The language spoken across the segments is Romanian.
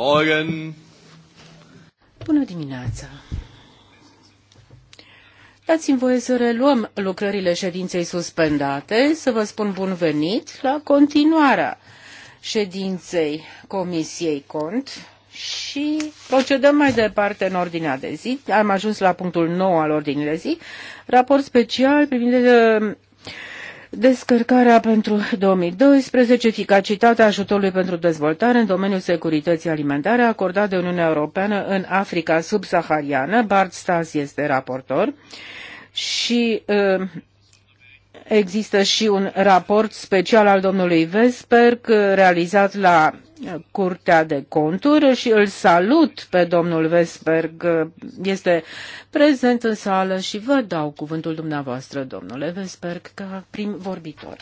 Morgen. Bună dimineața. Dați-mi voie să reluăm lucrările ședinței suspendate, să vă spun bun venit la continuarea ședinței Comisiei Cont și procedăm mai departe în ordinea de zi. Am ajuns la punctul 9 al ordinii de zi, raport special privind descărcarea pentru 2012, eficacitatea ajutorului pentru dezvoltare în domeniul securității alimentare acordat de Uniunea Europeană în Africa subsahariană. Bart Stas este raportor și uh, există și un raport special al domnului Vesperc uh, realizat la Curtea de Conturi și îl salut pe domnul Vesberg. Este prezent în sală și vă dau cuvântul dumneavoastră, domnule Vesberg, ca prim vorbitor.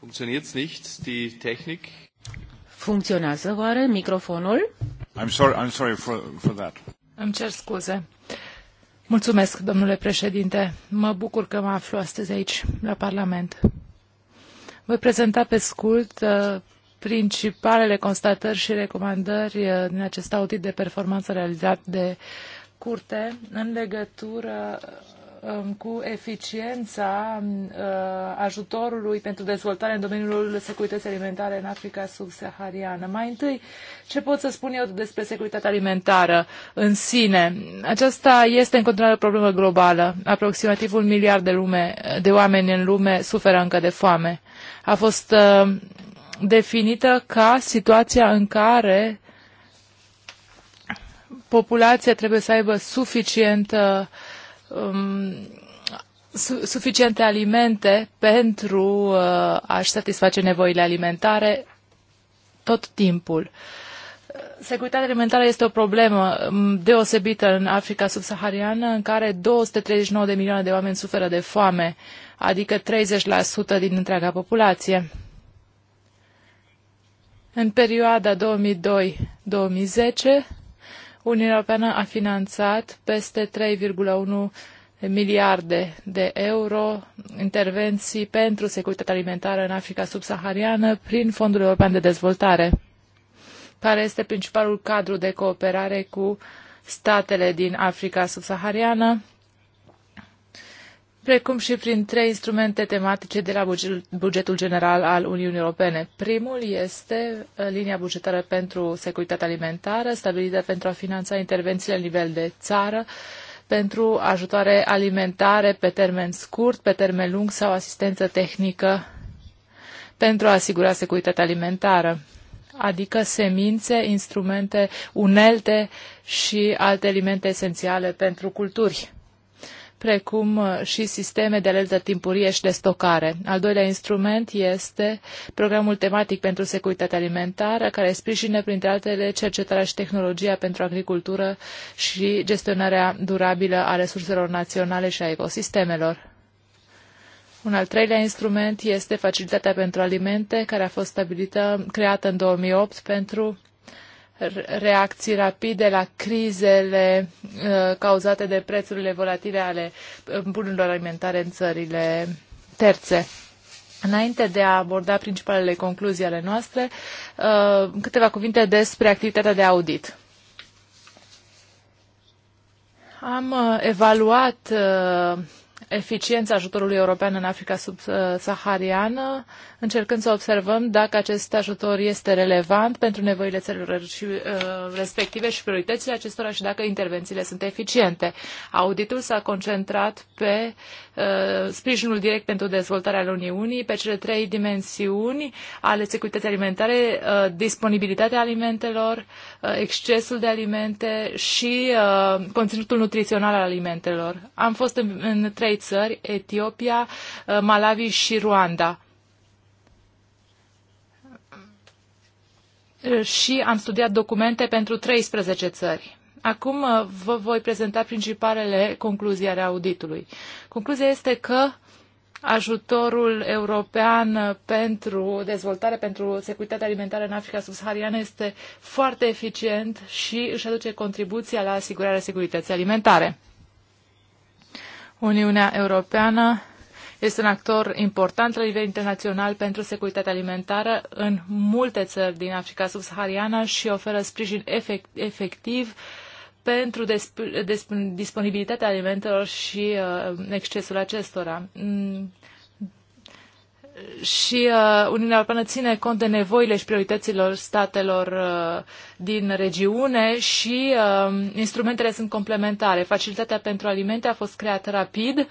Funcționează nicht die Technik? Funcționează oare microfonul? I'm sorry, I'm sorry for, for that. Îmi cer scuze. Mulțumesc, domnule președinte. Mă bucur că mă aflu astăzi aici, la Parlament. Voi prezenta pe scurt uh, principalele constatări și recomandări uh, din acest audit de performanță realizat de curte în legătură Um, cu eficiența um, uh, ajutorului pentru dezvoltare în domeniul securității alimentare în Africa subsahariană. Mai întâi, ce pot să spun eu despre securitatea alimentară în sine? Aceasta este în continuare o problemă globală. Aproximativ un miliard de, lume, de oameni în lume suferă încă de foame. A fost uh, definită ca situația în care populația trebuie să aibă suficientă uh, um, su suficiente alimente pentru uh, a-și satisface nevoile alimentare tot timpul. Securitatea alimentară este o problemă um, deosebită în Africa subsahariană, în care 239 de milioane de oameni suferă de foame, adică 30% din întreaga populație. În perioada 2002-2010, Uniunea Europeană a finanțat peste 3,1 miliarde de euro intervenții pentru securitatea alimentară în Africa subsahariană prin Fondul European de Dezvoltare, care este principalul cadru de cooperare cu statele din Africa subsahariană, precum și prin trei instrumente tematice de la bugetul general al Uniunii Europene. Primul este uh, linia bugetară pentru securitate alimentară, stabilită pentru a finanța intervențiile la nivel de țară, pentru ajutoare alimentare pe termen scurt, pe termen lung sau asistență tehnică pentru a asigura securitatea alimentară, adică semințe, instrumente, unelte și alte alimente esențiale pentru culturi precum uh, și sisteme de alertă timpurie și de stocare. Al doilea instrument este programul tematic pentru securitatea alimentară, care sprijină, printre altele, cercetarea și tehnologia pentru agricultură și gestionarea durabilă a resurselor naționale și a ecosistemelor. Un al treilea instrument este facilitatea pentru alimente, care a fost stabilită, creată în 2008 pentru reacții rapide la crizele uh, cauzate de prețurile volatile ale uh, bunurilor alimentare în țările terțe. Înainte de a aborda principalele concluzii ale noastre, uh, câteva cuvinte despre activitatea de audit. Am evaluat eficiența ajutorului european în Africa subsahariană încercând să observăm dacă acest ajutor este relevant pentru nevoile țărilor și, uh, respective și prioritățile acestora și dacă intervențiile sunt eficiente. Auditul s-a concentrat pe uh, sprijinul direct pentru dezvoltarea al Uniunii, pe cele trei dimensiuni ale securității alimentare, uh, disponibilitatea alimentelor, excesul de alimente și conținutul nutrițional al alimentelor. Am fost în, în trei țări, Etiopia, Malawi și Rwanda. și am studiat documente pentru 13 țări. Acum uh, vă voi prezenta principalele concluzii ale auditului. Concluzia este că ajutorul european pentru dezvoltare, pentru securitatea alimentară în Africa subsahariană este foarte eficient și își aduce contribuția la asigurarea securității alimentare. Uniunea Europeană este un actor important la nivel internațional pentru securitatea alimentară în multe țări din Africa subsahariană și oferă sprijin efect, efectiv pentru disponibilitatea alimentelor și uh, excesul acestora. Mm și uh, Uniunea Europeană ține cont de nevoile și priorităților statelor uh, din regiune și uh, instrumentele sunt complementare. Facilitatea pentru alimente a fost creată rapid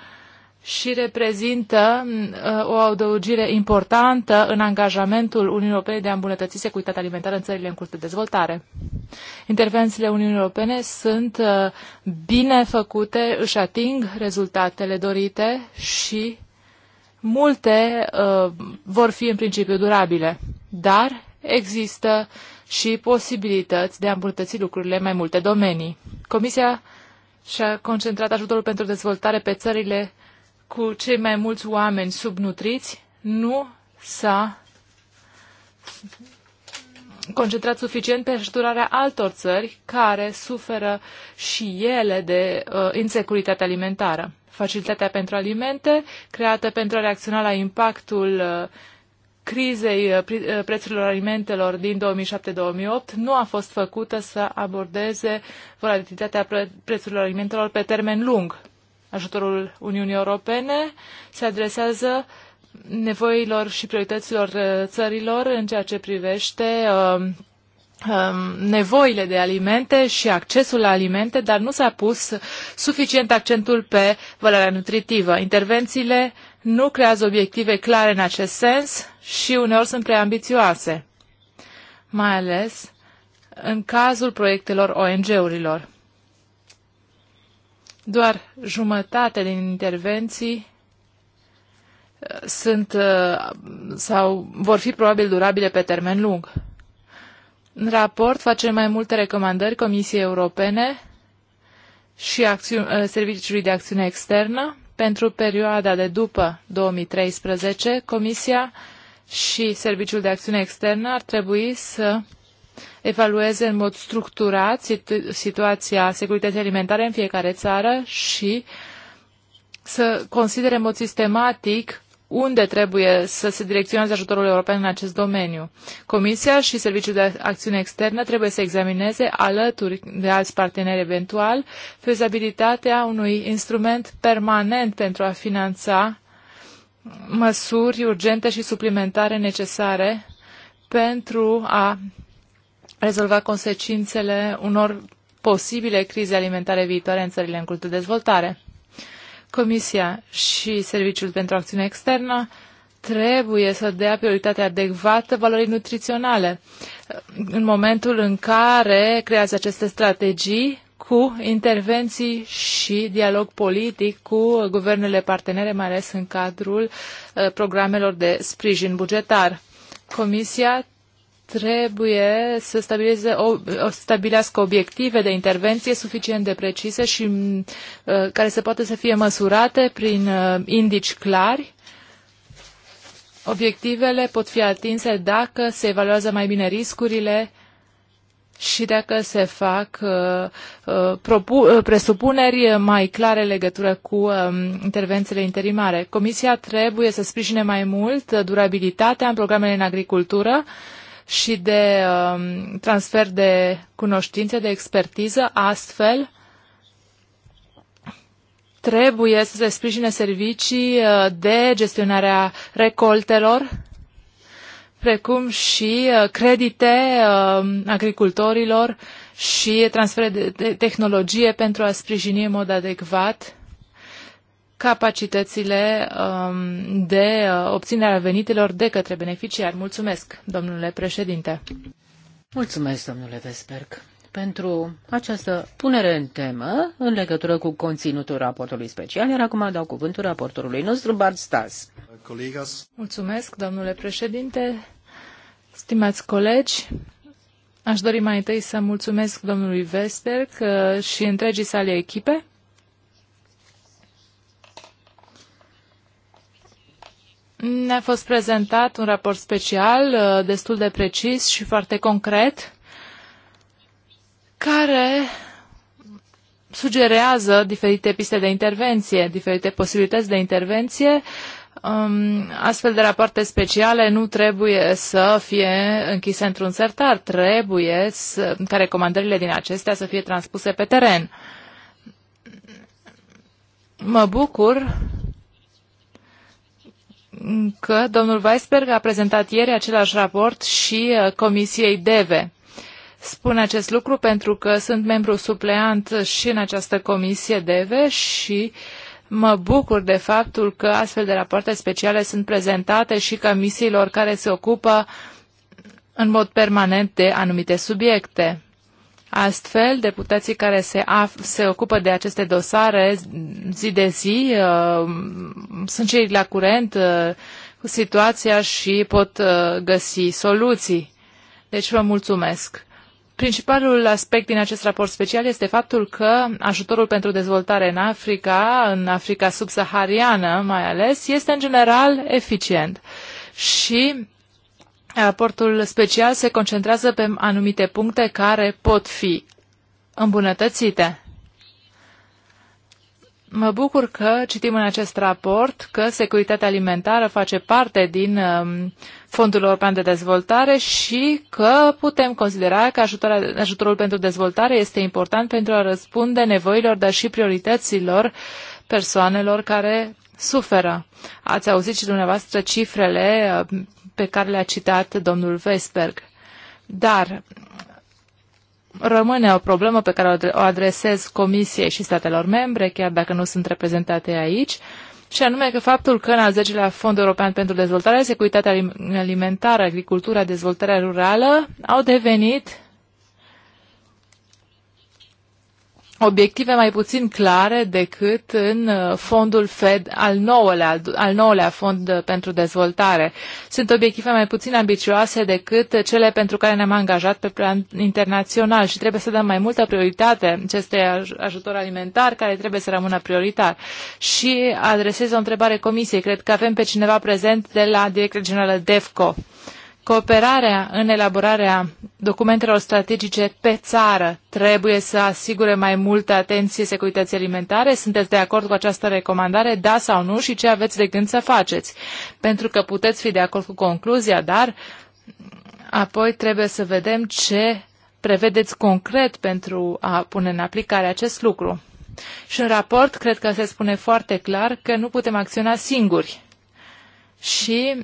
și reprezintă uh, o adăugire importantă în angajamentul Uniunii Europene de a îmbunătăți securitatea alimentară în țările în curs de dezvoltare. Intervențiile Uniunii Europene sunt uh, bine făcute, își ating rezultatele dorite și multe uh, vor fi în principiu durabile, dar există și posibilități de a îmbunătăți lucrurile în mai multe domenii. Comisia și-a concentrat ajutorul pentru dezvoltare pe țările cu cei mai mulți oameni subnutriți nu s-a concentrat suficient pe ajutorarea altor țări care suferă și ele de uh, insecuritate alimentară. Facilitatea pentru alimente, creată pentru a reacționa la impactul uh, crizei uh, uh, prețurilor alimentelor din 2007-2008 nu a fost făcută să abordeze volatilitatea prețurilor alimentelor pe termen lung ajutorul Uniunii Europene se adresează nevoilor și priorităților uh, țărilor în ceea ce privește um, um, nevoile de alimente și accesul la alimente, dar nu s-a pus suficient accentul pe valoarea nutritivă. Intervențiile nu creează obiective clare în acest sens și uneori sunt prea ambițioase, mai ales în cazul proiectelor ONG-urilor. Doar jumătate din intervenții uh, sunt uh, sau vor fi probabil durabile pe termen lung. În raport facem mai multe recomandări Comisiei Europene și uh, Serviciului de Acțiune Externă pentru perioada de după 2013. Comisia și Serviciul de Acțiune Externă ar trebui să evalueze în mod structurat situația securității alimentare în fiecare țară și să considere în mod sistematic unde trebuie să se direcționeze ajutorul european în acest domeniu. Comisia și Serviciul de Acțiune Externă trebuie să examineze, alături de alți parteneri eventual, fezabilitatea unui instrument permanent pentru a finanța măsuri urgente și suplimentare necesare pentru a rezolva consecințele unor posibile crize alimentare viitoare în țările în curs de dezvoltare. Comisia și Serviciul pentru Acțiune Externă trebuie să dea prioritate adecvată valorii nutriționale în momentul în care creează aceste strategii cu intervenții și dialog politic cu guvernele partenere, mai ales în cadrul uh, programelor de sprijin bugetar. Comisia trebuie să stabileze, o, stabilească obiective de intervenție suficient de precise și uh, care se poate să fie măsurate prin uh, indici clari. Obiectivele pot fi atinse dacă se evaluează mai bine riscurile și dacă se fac uh, uh propu- uh, presupuneri mai clare legătură cu uh, intervențiile interimare. Comisia trebuie să sprijine mai mult durabilitatea în programele în agricultură uh, și de um, transfer de cunoștințe, de expertiză, astfel trebuie să se sprijine servicii uh, de gestionarea recoltelor, precum și uh, credite um, agricultorilor și transfer de tehnologie pentru a sprijini în mod adecvat capacitățile um, de uh, obținere a venitelor de către beneficiari. Mulțumesc, domnule președinte. Mulțumesc, domnule Vesberg, pentru această punere în temă în legătură cu conținutul raportului special, iar acum dau cuvântul raportorului nostru, Bart Stas. Colegas. Mulțumesc, domnule președinte, stimați colegi, Aș dori mai întâi să mulțumesc domnului Vesberg uh, și întregii sale echipe Ne-a fost prezentat un raport special, uh, destul de precis și foarte concret, care sugerează diferite piste de intervenție, diferite posibilități de intervenție. Um, astfel de rapoarte speciale nu trebuie să fie închise într-un sertar, trebuie să, ca recomandările din acestea să fie transpuse pe teren. Mă bucur că domnul Weisberg a prezentat ieri același raport și uh, Comisiei DEVE. Spun acest lucru pentru că sunt membru supleant și în această Comisie DEVE și mă bucur de faptul că astfel de rapoarte speciale sunt prezentate și comisiilor care se ocupă în mod permanent de anumite subiecte. Astfel, deputații care se, af- se ocupă de aceste dosare zi de zi uh, sunt cei la curent uh, cu situația și pot uh, găsi soluții. Deci vă mulțumesc. Principalul aspect din acest raport special este faptul că ajutorul pentru dezvoltare în Africa, în Africa subsahariană mai ales, este în general eficient și Raportul special se concentrează pe anumite puncte care pot fi îmbunătățite. Mă bucur că citim în acest raport că securitatea alimentară face parte din um, Fondul European de Dezvoltare și că putem considera că ajutorul pentru dezvoltare este important pentru a răspunde nevoilor, dar și priorităților persoanelor care suferă. Ați auzit și dumneavoastră cifrele um, pe care le-a citat domnul Vesberg. Dar rămâne o problemă pe care o adresez Comisiei și statelor membre, chiar dacă nu sunt reprezentate aici, și anume că faptul că în al 10-lea Fond European pentru Dezvoltare, Securitatea Alimentară, Agricultura, Dezvoltarea Rurală au devenit obiective mai puțin clare decât în uh, fondul FED al nouălea, al nouălea fond uh, pentru dezvoltare. Sunt obiective mai puțin ambicioase decât cele pentru care ne-am angajat pe plan internațional și trebuie să dăm mai multă prioritate acestui ajutor alimentar care trebuie să rămână prioritar. Și adresez o întrebare comisiei. Cred că avem pe cineva prezent de la Direcția Generală DEFCO. Uh, Cooperarea în elaborarea documentelor strategice pe țară trebuie să asigure mai multă atenție securității alimentare. Sunteți de acord cu această recomandare, da sau nu, și ce aveți de gând să faceți? Pentru că puteți fi de acord cu concluzia, dar apoi trebuie să vedem ce prevedeți concret pentru a pune în aplicare acest lucru. Și în raport cred că se spune foarte clar că nu putem acționa singuri. Și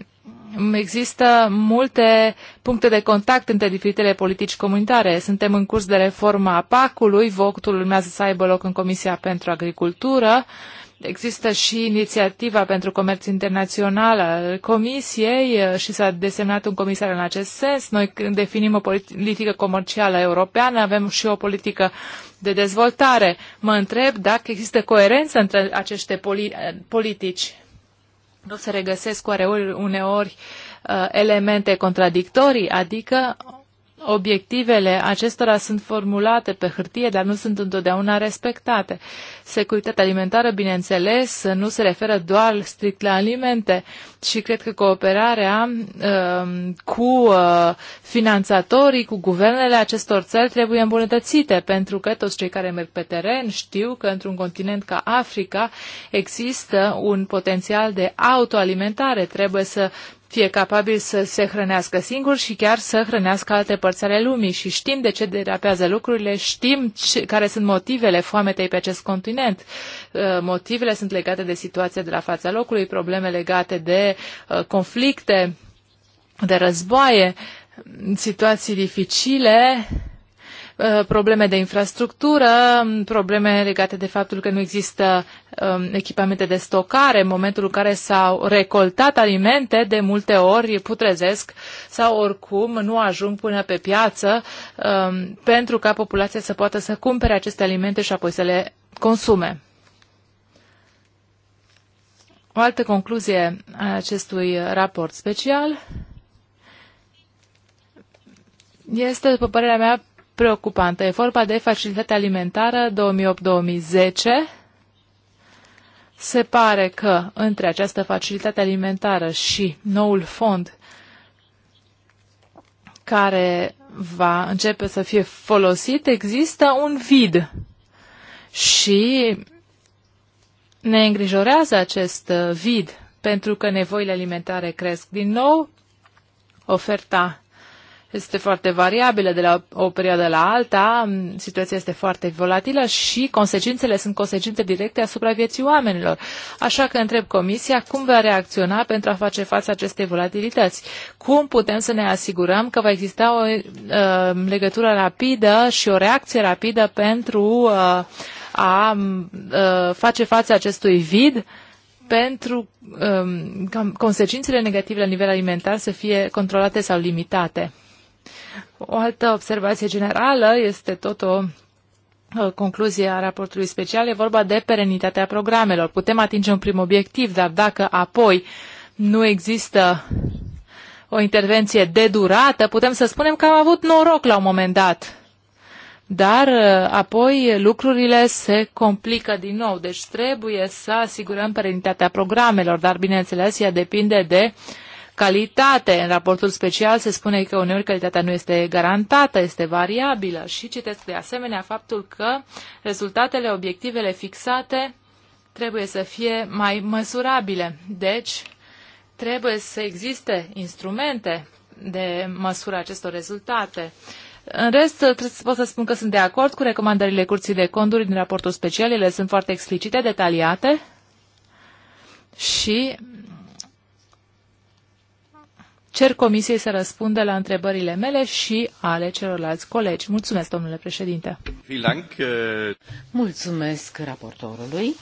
există multe puncte de contact între diferitele politici comunitare. Suntem în curs de reforma a PAC-ului, votul urmează să aibă loc în Comisia pentru Agricultură. Există și inițiativa pentru comerț internațional al Comisiei și s-a desemnat un comisar în acest sens. Noi definim o politică comercială europeană, avem și o politică de dezvoltare. Mă întreb dacă există coerență între aceste politici nu se regăsesc oareori uneori uh, elemente contradictorii, adică obiectivele acestora sunt formulate pe hârtie, dar nu sunt întotdeauna respectate. Securitatea alimentară, bineînțeles, nu se referă doar strict la alimente și cred că cooperarea uh, cu uh, finanțatorii, cu guvernele acestor țări trebuie îmbunătățite, pentru că toți cei care merg pe teren știu că într-un continent ca Africa există un potențial de autoalimentare. Trebuie să fie capabil să se hrănească singur, și chiar să hrănească alte părți ale lumii. Și știm de ce derapează lucrurile, știm ce, care sunt motivele foametei pe acest continent. Uh, motivele sunt legate de situația de la fața locului, probleme legate de uh, conflicte, de războaie, situații dificile Uh, probleme de infrastructură, mm, probleme legate de faptul că nu există um, echipamente de stocare în momentul în care s-au recoltat alimente, de multe ori putrezesc sau oricum nu ajung până pe piață um, pentru ca populația să poată să cumpere aceste alimente și apoi să le consume. O altă concluzie a acestui raport special este, după părerea mea, preocupantă. E vorba de facilitatea alimentară 2008-2010. Se pare că între această facilitate alimentară și noul fond care va începe să fie folosit, există un vid. Și ne îngrijorează acest vid pentru că nevoile alimentare cresc din nou, oferta este foarte variabilă de la o perioadă la alta, situația este foarte volatilă și consecințele sunt consecințe directe asupra vieții oamenilor. Așa că întreb Comisia cum va reacționa pentru a face față acestei volatilități. Cum putem să ne asigurăm că va exista o uh, legătură rapidă și o reacție rapidă pentru uh, a uh, face față acestui vid pentru um, consecințele negative la nivel alimentar să fie controlate sau limitate. O altă observație generală este tot o concluzie a raportului special, e vorba de perenitatea programelor. Putem atinge un prim obiectiv, dar dacă apoi nu există o intervenție de durată, putem să spunem că am avut noroc la un moment dat. Dar uh, apoi lucrurile se complică din nou, deci trebuie să asigurăm perenitatea programelor, dar bineînțeles ea depinde de uh, calitate. În raportul special se spune că uneori calitatea nu este garantată, este variabilă și citesc de asemenea faptul că rezultatele, obiectivele fixate trebuie să fie mai măsurabile. Deci, trebuie să existe instrumente de măsură acestor rezultate. În rest, pot să spun că sunt de acord cu recomandările Curții de Conduri din raportul special. Ele sunt foarte explicite, detaliate și cer comisiei să răspundă la întrebările mele și ale celorlalți colegi. Mulțumesc, domnule președinte. Uh, Mulțumesc raportorului.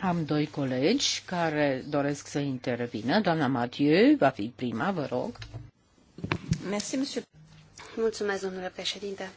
Am doi colegi care doresc să intervină. Doamna Mathieu va fi prima, vă rog. Mulțumesc, domnule președinte.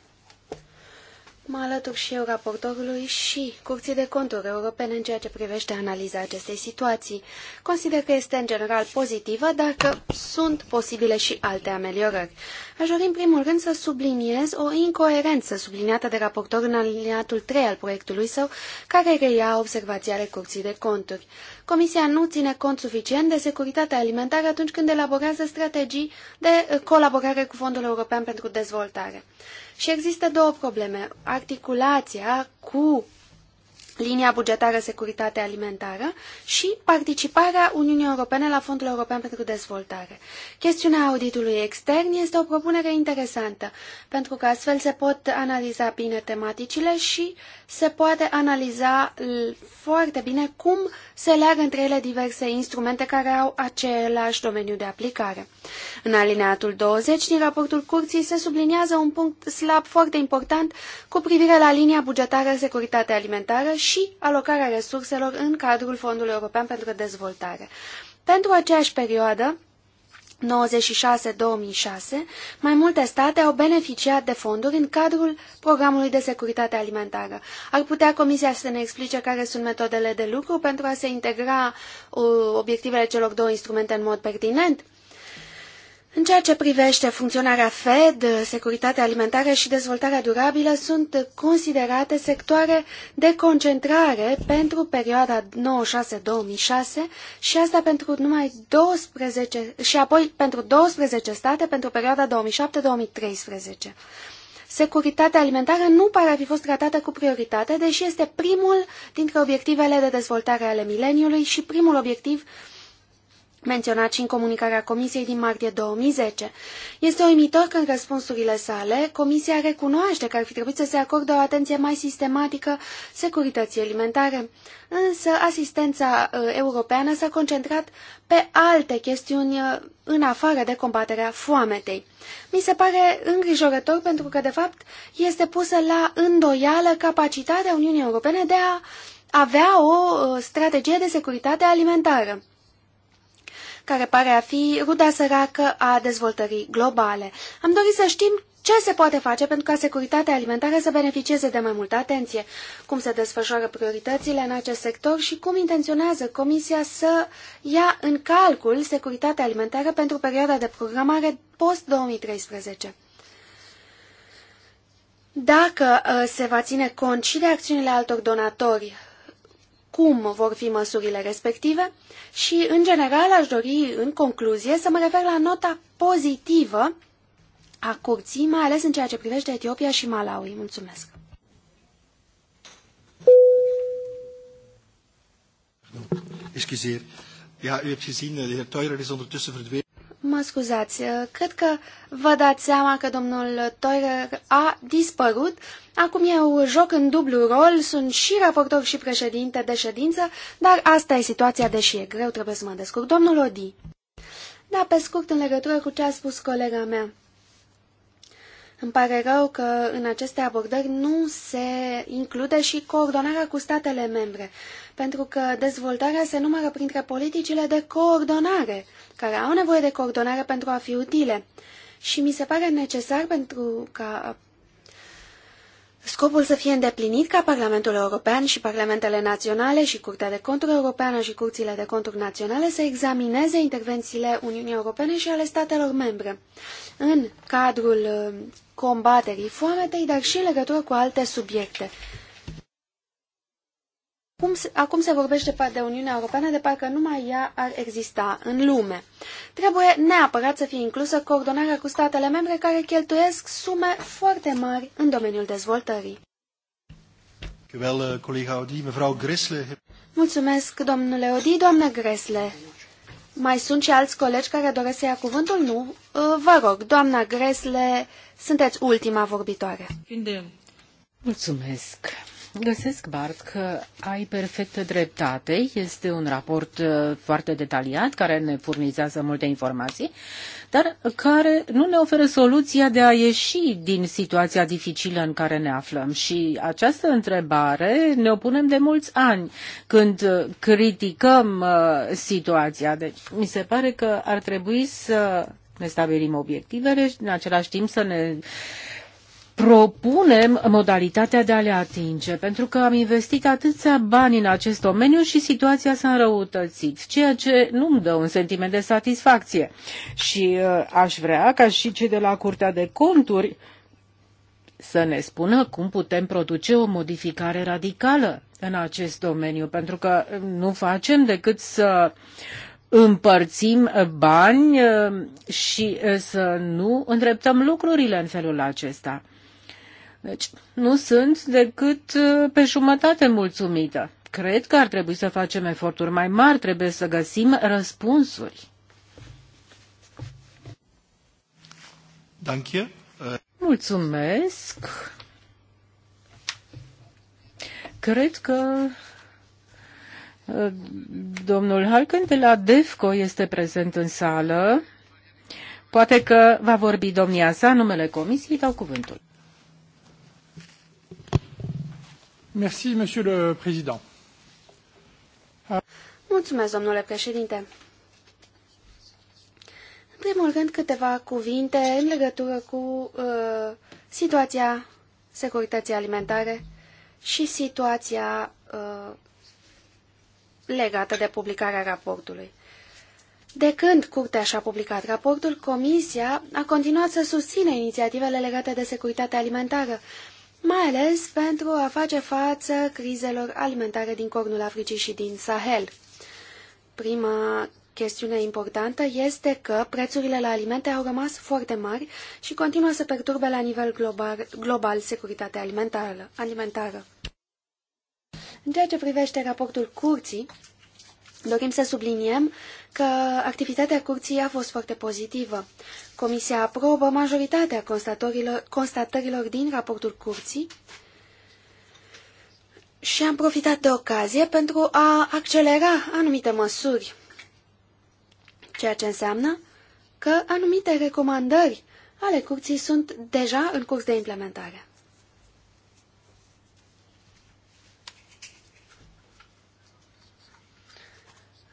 Mă alătur și eu raportorului și Curții de Conturi Europene în ceea ce privește analiza acestei situații. Consider că este în general pozitivă, dar că sunt posibile și alte ameliorări. Aș dori în primul rând să subliniez o incoerență subliniată de raportor în aliniatul 3 al proiectului său, care reia observații ale Curții de Conturi. Comisia nu ține cont suficient de securitatea alimentară atunci când elaborează strategii de colaborare cu Fondul European pentru Dezvoltare. Și există două probleme. Articulația cu linia bugetară securitate alimentară și participarea Uniunii Europene la Fondul European pentru Dezvoltare. Chestiunea auditului extern este o propunere interesantă, pentru că astfel se pot analiza bine tematicile și se poate analiza foarte bine cum se leagă între ele diverse instrumente care au același domeniu de aplicare. În alineatul 20 din raportul curții se subliniază un punct slab foarte important cu privire la linia bugetară securitate alimentară și alocarea resurselor în cadrul Fondului European pentru Dezvoltare. Pentru aceeași perioadă, 96-2006, mai multe state au beneficiat de fonduri în cadrul programului de securitate alimentară. Ar putea Comisia să ne explice care sunt metodele de lucru pentru a se integra uh, obiectivele celor două instrumente în mod pertinent? În ceea ce privește funcționarea Fed, securitatea alimentară și dezvoltarea durabilă sunt considerate sectoare de concentrare pentru perioada 96-2006 și asta pentru numai 12 și apoi pentru 12 state pentru perioada 2007-2013. Securitatea alimentară nu pare a fi fost tratată cu prioritate, deși este primul dintre obiectivele de dezvoltare ale mileniului și primul obiectiv uh, menționat și în comunicarea Comisiei din martie 2010. Este uimitor că în răspunsurile sale, Comisia recunoaște că ar fi trebuit să se acorde o atenție mai sistematică securității alimentare, însă asistența uh, europeană s-a concentrat pe alte chestiuni uh, în afară de combaterea foametei. Mi se pare îngrijorător pentru că, de fapt, este pusă la îndoială capacitatea Uniunii Europene de a avea o uh, strategie de securitate alimentară care pare a fi ruda săracă a dezvoltării globale. Am dorit să știm ce se poate face pentru ca securitatea alimentară să beneficieze de mai multă atenție, cum se desfășoară prioritățile în acest sector și cum intenționează Comisia să ia în calcul securitatea alimentară pentru perioada de programare post-2013. Dacă uh, se va ține cont și de acțiunile altor donatori cum vor fi măsurile respective și, în general, aș dori, în concluzie, să mă refer la nota pozitivă a curții, mai ales în ceea ce privește Etiopia și Malawi. Mulțumesc! Excuseer. Ja, u hebt gezien, de heer Teurer is ondertussen verdwenen. Mă scuzați, cred că vă dați seama că domnul Toirer a dispărut. Acum eu joc în dublu rol, sunt și raportor și președinte de ședință, dar asta e situația, deși e greu, trebuie să mă descurc. Domnul Odi. Da, pe scurt, în legătură cu ce a spus colega mea. Îmi pare rău că în aceste abordări nu se include și coordonarea cu statele membre, pentru că dezvoltarea se numără printre politicile de coordonare, care au nevoie de coordonare pentru a fi utile. Și mi se pare necesar pentru ca scopul să fie îndeplinit ca Parlamentul European și Parlamentele Naționale și Curtea de Conturi Europeană și Curțile de Conturi Naționale să examineze intervențiile Uniunii Europene și ale statelor membre în cadrul uh, combaterii foametei, dar și legătură cu alte subiecte, cum, acum se vorbește de Uniunea Europeană de parcă numai ea ar exista în lume. Trebuie neapărat să fie inclusă coordonarea cu statele membre care cheltuiesc sume foarte mari în domeniul dezvoltării. Eh, Mulțumesc, domnule Odi, doamnă Gresle. Mai sunt și alți colegi care doresc să ia cuvântul? Nu? Eh, vă rog, doamna Gresle, sunteți ultima vorbitoare. Mulțumesc. Găsesc, Bart, că ai perfectă dreptate. Este un raport uh, foarte detaliat care ne furnizează multe informații, dar care nu ne oferă soluția de a ieși din situația dificilă în care ne aflăm. Și această întrebare ne o punem de mulți ani când uh, criticăm uh, situația. Deci, mi se pare că ar trebui să ne stabilim obiectivele și în același timp să ne propunem modalitatea de a le atinge, pentru că am investit atâția bani în acest domeniu și situația s-a înrăutățit, ceea ce nu îmi dă un sentiment de satisfacție. Și uh, aș vrea ca și cei de la Curtea de Conturi să ne spună cum putem produce o modificare radicală în acest domeniu, pentru că nu facem decât să împărțim bani uh, și uh, să nu îndreptăm lucrurile în felul acesta. Deci nu sunt decât uh, pe jumătate mulțumită. Cred că ar trebui să facem eforturi mai mari, trebuie să găsim răspunsuri. Danke. Mulțumesc. Cred că uh, domnul Halken de la DEFCO este prezent în sală. Poate că va vorbi domnia sa, numele comisiei, dau cuvântul. Merci, Monsieur le Président. Mulțumesc, domnule președinte. În primul rând, câteva cuvinte în legătură cu uh, situația securității alimentare și situația uh, legată de publicarea raportului. De când Curtea și-a publicat raportul, Comisia a continuat să susține inițiativele legate de securitatea alimentară, mai ales pentru a face față crizelor alimentare din Cornul Africii și din Sahel. Prima chestiune importantă este că prețurile la alimente au rămas foarte mari și continuă să perturbe la nivel global, global securitatea alimentară, alimentară. În ceea ce privește raportul curții, dorim să subliniem că activitatea curții a fost foarte pozitivă. Comisia aprobă majoritatea constatărilor din raportul curții și am profitat de ocazie pentru a accelera anumite măsuri, ceea ce înseamnă că anumite recomandări ale curții sunt deja în curs de implementare.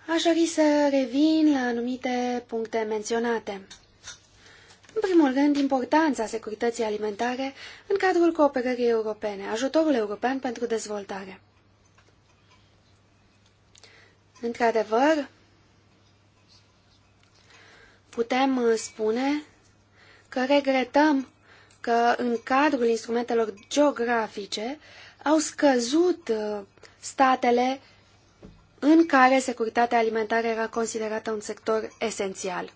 Aș dori să revin la anumite puncte menționate. În primul rând, importanța securității alimentare în cadrul cooperării europene, ajutorul european pentru dezvoltare. Într-adevăr, putem spune că regretăm că în cadrul instrumentelor geografice au scăzut uh, statele în care securitatea alimentară era considerată un sector esențial.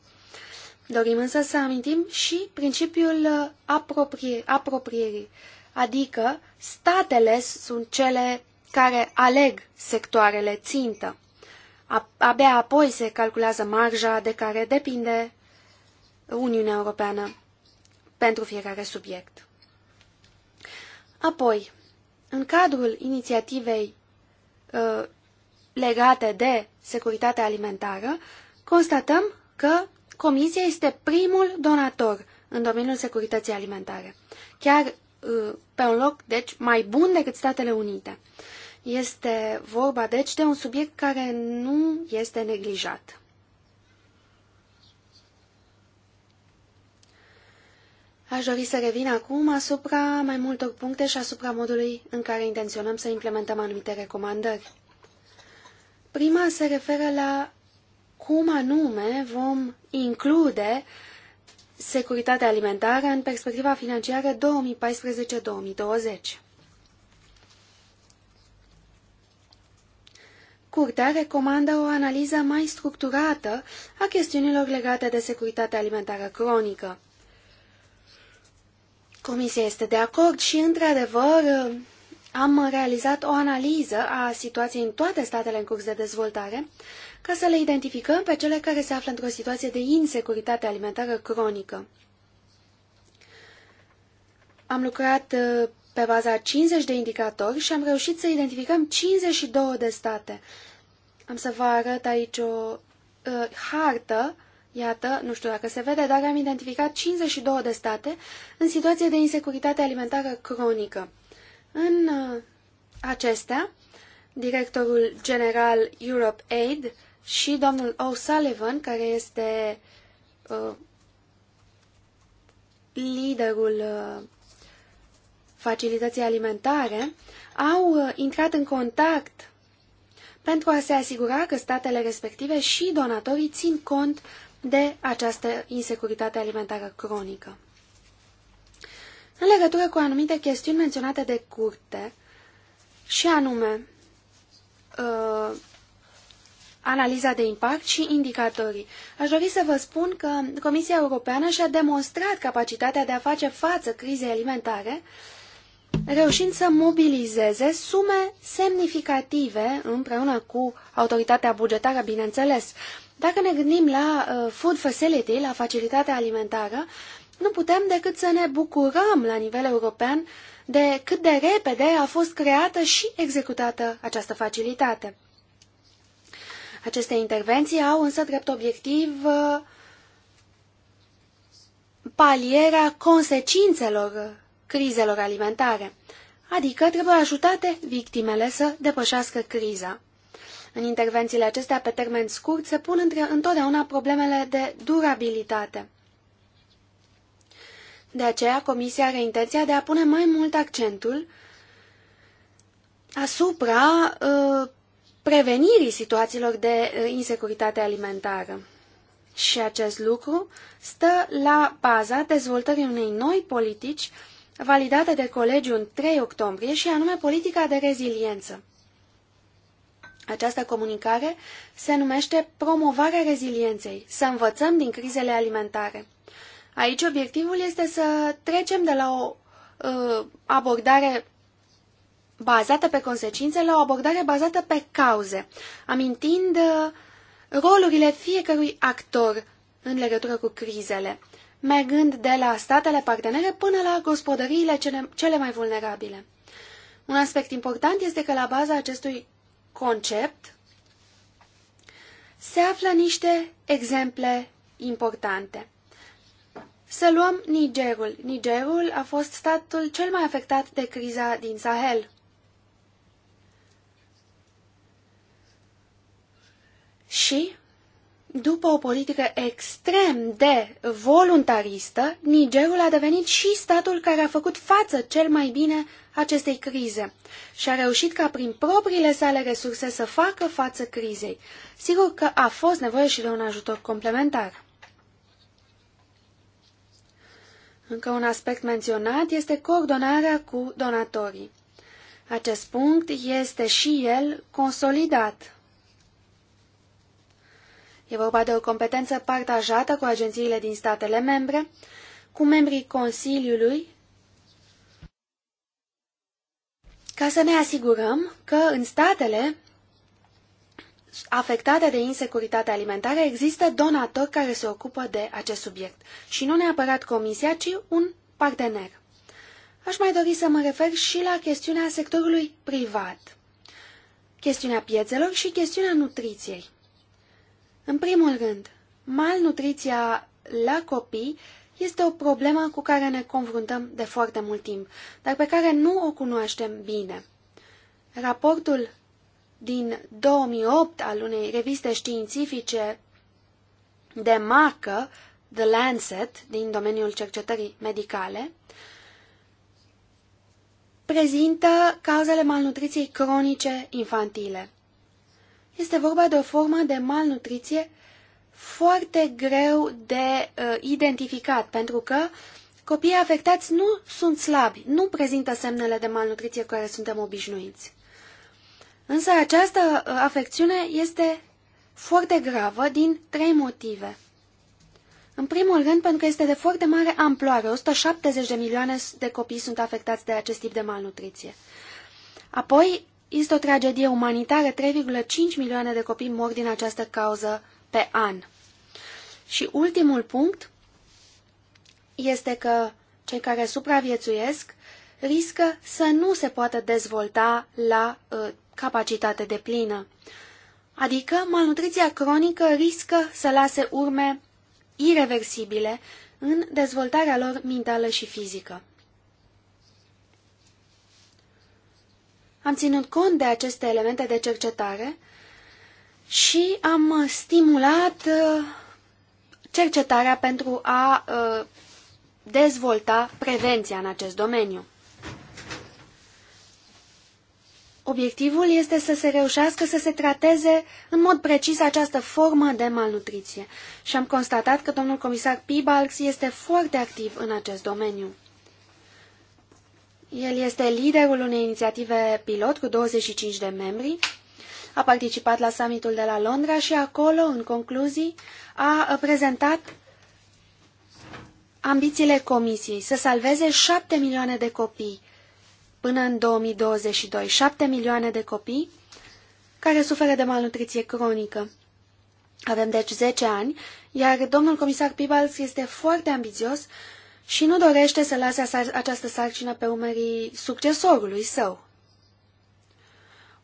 Dorim însă să amintim și principiul uh, apropie, apropierii, adică statele sunt cele care aleg sectoarele țintă. Abia apoi se calculează marja de care depinde Uniunea Europeană pentru fiecare subiect. Apoi, în cadrul inițiativei uh, legate de securitatea alimentară, constatăm că Comisia este primul donator în domeniul securității alimentare, chiar uh, pe un loc, deci, mai bun decât Statele Unite. Este vorba, deci, de un subiect care nu este neglijat. Aș dori să revin acum asupra mai multor puncte și asupra modului în care intenționăm să implementăm anumite recomandări. Prima se referă la cum anume vom include securitatea alimentară în perspectiva financiară 2014-2020. Curtea recomandă o analiză mai structurată a chestiunilor legate de securitatea alimentară cronică. Comisia este de acord și, într-adevăr, am realizat o analiză a situației în toate statele în curs de dezvoltare ca să le identificăm pe cele care se află într-o situație de insecuritate alimentară cronică. Am lucrat uh, pe baza 50 de indicatori și am reușit să identificăm 52 de state. Am să vă arăt aici o uh, hartă, iată, nu știu dacă se vede, dar am identificat 52 de state în situație de insecuritate alimentară cronică. În uh, acestea, directorul general Europe Aid și domnul O'Sullivan, care este uh, liderul uh, facilității alimentare, au uh, intrat în contact pentru a se asigura că statele respective și donatorii țin cont de această insecuritate alimentară cronică în legătură cu anumite chestiuni menționate de curte, și anume uh, analiza de impact și indicatorii. Aș dori să vă spun că Comisia Europeană și-a demonstrat capacitatea de a face față crizei alimentare, reușind să mobilizeze sume semnificative împreună cu autoritatea bugetară, bineînțeles. Dacă ne gândim la uh, Food Facility, la facilitatea alimentară, nu putem decât să ne bucurăm la nivel european de cât de repede a fost creată și executată această facilitate. Aceste intervenții au însă drept obiectiv uh, palierea consecințelor crizelor alimentare, adică trebuie ajutate victimele să depășească criza. În intervențiile acestea pe termen scurt se pun între, întotdeauna problemele de durabilitate. De aceea, Comisia are intenția de a pune mai mult accentul asupra uh, prevenirii situațiilor de uh, insecuritate alimentară. Și acest lucru stă la baza dezvoltării unei noi politici validate de colegiul în 3 octombrie și anume politica de reziliență. Această comunicare se numește Promovarea rezilienței, să învățăm din crizele alimentare. Aici obiectivul este să trecem de la o uh, abordare bazată pe consecințe la o abordare bazată pe cauze, amintind uh, rolurile fiecărui actor în legătură cu crizele, mergând de la statele partenere până la gospodăriile cele, cele mai vulnerabile. Un aspect important este că la baza acestui concept se află niște exemple importante. Să luăm Nigerul. Nigerul a fost statul cel mai afectat de criza din Sahel. Și, după o politică extrem de voluntaristă, Nigerul a devenit și statul care a făcut față cel mai bine acestei crize și a reușit ca prin propriile sale resurse să facă față crizei. Sigur că a fost nevoie și de un ajutor complementar. Încă un aspect menționat este coordonarea cu donatorii. Acest punct este și el consolidat. E vorba de o competență partajată cu agențiile din statele membre, cu membrii Consiliului, ca să ne asigurăm că în statele afectate de insecuritatea alimentară, există donatori care se ocupă de acest subiect. Și nu neapărat comisia, ci un partener. Aș mai dori să mă refer și la chestiunea sectorului privat, chestiunea piețelor și chestiunea nutriției. În primul rând, malnutriția la copii este o problemă cu care ne confruntăm de foarte mult timp, dar pe care nu o cunoaștem bine. Raportul din 2008 al unei reviste științifice de marcă, The Lancet, din domeniul cercetării medicale, prezintă cauzele malnutriției cronice infantile. Este vorba de o formă de malnutriție foarte greu de uh, identificat, pentru că copiii afectați nu sunt slabi, nu prezintă semnele de malnutriție cu care suntem obișnuiți. Însă această uh, afecțiune este foarte gravă din trei motive. În primul rând, pentru că este de foarte mare amploare. 170 de milioane de copii sunt afectați de acest tip de malnutriție. Apoi, este o tragedie umanitară. 3,5 milioane de copii mor din această cauză pe an. Și ultimul punct este că cei care supraviețuiesc riscă să nu se poată dezvolta la uh, capacitate de plină. Adică malnutriția cronică riscă să lase urme ireversibile în dezvoltarea lor mentală și fizică. Am ținut cont de aceste elemente de cercetare și am stimulat uh, cercetarea pentru a uh, dezvolta prevenția în acest domeniu. Obiectivul este să se reușească să se trateze în mod precis această formă de malnutriție și am constatat că domnul comisar Pibalx este foarte activ în acest domeniu. El este liderul unei inițiative pilot cu 25 de membri, a participat la summitul de la Londra și acolo, în concluzii, a prezentat ambițiile comisiei să salveze 7 milioane de copii până în 2022 7 milioane de copii care suferă de malnutriție cronică. Avem deci 10 ani, iar domnul comisar Pibals este foarte ambițios și nu dorește să lase această sarcină pe umerii succesorului său.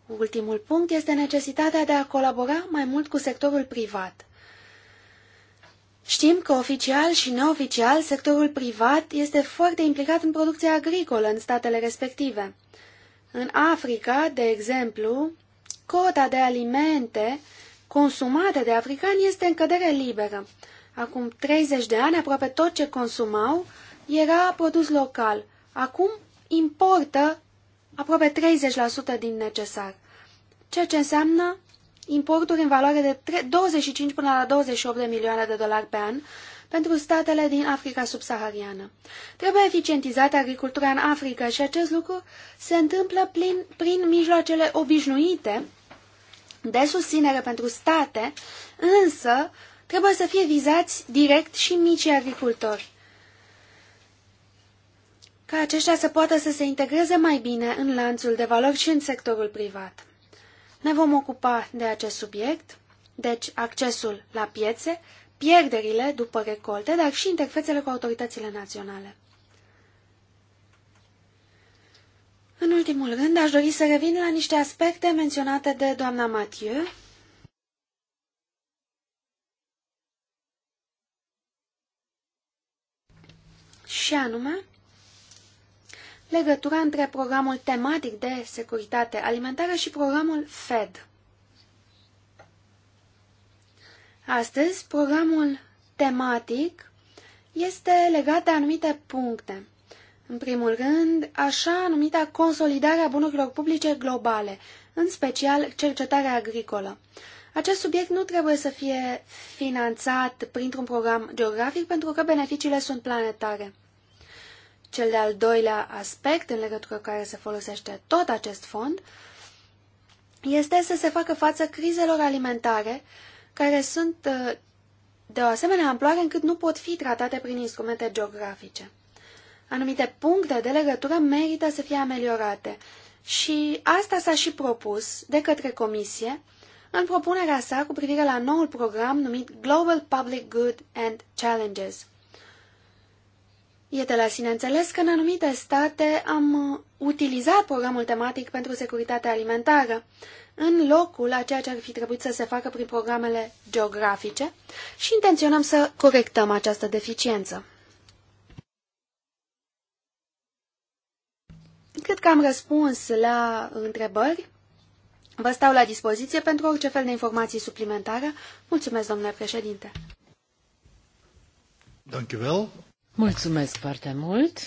Ultimul punct este necesitatea de a colabora mai mult cu sectorul privat. Știm că oficial și neoficial sectorul privat este foarte implicat în producția agricolă în statele respective. În Africa, de exemplu, cota de alimente consumate de africani este în cădere liberă. Acum 30 de ani, aproape tot ce consumau era produs local. Acum importă aproape 30% din necesar, ceea ce înseamnă importuri în valoare de 25 până la 28 de milioane de dolari pe an pentru statele din Africa subsahariană. Trebuie eficientizată agricultura în Africa și acest lucru se întâmplă prin, prin mijloacele obișnuite de susținere pentru state, însă trebuie să fie vizați direct și micii agricultori ca aceștia să poată să se integreze mai bine în lanțul de valori și în sectorul privat. Ne vom ocupa de acest subiect, deci accesul la piețe, pierderile după recolte, dar și interfețele cu autoritățile naționale. În ultimul rând, aș dori să revin la niște aspecte menționate de doamna Mathieu. Și anume, legătura între programul tematic de securitate alimentară și programul FED. Astăzi, programul tematic este legat de anumite puncte. În primul rând, așa numita consolidare a bunurilor publice globale, în special cercetarea agricolă. Acest subiect nu trebuie să fie finanțat printr-un program geografic pentru că beneficiile sunt planetare. Cel de-al doilea aspect în legătură cu care se folosește tot acest fond este să se facă față crizelor alimentare care sunt uh, de o asemenea amploare încât nu pot fi tratate prin instrumente geografice. Anumite puncte de legătură merită să fie ameliorate și asta s-a și propus de către Comisie în propunerea sa cu privire la noul program numit Global Public Good and Challenges. E de la sine înțeles că în anumite state am utilizat programul tematic pentru securitatea alimentară, în locul a ceea ce ar fi trebuit să se facă prin programele geografice și intenționăm să corectăm această deficiență. Cred că am răspuns la întrebări. Vă stau la dispoziție pentru orice fel de informații suplimentare. Mulțumesc, domnule președinte. Dank u wel. Mulțumesc foarte mult.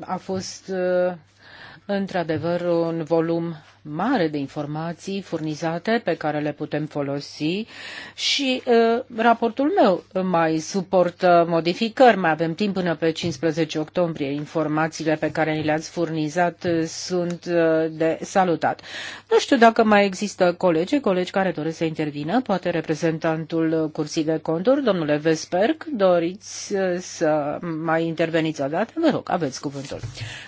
A fost uh, într-adevăr un volum mare de informații furnizate pe care le putem folosi și uh, raportul meu mai suportă modificări. Mai avem timp până pe 15 octombrie. Informațiile pe care ni le-ați furnizat uh, sunt uh, de salutat. Nu știu dacă mai există colegi, colegi care doresc să intervină, poate reprezentantul Cursii de Conturi, domnule Vesperc, doriți uh, să mai interveniți odată? Vă rog, aveți cuvântul.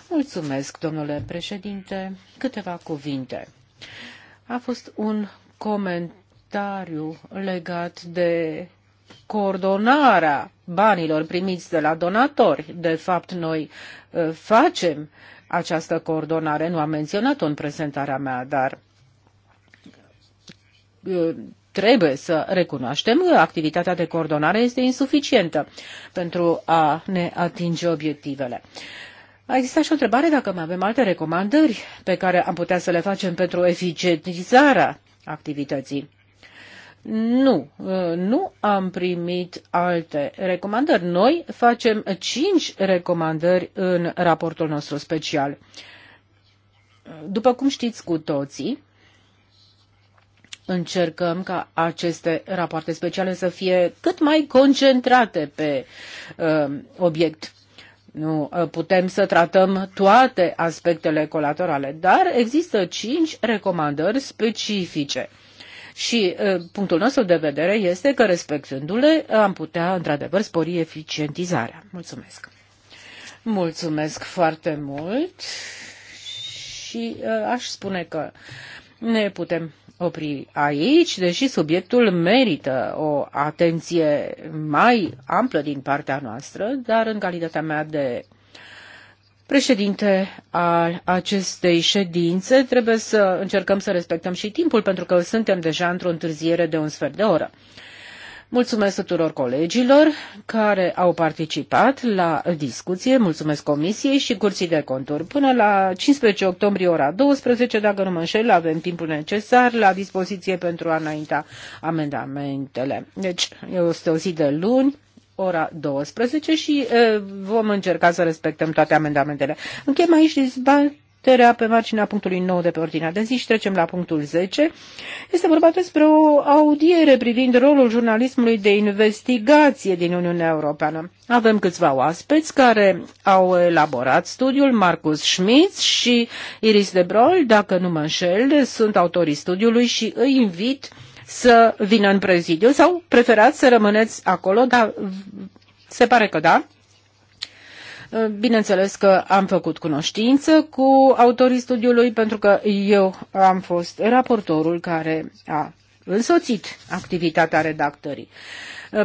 Mulțumesc, domnule președinte. Câteva cuvinte Unite. A fost un comentariu legat de coordonarea banilor primiți de la donatori. De fapt, noi uh, facem această coordonare, nu am menționat-o în prezentarea mea, dar uh, trebuie să recunoaștem că activitatea de coordonare este insuficientă pentru a ne atinge obiectivele. A existat și o întrebare dacă mai avem alte recomandări pe care am putea să le facem pentru eficientizarea activității. Nu, ă, nu am primit alte recomandări. Noi facem cinci recomandări în raportul nostru special. După cum știți cu toții, încercăm ca aceste rapoarte speciale să fie cât mai concentrate pe uh, obiect. Nu ă, putem să tratăm toate aspectele colaterale, dar există cinci recomandări specifice. Și ă, punctul nostru de vedere este că respectându-le am putea într-adevăr spori eficientizarea. Mulțumesc! Mulțumesc foarte mult și ă, aș spune că ne putem opri aici, deși subiectul merită o atenție mai amplă din partea noastră, dar în calitatea mea de președinte al acestei ședințe trebuie să încercăm să respectăm și timpul, pentru că suntem deja într-o întârziere de un sfert de oră. Mulțumesc tuturor colegilor care au participat la discuție, mulțumesc Comisiei și Curții de Conturi. Până la 15 octombrie ora 12, dacă nu mă înșel, avem timpul necesar la dispoziție pentru a înainta amendamentele. Deci este o zi de luni ora 12 și e, eh, vom încerca să respectăm toate amendamentele. Încheiem aici dezbaterea dezbaterea pe marginea punctului 9 de pe ordinea de zi și trecem la punctul 10. Este vorba despre o audiere privind rolul jurnalismului de investigație din Uniunea Europeană. Avem câțiva oaspeți care au elaborat studiul, Marcus Schmitz și Iris de Brol, dacă nu mă înșel, sunt autorii studiului și îi invit să vină în prezidiu sau preferați să rămâneți acolo, dar se pare că da. Bineînțeles că am făcut cunoștință cu autorii studiului pentru că eu am fost raportorul care a însoțit activitatea redactării.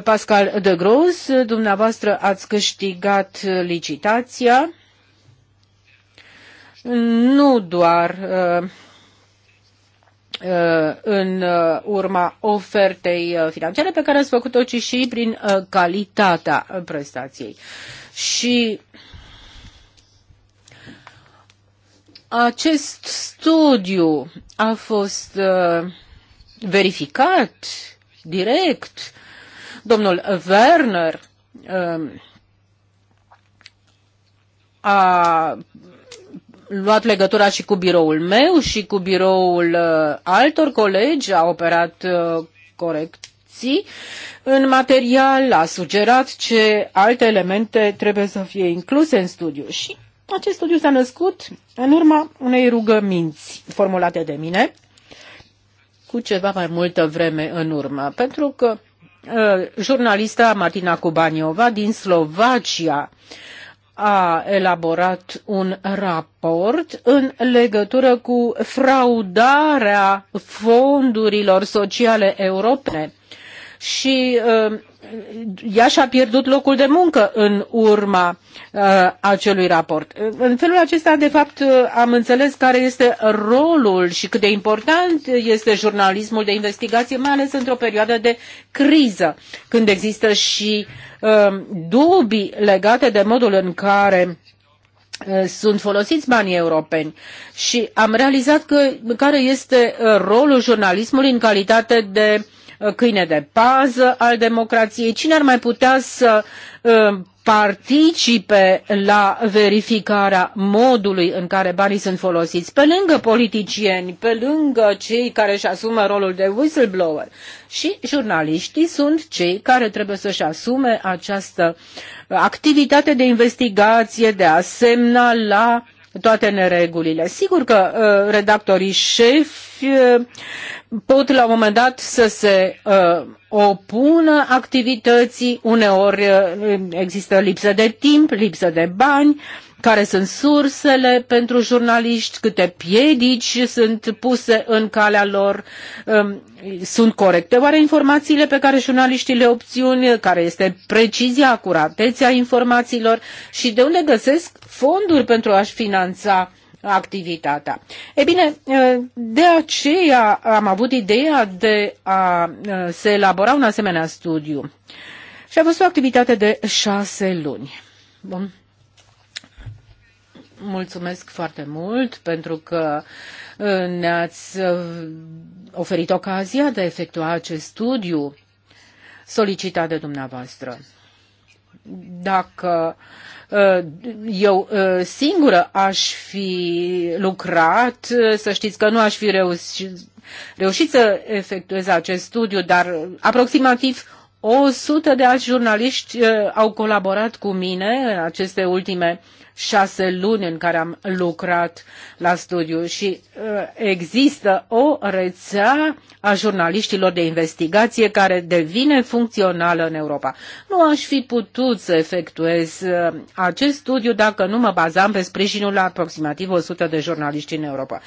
Pascal de Gros, dumneavoastră ați câștigat licitația nu doar uh, uh în uh, urma ofertei uh, financiare pe care ați făcut-o, ci și prin calitatea prestației. Și Acest studiu a fost uh, verificat direct. Domnul Werner uh, a luat legătura și cu biroul meu și cu biroul uh, altor colegi, a operat uh, corecții în material, a sugerat ce alte elemente trebuie să fie incluse în studiu și acest studiu s-a născut în urma unei rugăminți formulate de mine cu ceva mai multă vreme în urmă, pentru că uh, jurnalista Martina Cubaniova din Slovacia a elaborat un raport în legătură cu fraudarea fondurilor sociale europene și uh, ea și-a pierdut locul de muncă în urma uh, acelui raport. În felul acesta, de fapt, uh, am înțeles care este rolul și cât de important este jurnalismul de investigație, mai ales într-o perioadă de criză, când există și dubii legate de modul în care sunt folosiți banii europeni și am realizat că, care este rolul jurnalismului în calitate de uh, Uh, câine de pază al democrației. Cine ar mai putea să uh, participe la verificarea modului în care banii sunt folosiți, pe lângă politicieni, pe lângă cei care își asumă rolul de whistleblower. Și jurnaliștii sunt cei care trebuie să-și asume această uh, activitate de investigație, de a semnala toate neregulile. Sigur că uh, redactorii șefi uh, pot la un moment dat să se uh, opună activității, uneori uh, există lipsă de timp, lipsă de bani, care sunt sursele pentru jurnaliști, câte piedici sunt puse în calea lor, um, sunt corecte oare informațiile pe care jurnaliștii le obțin, care este precizia, acuratețea informațiilor și de unde găsesc fonduri pentru a-și finanța activitatea. E bine, uh, de aceea am avut ideea de a uh, se elabora un asemenea studiu. Și a fost o activitate de șase luni. Bun. Mulțumesc foarte mult pentru că uh, ne-ați uh, oferit ocazia de a efectua acest studiu solicitat de dumneavoastră. Dacă uh, eu singură aș fi lucrat, să știți că nu aș fi reușit, reușit să efectuez acest studiu, dar aproximativ o sută de alți jurnaliști au colaborat cu mine în aceste ultime șase luni în care am lucrat la studiu și uh, există o rețea a jurnaliștilor de investigație care devine funcțională în Europa. Nu aș fi putut să efectuez uh, acest studiu dacă nu mă bazam pe sprijinul la aproximativ 100 de jurnaliști în Europa.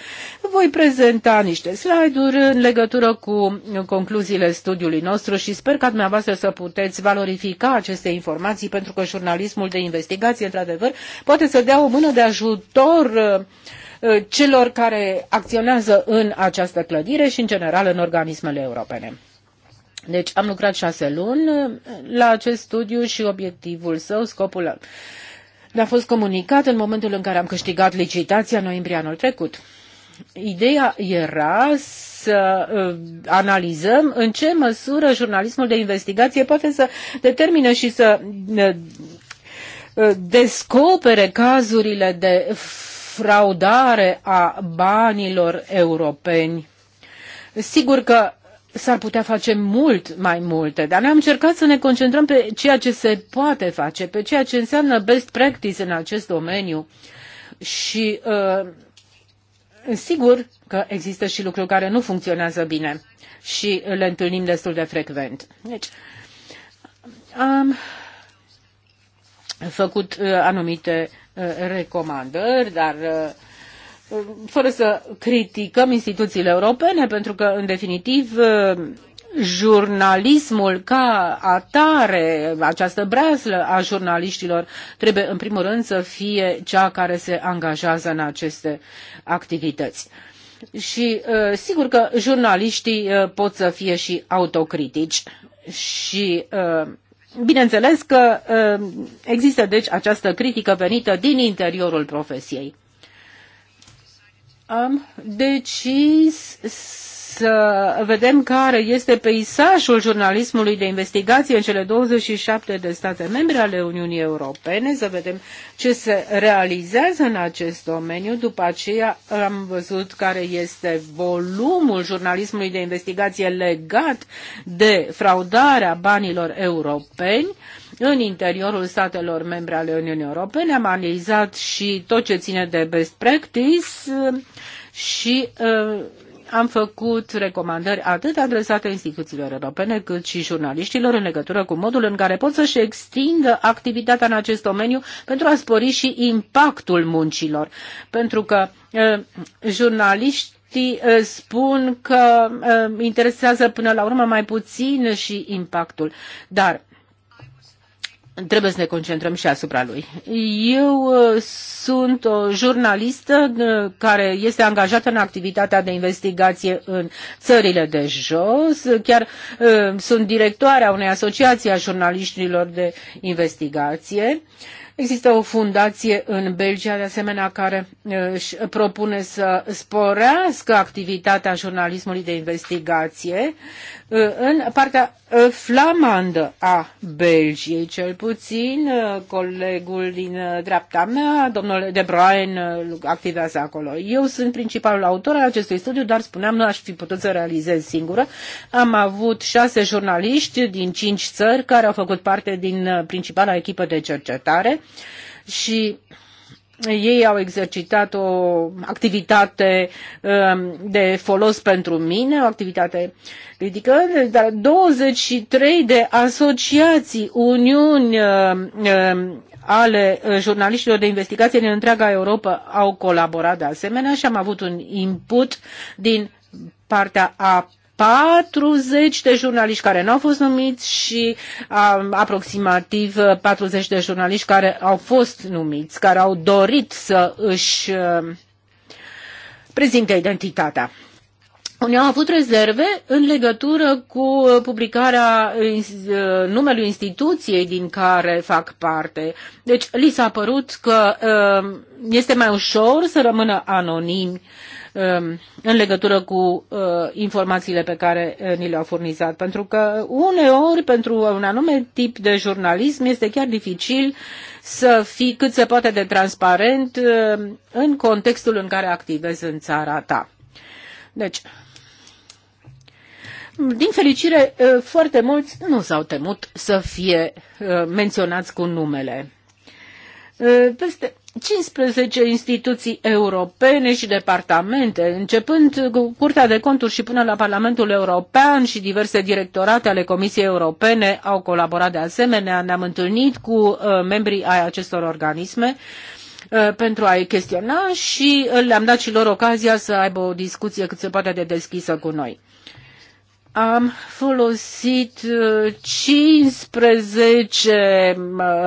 Voi prezenta niște slide-uri în legătură cu concluziile studiului nostru și sper ca dumneavoastră să puteți valorifica aceste informații pentru că jurnalismul de investigație, într-adevăr, poate poate să dea o mână de ajutor uh, uh, celor care acționează în această clădire și, în general, în organismele europene. Deci am lucrat șase luni uh, la acest studiu și obiectivul său, scopul ne-a fost comunicat în momentul în care am câștigat licitația noiembrie anul trecut. Ideea era să analizăm în ce măsură jurnalismul de investigație poate să determine și să descopere cazurile de fraudare a banilor europeni. Sigur că s-ar putea face mult mai multe, dar noi am încercat să ne concentrăm pe ceea ce se poate face, pe ceea ce înseamnă best practice în acest domeniu. Și uh, sigur că există și lucruri care nu funcționează bine și le întâlnim destul de frecvent. Deci, um, făcut uh, anumite uh, recomandări, dar uh, fără să criticăm instituțiile europene, pentru că, în definitiv, jurnalismul ca atare, această breaslă a jurnaliștilor, trebuie, în primul rând, să fie cea care se angajează în aceste activități. Și sigur că jurnaliștii pot să fie și autocritici și uh, Bineînțeles că uh, există deci această critică venită din interiorul profesiei. Am decis să vedem care este peisajul jurnalismului de investigație în cele 27 de state membre ale Uniunii Europene, să vedem ce se realizează în acest domeniu. După aceea am văzut care este volumul jurnalismului de investigație legat de fraudarea banilor europeni în interiorul statelor membre ale Uniunii Europene. Am analizat și tot ce ține de best practice uh, și uh, am făcut recomandări atât adresate instituțiilor europene cât și jurnaliștilor în legătură cu modul în care pot să-și extindă activitatea în acest domeniu pentru a spori și impactul muncilor. Pentru că uh, jurnaliști spun că interesează până la urmă mai puțin și impactul. Dar trebuie să ne concentrăm și asupra lui. Eu uh, sunt o jurnalistă uh, care este angajată în activitatea de investigație în țările de jos, chiar uh, sunt directoarea unei asociații a jurnaliștilor de investigație Există o fundație în Belgia, de asemenea, care uh, își propune să sporească activitatea jurnalismului de investigație uh, în partea uh, flamandă a Belgiei, cel puțin. Colegul din dreapta mea, domnul De Bruyne, activează acolo. Eu sunt principalul autor al acestui studiu, dar spuneam, nu aș fi putut să realizez singură. Am avut șase jurnaliști din cinci țări care au făcut parte din principala echipă de cercetare și ei au exercitat o activitate um, de folos pentru mine, o activitate critică, dar 23 de asociații, uniuni um, um, ale jurnaliștilor de investigație din întreaga Europa au colaborat de asemenea și am avut un input din partea a 40 de jurnaliști care nu au fost numiți și a, aproximativ 40 uh, de jurnaliști care au fost numiți, care au dorit să își uh, prezinte identitatea. Unii au avut rezerve în legătură cu publicarea uh, numelui instituției din care fac parte. Deci li s-a părut că este mai ușor să rămână anonimi Um, în legătură cu uh, informațiile pe care uh, ni le-au furnizat. Pentru că uneori, pentru un anume tip de jurnalism, este chiar dificil să fii cât se poate de transparent uh, în contextul în care activezi în țara ta. Deci, din fericire, foarte mulți nu s-au temut să fie menționați cu numele. Peste 15 instituții europene și departamente, începând cu Curtea de Conturi și până la Parlamentul European și diverse directorate ale Comisiei Europene au colaborat de asemenea. Ne-am întâlnit cu uh, membrii ai acestor organisme uh, pentru a-i chestiona și le-am dat și lor ocazia să aibă o discuție cât se poate de deschisă cu noi am folosit 15 uh,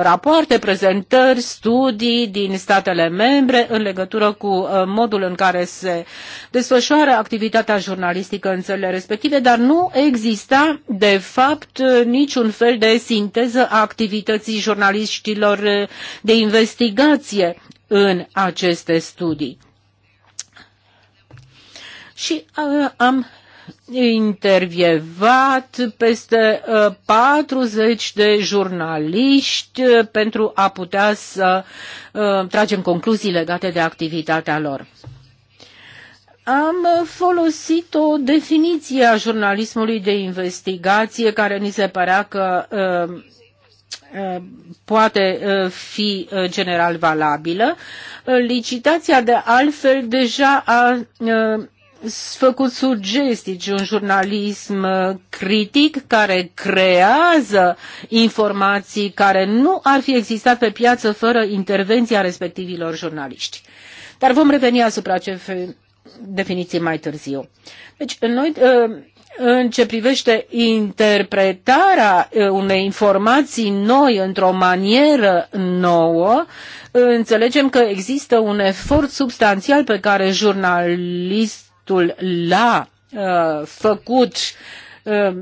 rapoarte, prezentări, studii din statele membre în legătură cu uh, modul în care se desfășoară activitatea jurnalistică în țările respective, dar nu exista, de fapt, uh, niciun fel de sinteză a activității jurnaliștilor de investigație în aceste studii. Și am intervievat peste 40 ă, de jurnaliști ă, pentru a putea să ă, tragem concluzii legate de activitatea lor. Am folosit o definiție a jurnalismului de investigație care ni se părea că poate fi general valabilă. Licitația de altfel deja a făcut sugestii, deci un jurnalism uh, critic care creează informații care nu ar fi existat pe piață fără intervenția respectivilor jurnaliști. Dar vom reveni asupra acestei definiții mai târziu. Deci, noi uh, în ce privește interpretarea uh, unei informații noi într-o manieră nouă, înțelegem că există un efort substanțial pe care jurnalist impactul l-a uh, făcut uh,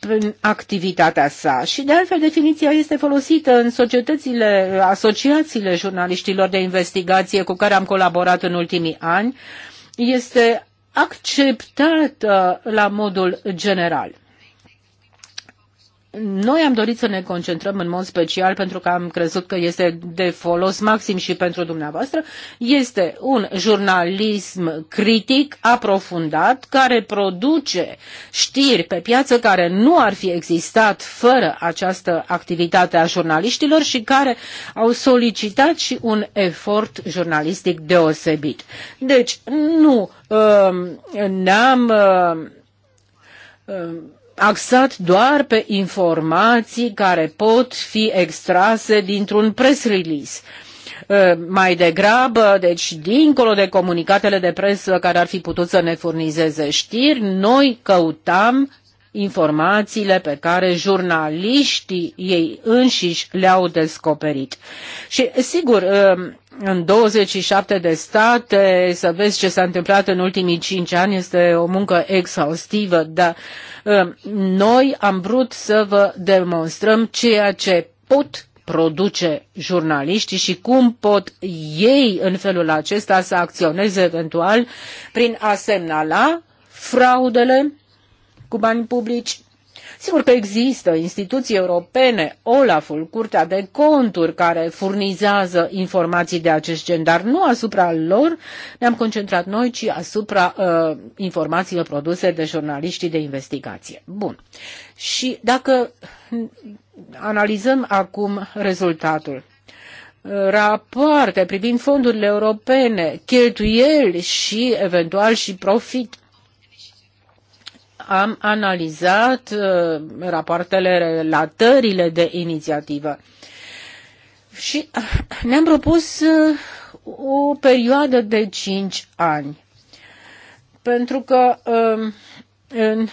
prin activitatea sa. Și de altfel definiția este folosită în societățile, asociațiile jurnaliștilor de investigație cu care am colaborat în ultimii ani, este acceptată la modul general noi am dorit să ne concentrăm în mod special pentru că am crezut că este de folos maxim și pentru dumneavoastră. Este un jurnalism critic, aprofundat, care produce știri pe piață care nu ar fi existat fără această activitate a jurnaliștilor și care au solicitat și un efort jurnalistic deosebit. Deci, nu uh, ne-am. Uh, uh, axat doar pe informații care pot fi extrase dintr-un press release uh, mai degrabă, deci dincolo de comunicatele de presă care ar fi putut să ne furnizeze știri, noi căutam informațiile pe care jurnaliștii ei înșiși le-au descoperit. Și sigur, uh, în 27 de state, să vezi ce s-a întâmplat în ultimii 5 ani, este o muncă exhaustivă, dar um, noi am vrut să vă demonstrăm ceea ce pot produce jurnaliștii și cum pot ei în felul acesta să acționeze eventual prin a semnala fraudele cu bani publici Sigur că există instituții europene, Olaful, Curtea de Conturi, care furnizează informații de acest gen, dar nu asupra lor ne-am concentrat noi, ci asupra uh, informațiilor produse de jurnaliștii de investigație. Bun. Și dacă analizăm acum rezultatul, uh, rapoarte privind fondurile europene, cheltuieli și eventual și profit am analizat uh, rapoartele, relatările de inițiativă și uh, ne-am propus uh, o perioadă de 5 ani. Pentru că uh, în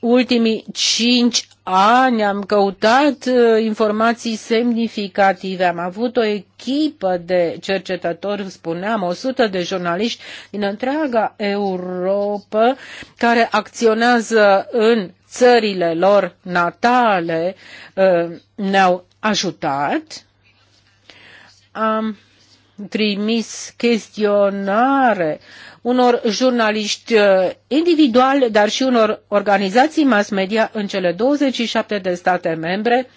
ultimii 5 ani am căutat uh, informații semnificative. Am avut o echipă de cercetători, spuneam, 100 de jurnaliști din întreaga Europa care acționează în țările lor natale, uh, ne-au ajutat. Am trimis chestionare unor jurnaliști uh, individuali, dar și unor organizații mass media în cele 27 de state membre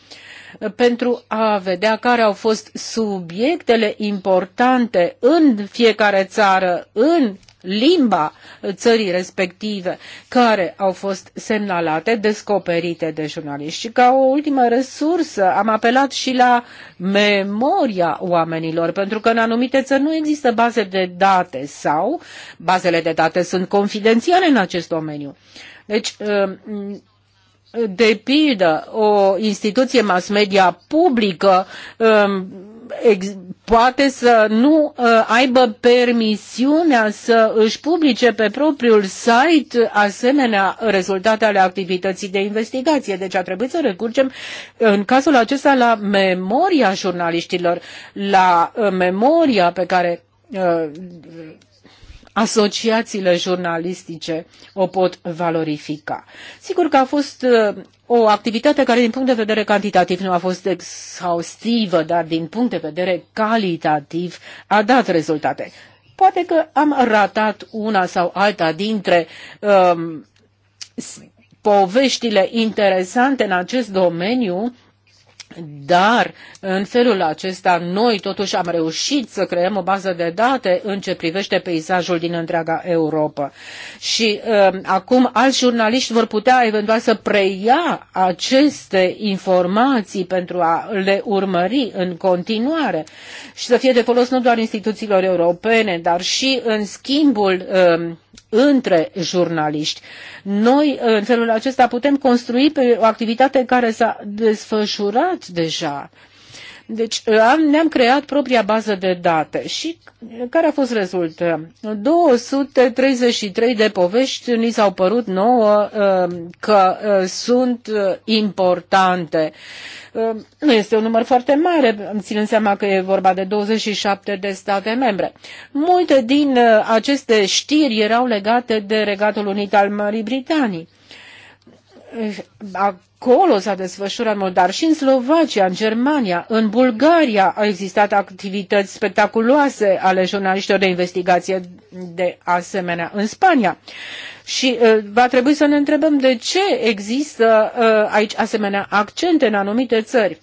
uh, pentru a vedea care au fost subiectele importante în fiecare țară în limba țării respective care au fost semnalate, descoperite de jurnaliști. Și ca o ultimă resursă am apelat și la memoria oamenilor, pentru că în anumite țări nu există baze de date sau bazele de date sunt confidențiale în acest domeniu. Deci, um, de pildă, o instituție mass media publică um, poate să nu uh, aibă permisiunea să își publice pe propriul site asemenea rezultate ale activității de investigație. Deci a trebuit să recurgem uh, în cazul acesta la memoria jurnaliștilor, la uh, memoria pe care asociațiile jurnalistice o pot valorifica. Sigur că a fost uh, o activitate care din punct de vedere cantitativ nu a fost exhaustivă, dar din punct de vedere calitativ a dat rezultate. Poate că am ratat una sau alta dintre um, poveștile interesante în acest domeniu dar, în felul acesta, noi totuși am reușit să creăm o bază de date în ce privește peisajul din întreaga Europa. Și uh, acum alți jurnaliști vor putea eventual să preia aceste informații pentru a le urmări în continuare și să fie de folos nu doar instituțiilor europene, dar și în schimbul uh, între jurnaliști. Noi, în felul acesta, putem construi pe o activitate care s-a desfășurat deja. Deci ne-am creat propria bază de date și care a fost rezultă? 233 de povești ni s-au părut nouă uh, că uh, sunt uh, importante. Nu este un număr foarte mare, ținând seama că e vorba de 27 de state membre. Multe din aceste știri erau legate de Regatul Unit al Marii Britanii acolo s-a desfășurat mult, dar și în Slovacia, în Germania, în Bulgaria au existat activități spectaculoase ale jurnaliștilor de investigație de asemenea în Spania. Și uh, va trebui să ne întrebăm de ce există uh, aici asemenea accente în anumite țări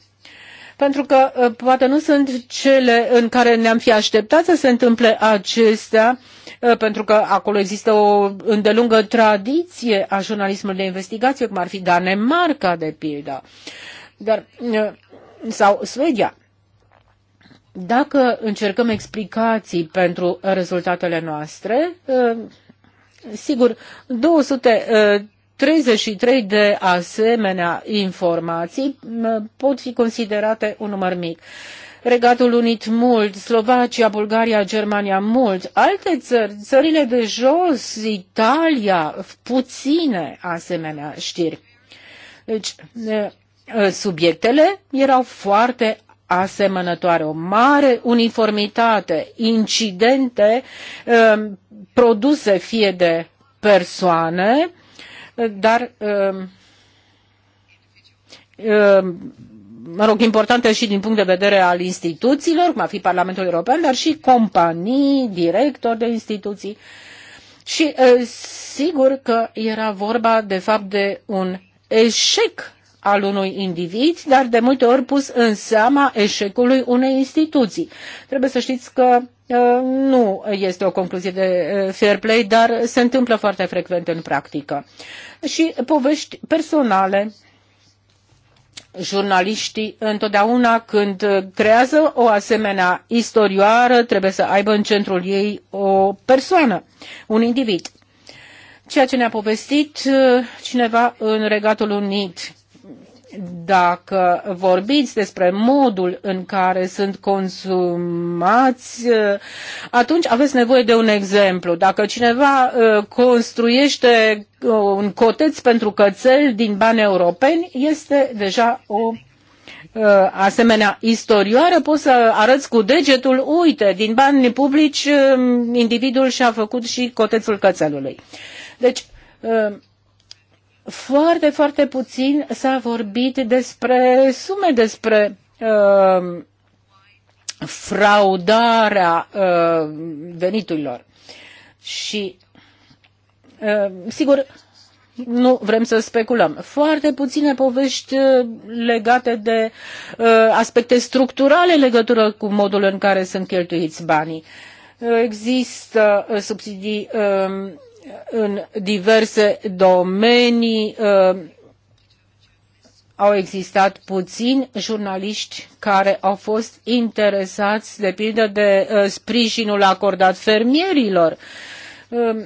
pentru că uh, poate nu sunt cele în care ne-am fi așteptat să se întâmple acestea Eh, pentru că acolo există o îndelungă tradiție a jurnalismului de investigație, cum ar fi Danemarca, de pildă, dar, eh, sau Suedia. Dacă încercăm explicații pentru rezultatele noastre, eh, sigur, 200 33 de asemenea informații pot fi considerate un număr mic. Regatul Unit mult, Slovacia, Bulgaria, Germania mult, alte țări, țările de jos, Italia, puține asemenea știri. Deci, ă, subiectele erau foarte asemănătoare, o mare uniformitate, incidente ă, produse fie de persoane, dar ă, mă rog, importantă și din punct de vedere al instituțiilor, cum ar fi Parlamentul European, dar și companii, directori de instituții. Și sigur că era vorba, de fapt, de un eșec al unui individ, dar de multe ori pus în seama eșecului unei instituții. Trebuie să știți că nu este o concluzie de fair play, dar se întâmplă foarte frecvent în practică. Și povești personale jurnaliștii întotdeauna când creează o asemenea istorioară trebuie să aibă în centrul ei o persoană, un individ. Ceea ce ne-a povestit uh, cineva în Regatul Unit dacă vorbiți despre modul în care sunt consumați, uh, atunci aveți nevoie de un exemplu. Dacă cineva uh, construiește uh, un coteț pentru cățel din bani europeni, este deja o asemenea istorioară, poți să arăți cu degetul, uite, din bani publici individul și-a făcut și cotețul cățelului. Deci, foarte, foarte puțin s-a vorbit despre sume, despre uh, fraudarea uh, veniturilor. Și, uh, sigur, nu vrem să speculăm. Foarte puține povești uh, legate de uh, aspecte structurale în legătură cu modul în care sunt cheltuiți banii. Uh, există uh, subsidii uh, în diverse domenii uh, au existat puțini jurnaliști care au fost interesați, de pildă, de uh, sprijinul acordat fermierilor. Uh,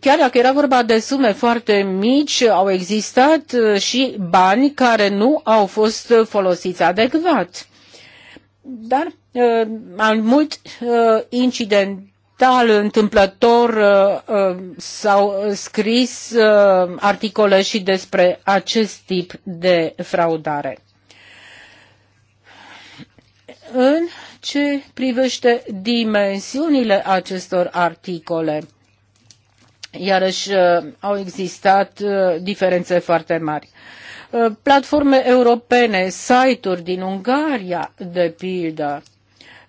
chiar dacă era vorba de sume foarte mici, au existat și bani care nu au fost folosiți adecvat. Dar mai mult incident total întâmplător uh, uh, s-au scris uh, articole și despre acest tip de fraudare. În ce privește dimensiunile acestor articole, iarăși au existat diferențe foarte mari. Platforme europene, site-uri din Ungaria, de pildă,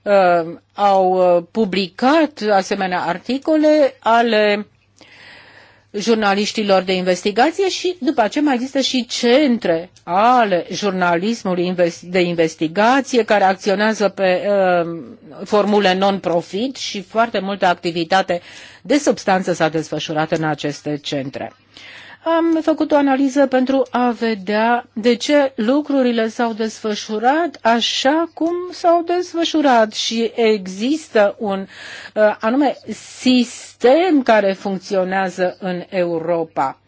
uh, au uh, publicat asemenea articole ale jurnaliștilor de investigație și după aceea mai există și centre ale jurnalismului de investigație care acționează pe uh, formule non-profit și foarte multă activitate de substanță s-a desfășurat în aceste centre. Uh, am făcut o analiză pentru a vedea de ce lucrurile s-au desfășurat așa cum s-au desfășurat și există un uh, anume sistem care funcționează în Europa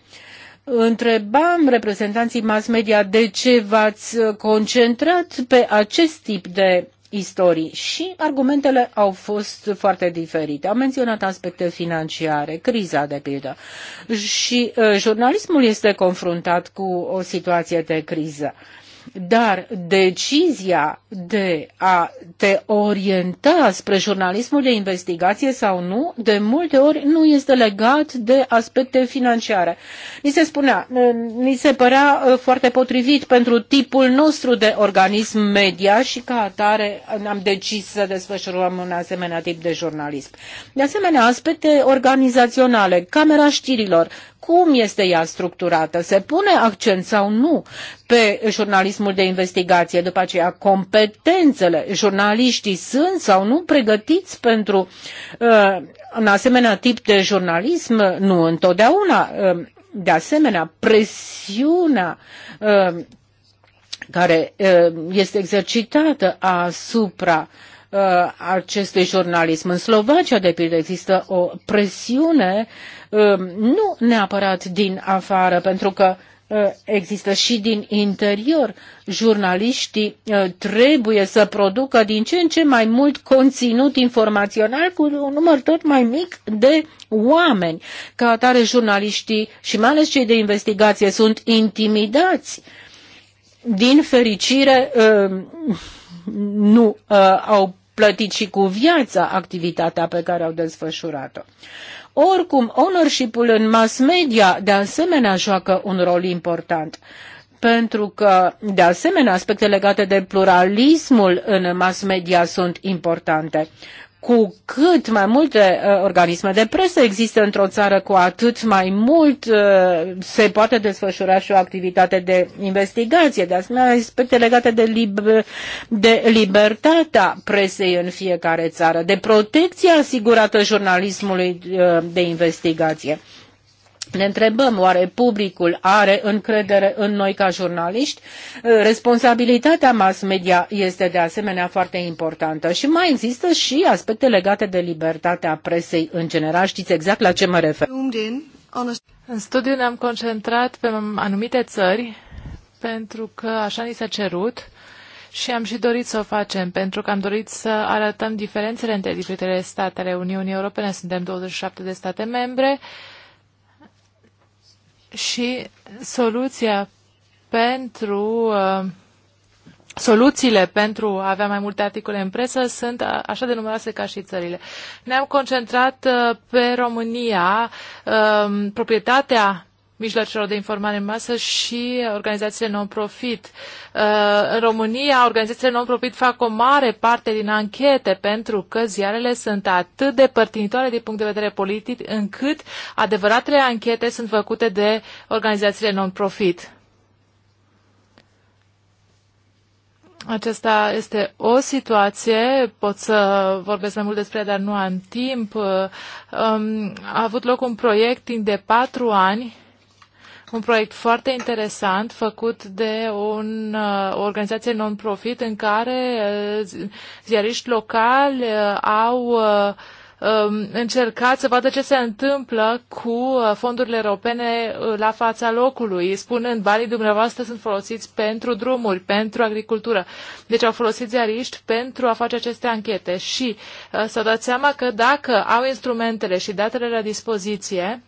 întrebam reprezentanții mass media de ce v-ați concentrat pe acest tip de istorii și argumentele au fost foarte diferite. Am menționat aspecte financiare, criza de pildă și uh, jurnalismul este confruntat cu o situație de criză. Uh, dar decizia de a te orienta spre jurnalismul de investigație sau nu, de multe ori nu este legat de aspecte financiare. Ni se spunea, uh, ni se părea uh, foarte potrivit pentru tipul nostru de organism media și ca atare am decis să desfășurăm un asemenea tip de jurnalism. De asemenea, aspecte organizaționale, camera știrilor, cum este ea structurată, se pune accent sau nu pe jurnalismul de investigație, după aceea competențele, jurnaliștii sunt sau nu pregătiți pentru uh, un asemenea tip de jurnalism, nu întotdeauna. Uh, de asemenea, presiunea uh, care uh, este exercitată asupra uh, Uh, acestui jurnalism. În Slovacia, de pildă, există o presiune, um, nu neapărat din afară, pentru că uh, există și din interior. Jurnaliștii uh, trebuie să producă din ce în ce mai mult conținut informațional cu un număr tot mai mic de oameni. Ca atare, jurnaliștii și mai ales cei de investigație sunt intimidați. Din fericire, nu au plătit și cu viața activitatea pe care au desfășurat-o. Oricum, ownership-ul în mass media de asemenea joacă un rol important pentru că, de asemenea, aspecte legate de pluralismul în mass media sunt importante cu cât mai multe uh, organisme de presă există într-o țară, cu atât mai mult uh, se poate desfășura și o activitate de investigație. De asemenea, aspecte legate de, lib- de libertatea presei în fiecare țară, de protecția asigurată jurnalismului uh, de investigație. Uh, ne întrebăm oare publicul are încredere în noi ca jurnaliști? Uh, responsabilitatea mass media este de asemenea foarte importantă și mai există și aspecte legate de libertatea presei în general. Știți exact la ce mă refer. În studiu ne-am concentrat pe anumite țări pentru că așa ni s-a cerut și am și dorit să o facem, pentru că am dorit să arătăm diferențele între diferitele state ale Uniunii Europene. Suntem 27 de state membre, și soluția pentru uh, soluțiile pentru a avea mai multe articole în presă sunt așa de numeroase ca și țările. Ne-am concentrat uh, pe România, uh, proprietatea mijloacelor de informare în masă și organizațiile non-profit. Uh, în România, organizațiile non-profit fac o mare parte din anchete pentru că ziarele sunt atât de părtinitoare din punct de vedere politic încât adevăratele anchete sunt făcute de organizațiile non-profit. Aceasta este o situație, pot să vorbesc mai mult despre dar nu am timp. Um, a avut loc un proiect timp de patru ani un proiect foarte interesant făcut de un, o uh, organizație non-profit în care uh, ziariști locali uh, au um, încercat să vadă ce se întâmplă cu fondurile europene la fața locului, spunând banii dumneavoastră sunt folosiți pentru drumuri, pentru agricultură. Deci au folosit ziariști pentru a face aceste anchete și s-au dat seama că dacă au instrumentele și datele la dispoziție,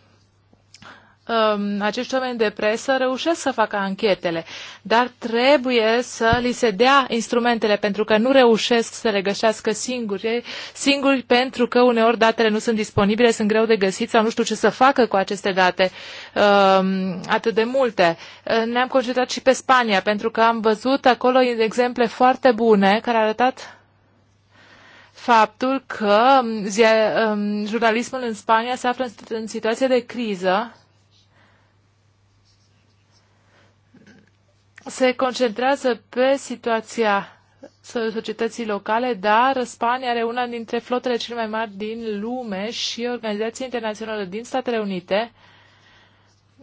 um, acești oameni de presă reușesc să facă anchetele, dar trebuie să li se dea instrumentele pentru că nu reușesc să le găsească singuri, singuri pentru că uneori datele nu sunt disponibile, sunt greu de găsit sau nu știu ce să facă cu aceste date um, atât de multe. Uh, ne-am concentrat și pe Spania pentru că am văzut acolo exemple foarte bune care au arătat faptul că um, zi, um, jurnalismul în Spania se află în, în situație de criză se concentrează pe situația societății locale, dar Spania are una dintre flotele cele mai mari din lume și Organizația Internațională din Statele Unite,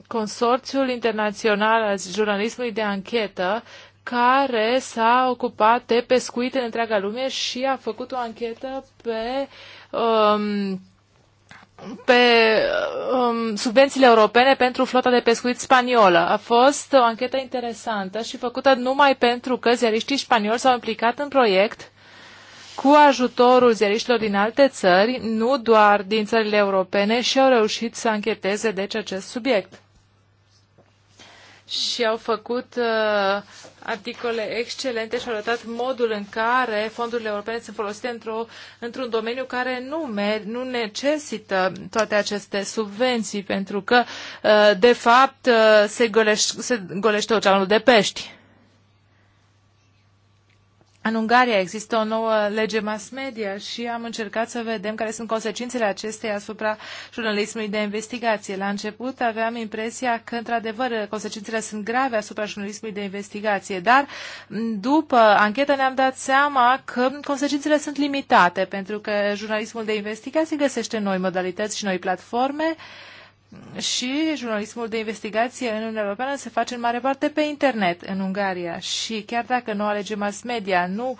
Consorțiul Internațional al Jurnalismului de Anchetă, care s-a ocupat de pescuit în întreaga lume și a făcut o anchetă pe um, pe um, subvențiile europene pentru flota de pescuit spaniolă. A fost o anchetă interesantă și făcută numai pentru că ziariștii spanioli s-au implicat în proiect cu ajutorul ziariștilor din alte țări, nu doar din țările europene, și au reușit să ancheteze deci acest subiect. Și au făcut uh, articole excelente și au arătat modul în care fondurile europene sunt folosite într-o, într-un domeniu care nu, mer- nu necesită toate aceste subvenții, pentru că, uh, de fapt, uh, se golește, se golește oceanul de pești. În Ungaria există o nouă lege mass media și am încercat să vedem care sunt consecințele acesteia asupra jurnalismului de investigație. La început aveam impresia că, într-adevăr, consecințele sunt grave asupra jurnalismului de investigație, dar după anchetă ne-am dat seama că consecințele sunt limitate, pentru că jurnalismul de investigație găsește noi modalități și noi platforme uh, și jurnalismul de investigație în Uniunea Europeană se face în mare parte pe internet în Ungaria și chiar dacă noua lege mass media nu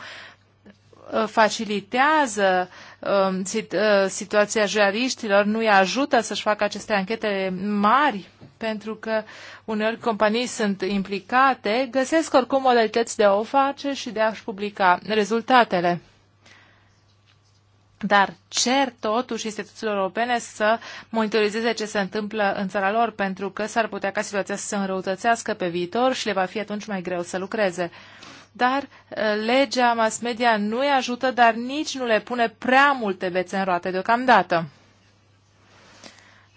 uh, facilitează um, uh, situația jurnaliștilor, nu îi ajută să-și facă aceste anchete mari, pentru că uneori companii sunt implicate, găsesc oricum modalități de a o face și de a-și publica rezultatele dar cer totuși instituțiilor europene să monitorizeze ce se întâmplă în țara lor, pentru că s-ar putea ca situația să se înrăutățească pe viitor și le va fi atunci mai greu să lucreze. Dar uh, legea mass media nu îi ajută, dar nici nu le pune prea multe bețe în roate deocamdată.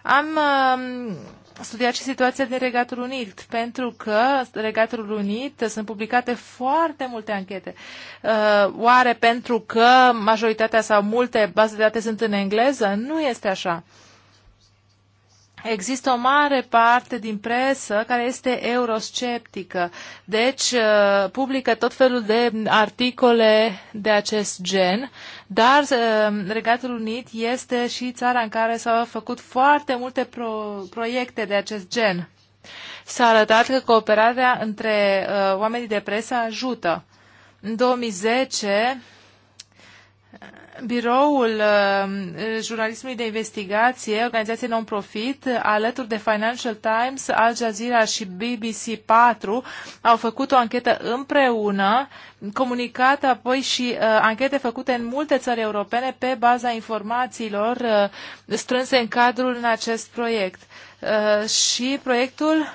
Am um, studiat și situația din Regatul Unit, pentru că Regatul Unit sunt publicate foarte multe anchete. Uh, oare pentru că majoritatea sau multe baze de date sunt în engleză? Nu este așa. Există o mare parte din presă care este eurosceptică, deci uh, publică tot felul de articole de acest gen, dar uh, Regatul Unit este și țara în care s-au făcut foarte multe pro- proiecte de acest gen. S-a arătat că cooperarea între uh, oamenii de presă ajută. În 2010, Biroul uh, Jurnalismului de Investigație, organizație non-profit, alături de Financial Times, Al Jazeera și BBC 4, au făcut o anchetă împreună, comunicată apoi și uh, anchete făcute în multe țări europene pe baza informațiilor uh, strânse în cadrul în acest proiect. și proiectul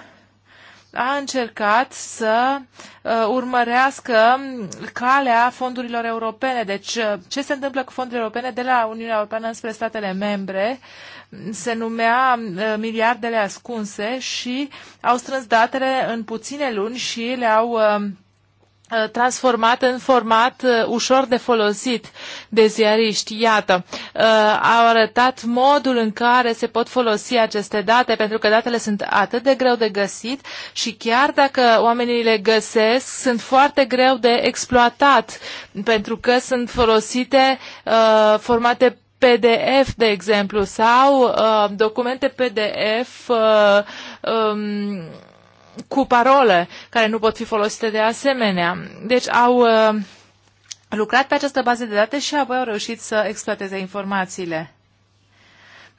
a încercat să uh, urmărească calea fondurilor europene. Deci, uh, ce se întâmplă cu fondurile europene de la Uniunea Europeană spre statele membre? Se numea uh, miliardele ascunse și au strâns datele în puține luni și le-au uh, Uh, transformat în format uh, ușor de folosit de ziariști. Iată, uh, au arătat modul în care se pot folosi aceste date, pentru că datele sunt atât de greu de găsit și chiar dacă oamenii le găsesc, sunt foarte greu de exploatat, pentru că sunt folosite uh, formate PDF, de exemplu, sau uh, documente PDF uh, um, cu parole care nu pot fi folosite de asemenea. Deci au uh, lucrat pe această bază de date și apoi au reușit să exploateze informațiile.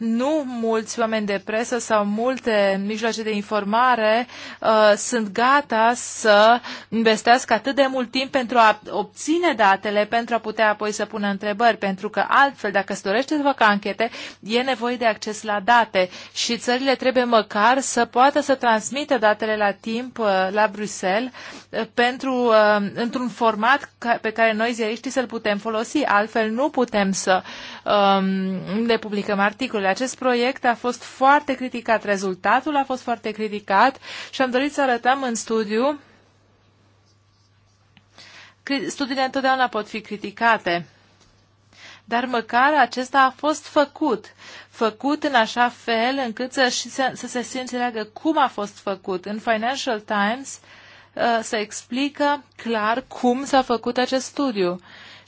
Nu mulți oameni de presă sau multe mijloace de informare uh, sunt gata să investească atât de mult timp pentru a obține datele, pentru a putea apoi să pună întrebări, pentru că altfel, dacă îți dorește să facă anchete, e nevoie de acces la date și țările trebuie măcar să poată să transmită datele la timp uh, la Bruxelles uh, pentru, uh, într-un format ca, pe care noi ziariștii să-l putem folosi. Altfel nu putem să uh, um, publicăm articole. Acest proiect a fost foarte criticat, rezultatul a fost foarte criticat și am dorit să arătăm în studiu studiile întotdeauna pot fi criticate. Dar măcar acesta a fost făcut. Făcut în așa fel încât să, să, să se înțeleagă cum a fost făcut. În Financial Times uh, se explică clar cum s-a făcut acest studiu. Uh,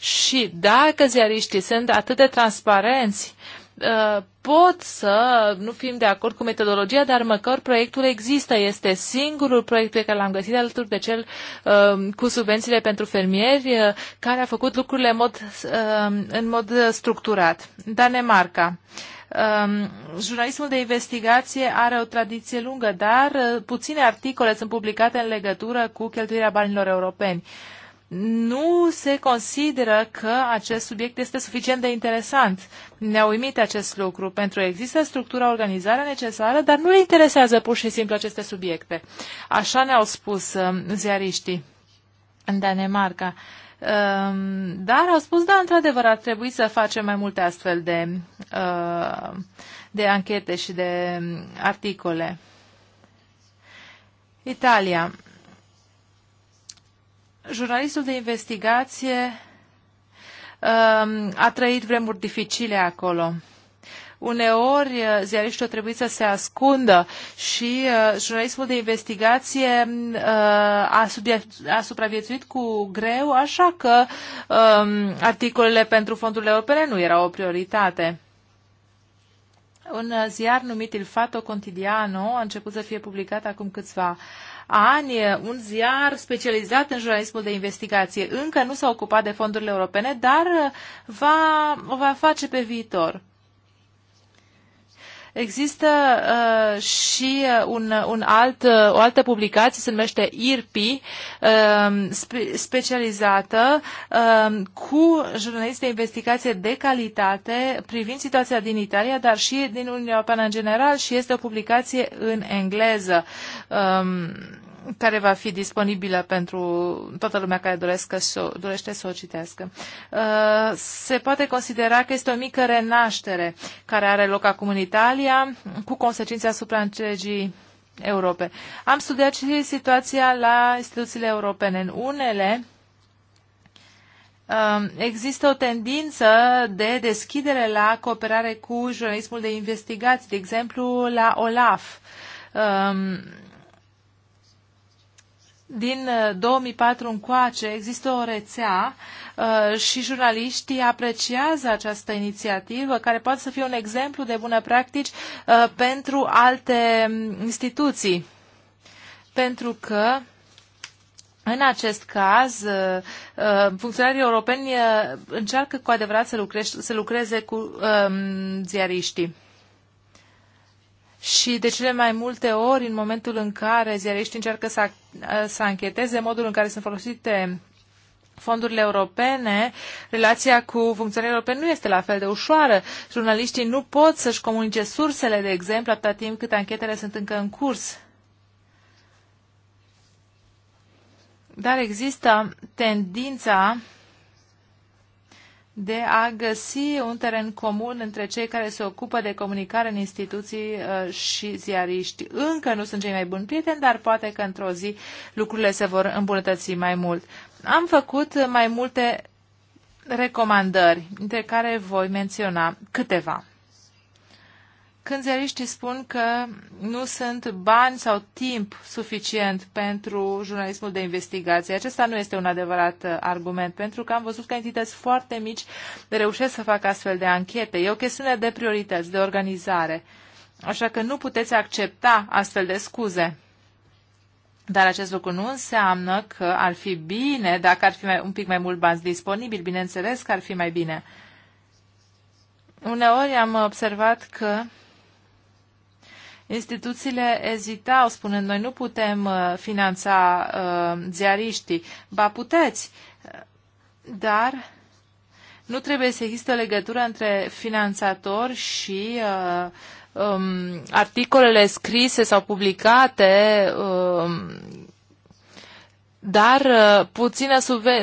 și dacă ziariștii sunt atât de transparenți, uh, pot să nu fim de acord cu metodologia, dar măcar proiectul există. Este singurul proiect pe care l-am găsit alături de cel uh, cu subvențiile pentru fermieri, uh, care a făcut lucrurile în mod, în mod structurat. Danemarca. Um, jurnalismul de investigație are o tradiție lungă, dar puține articole sunt publicate în legătură cu cheltuirea banilor europeni. Uh, nu se consideră că acest subiect este suficient de interesant. Ne-a uimit acest lucru, pentru că există structura, organizare necesară, dar nu le interesează pur și simplu aceste subiecte. Așa ne-au spus um, ziariștii în Danemarca. Um, dar au spus, da, într-adevăr, ar trebui să facem mai multe astfel de, uh, de anchete și de um, articole. Italia jurnalistul de investigație um, a trăit vremuri dificile acolo. Uneori uh, ziariștii au trebuit să se ascundă și uh, jurnalismul de investigație uh, a, a supraviețuit cu greu, așa că um, articolele pentru fondurile europene nu erau o prioritate. Un uh, ziar numit Il Fatto Quotidiano a început să fie publicat acum câțiva ani un ziar specializat în jurnalismul de investigație. Încă nu s-a ocupat de fondurile europene, dar va, o va face pe viitor. Există uh, și uh, un, uh, un alt, uh, o altă publicație, se numește IRPI, uh, spe- specializată uh, cu jurnaliste de investigație de calitate privind situația din Italia, dar și din Uniunea Europeană în general și este o publicație în engleză. Uh, care va fi disponibilă pentru toată lumea care doresc să, dorește să o citească. Uh, se poate considera că este o mică renaștere care are loc acum în Italia, cu consecințe asupra întregii Europe. Am studiat și situația la instituțiile europene. În unele um, există o tendință de deschidere la cooperare cu jurnalismul de investigații, de exemplu la OLAF um, din 2004 uh, încoace există o rețea uh, și jurnaliștii apreciază această inițiativă care poate să fie un exemplu de bună practici uh, pentru alte um, instituții. Pentru că în acest caz, funcționarii europeni încearcă cu adevărat să, lucreze cu um, ziariștii. Și de cele mai multe ori, în momentul în care ziariștii încearcă să, să ancheteze modul în care sunt folosite fondurile europene, relația cu funcționarii europeni nu este la fel de ușoară. Jurnaliștii nu pot să-și comunice sursele, de exemplu, atâta timp cât anchetele sunt încă în curs. Dar există tendința de a găsi un teren comun între cei care se ocupă de comunicare în instituții uh, și ziariști. Încă nu sunt cei mai buni prieteni, dar poate că într-o zi lucrurile se vor îmbunătăți mai mult. Am făcut mai multe recomandări, dintre care voi menționa câteva. Când zeliștii spun că nu sunt bani sau timp suficient pentru jurnalismul de investigație, acesta nu este un adevărat uh, argument, pentru că am văzut că entități foarte mici reușesc să facă astfel de anchete. E o chestiune de priorități, de organizare. Așa că nu puteți accepta astfel de scuze. Dar acest lucru nu înseamnă că ar fi bine, dacă ar fi mai, un pic mai mult bani disponibil, bineînțeles că ar fi mai bine. Uneori am observat că Instituțiile ezitau, spunând noi nu putem uh, finanța uh, ziariștii. Ba puteți, uh, dar nu trebuie să existe o legătură între finanțator și uh, um, articolele scrise sau publicate, um, dar uh, puțină,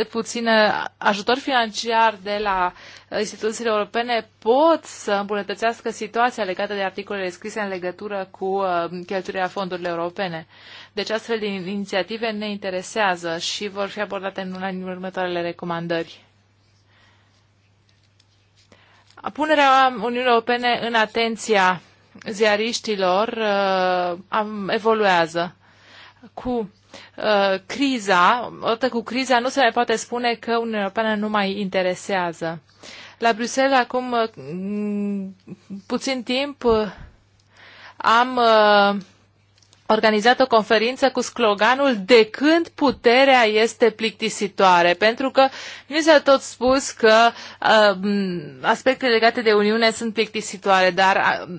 puțină ajutor financiar de la instituțiile europene pot să îmbunătățească situația legată de articolele scrise în legătură cu uh, cheltuirea fondurilor europene. Deci astfel de inițiative ne interesează și vor fi abordate în una din următoarele recomandări. Punerea Uniunii Europene în atenția ziariștilor uh, evoluează. Cu Uh, criza, odată cu criza, nu se mai poate spune că Uniunea Europeană nu mai interesează. La Bruxelles, acum uh, puțin timp, uh, am organizat o conferință cu sloganul De când puterea este plictisitoare? Pentru că mi s-a tot spus că uh, aspectele legate de Uniune sunt plictisitoare, dar uh,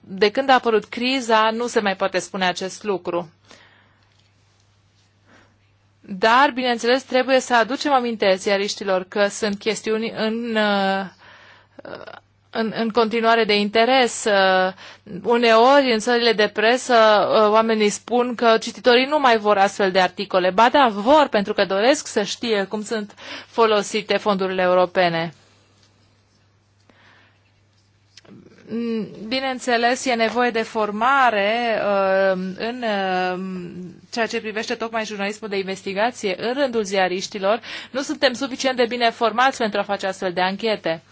de când a apărut criza nu se mai poate spune acest lucru. Dar, bineînțeles, trebuie să aducem aminte ziariștilor că sunt chestiuni în, uh, în, în continuare de interes. Uh, uneori, în țările de presă, uh, oamenii spun că cititorii nu mai vor astfel de articole. Ba da, vor, pentru că doresc să știe cum sunt folosite fondurile europene. Mm, bineînțeles, e nevoie de formare uh, în uh, ceea ce privește tocmai jurnalismul de investigație în rândul ziariștilor. Nu suntem suficient de bine formați pentru a face astfel de anchete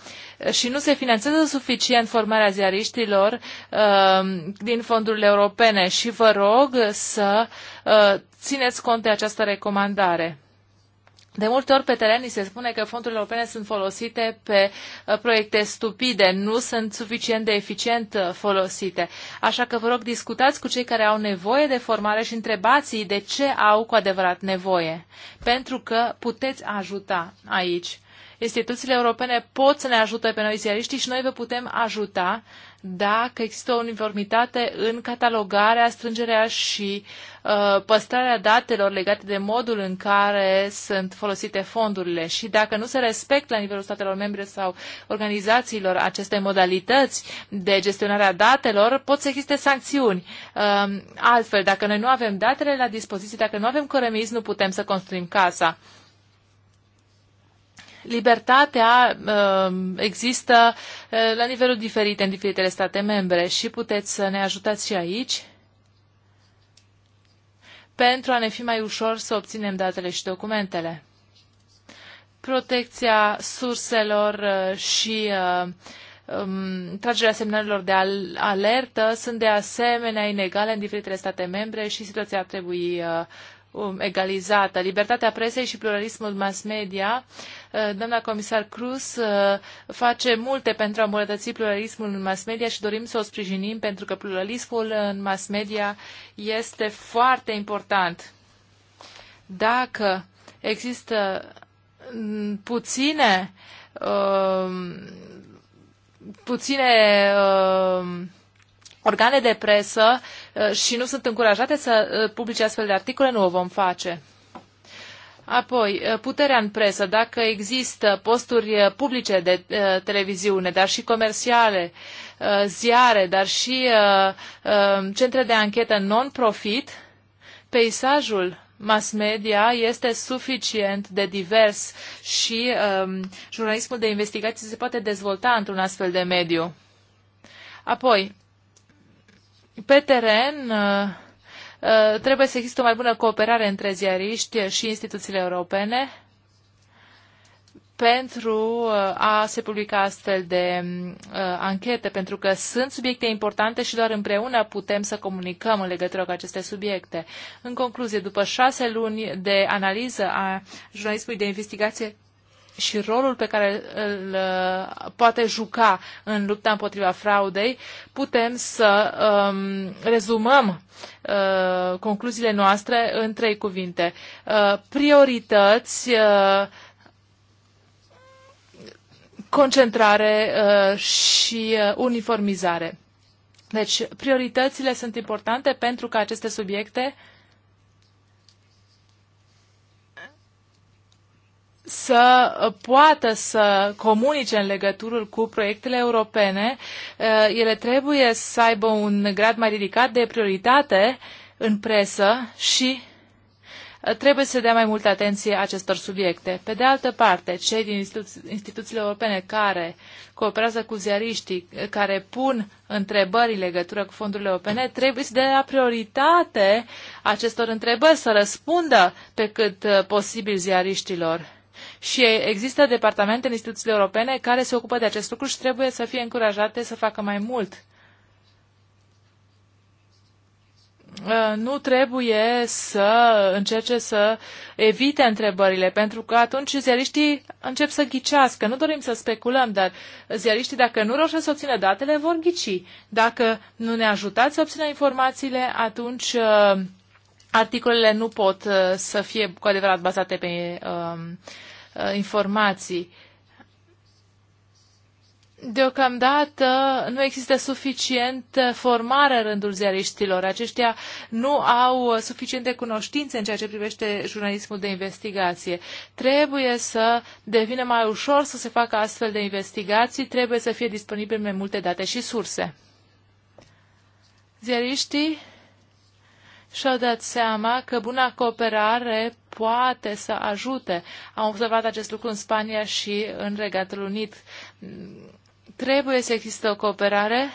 și nu se finanțează suficient formarea ziariștilor uh, din fondurile europene și vă rog să țineți cont de această recomandare. De multe ori pe teren ni se spune că fondurile europene sunt folosite pe uh, proiecte stupide, nu sunt suficient de eficient uh, folosite. Așa că vă rog discutați cu cei care au nevoie de formare și întrebați i de ce au cu adevărat nevoie. Pentru că puteți ajuta aici instituțiile europene pot să ne ajute pe noi ziariștii și noi vă putem ajuta dacă există o uniformitate în catalogarea, strângerea și uh, păstrarea datelor legate de modul în care sunt folosite fondurile și dacă nu se respectă la nivelul statelor membre sau organizațiilor aceste modalități de gestionare a datelor, pot să existe sancțiuni. Uh, altfel, dacă noi nu avem datele la dispoziție, dacă nu avem cărămizi, nu putem să construim casa libertatea um, există uh, la nivelul diferite în diferitele state membre și puteți să ne ajutați și aici pentru a ne fi mai ușor să obținem datele și documentele. Protecția surselor uh, și uh, um, tragerea semnalelor de alertă sunt de asemenea inegale în diferitele state membre și situația ar trebui uh, Um, egalizată. Libertatea presei și pluralismul mass media. Uh, doamna comisar Cruz uh, face multe pentru a îmbunătăți pluralismul în mass media și dorim să o sprijinim pentru că pluralismul în mass media este foarte important. Dacă există mm, puține um, puține um, organe de presă uh, și nu sunt încurajate să uh, publice astfel de articole, nu o vom face. Apoi, uh, puterea în presă, dacă există posturi publice de televiziune, dar și comerciale, ziare, dar și centre de anchetă non-profit, peisajul mass media este suficient de divers și um, jurnalismul de investigație se poate dezvolta într-un astfel de mediu. Apoi, pe teren uh, uh, trebuie să existe o mai bună cooperare între ziariști și instituțiile europene pentru uh, a se publica astfel de anchete, pentru că sunt subiecte importante și doar împreună putem să comunicăm în legătură cu aceste subiecte. În concluzie, după șase luni de analiză a jurnalismului de investigație și rolul pe care îl uh, poate juca în lupta împotriva fraudei, putem să um, rezumăm uh, concluziile noastre în trei cuvinte. Uh, priorități, uh, concentrare uh, și uh, uniformizare. Deci, prioritățile sunt importante pentru că aceste subiecte uh, să poată să comunice în legătură cu proiectele europene, eh, ele trebuie să aibă un grad mai ridicat de prioritate în presă și eh, trebuie să dea mai multă atenție acestor subiecte. Pe de altă parte, cei din institu- instituțiile europene care cooperează cu ziariștii, eh, care pun întrebări în legătură cu fondurile europene, trebuie să dea prioritate acestor întrebări, să răspundă pe cât posibil ziariștilor și există departamente în instituțiile europene care se ocupă de acest lucru și trebuie să fie încurajate să facă mai mult. Uh, nu trebuie să încerce să evite întrebările, pentru că atunci ziariștii încep să ghicească. Nu dorim să speculăm, dar ziariștii, dacă nu reușesc să obțină datele, vor ghici. Dacă nu ne ajutați să obținem informațiile, atunci uh, articolele nu pot uh, să fie cu adevărat bazate pe uh, Uh, informații. Deocamdată nu există suficient formare în rândul ziariștilor. Aceștia nu au suficiente cunoștințe în ceea ce privește jurnalismul de investigație. Trebuie să devină mai ușor să se facă astfel de investigații, trebuie să fie disponibile mai multe date și surse. Ziariștii și-au dat seama că buna cooperare poate să ajute. Am observat acest lucru în Spania și în Regatul Unit. Trebuie să existe o cooperare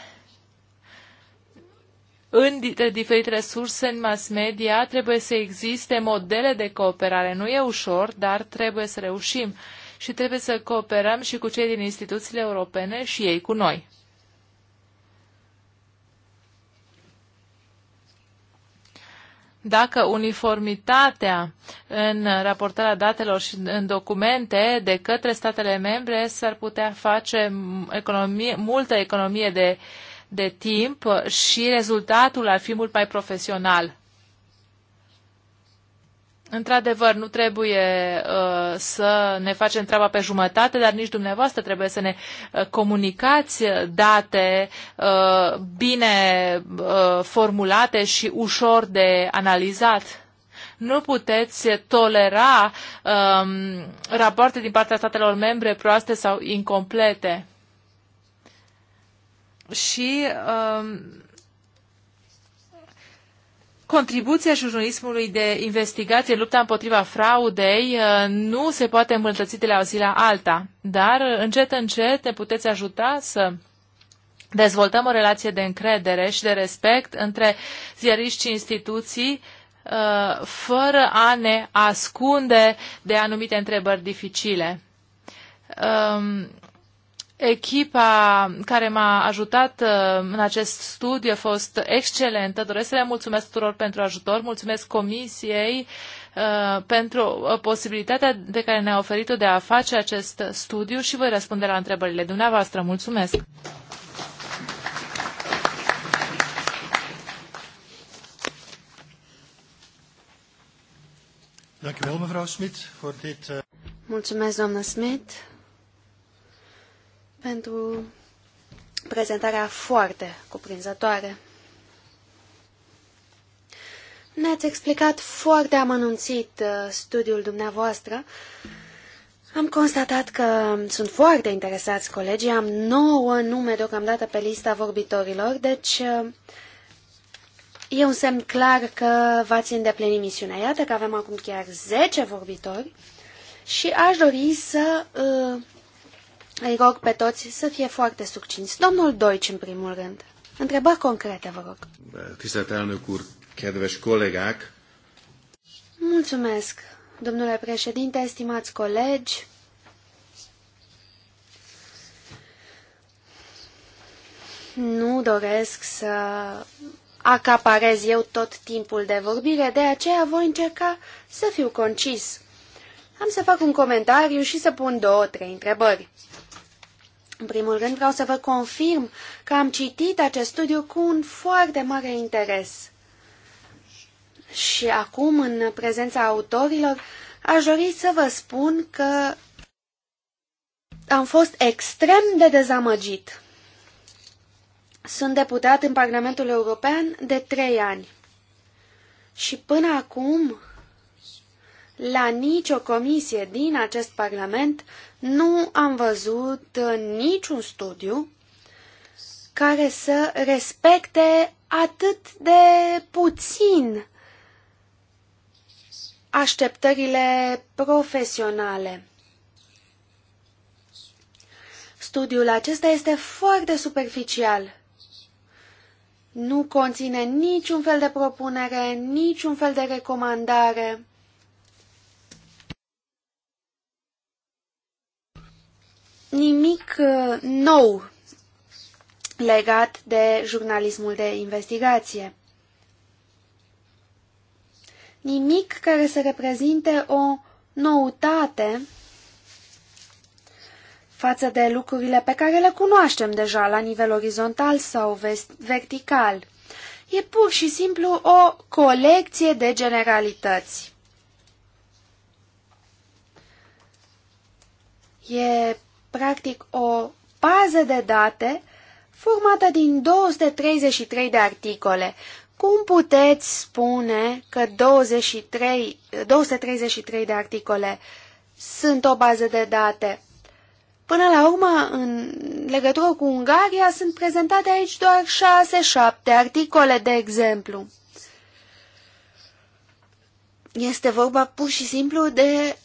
în diferite surse, în mass media, trebuie să existe modele de cooperare. Nu e ușor, dar trebuie să reușim și trebuie să cooperăm și cu cei din instituțiile europene și ei cu noi. dacă uniformitatea în raportarea datelor și în documente de către statele membre s-ar putea face economie, multă economie de, de timp și rezultatul ar fi mult mai profesional Într-adevăr, nu trebuie uh, să ne facem treaba pe jumătate, dar nici dumneavoastră trebuie să ne uh, comunicați date uh, bine uh, formulate și ușor de analizat. Nu puteți tolera um, uh, rapoarte din partea statelor membre proaste sau incomplete. Și um, uh, contribuția jurnalismului de investigație, lupta împotriva fraudei, uh, nu se poate îmbunătăți de la o zi la alta, dar uh, încet, încet ne puteți ajuta să dezvoltăm o relație de încredere și de respect între ziariști și instituții, uh, fără a ne ascunde de anumite întrebări dificile. Um, Echipa care m-a ajutat uh, în acest studiu a fost excelentă. Doresc să le mulțumesc tuturor pentru ajutor, mulțumesc comisiei uh, pentru uh, posibilitatea de care ne-a oferit-o de a face acest studiu și voi răspunde la întrebările dumneavoastră. Mulțumesc! Mulțumesc, doamnă Smith pentru prezentarea foarte cuprinzătoare. Ne-ați explicat foarte amănunțit uh, studiul dumneavoastră. Am constatat că sunt foarte interesați colegii, am nouă nume deocamdată pe lista vorbitorilor, deci uh, e un semn clar că v-ați îndeplinit misiunea. Iată că avem acum chiar 10 vorbitori și aș dori să uh, îi rog pe toți să fie foarte succinți. Domnul Doici, în primul rând. Întrebări concrete, vă rog. Tisztelt elnök úr, kedves kollégák! Mulțumesc, domnule președinte, estimați colegi. Nu doresc să acaparez eu tot timpul de vorbire, de aceea voi încerca să fiu concis. Am să fac un comentariu și să pun două, trei întrebări. În primul rând vreau să vă confirm că am citit acest studiu cu un foarte mare interes. Și acum, în prezența autorilor, aș dori să vă spun că am fost extrem de dezamăgit. Sunt deputat în Parlamentul European de trei ani. Și până acum, la nicio comisie din acest Parlament nu am văzut uh, niciun studiu care să respecte atât de puțin așteptările profesionale. Studiul acesta este foarte superficial. Nu conține niciun fel de propunere, niciun fel de recomandare. nimic uh, nou legat de jurnalismul de investigație. Nimic care să reprezinte o noutate față de lucrurile pe care le cunoaștem deja la nivel orizontal sau vertical. E pur și simplu o colecție de generalități. E practic o bază de date formată din 233 de articole. Cum puteți spune că 23, 233 de articole sunt o bază de date? Până la urmă, în legătură cu Ungaria, sunt prezentate aici doar 6-7 articole, de exemplu. Este vorba pur și simplu de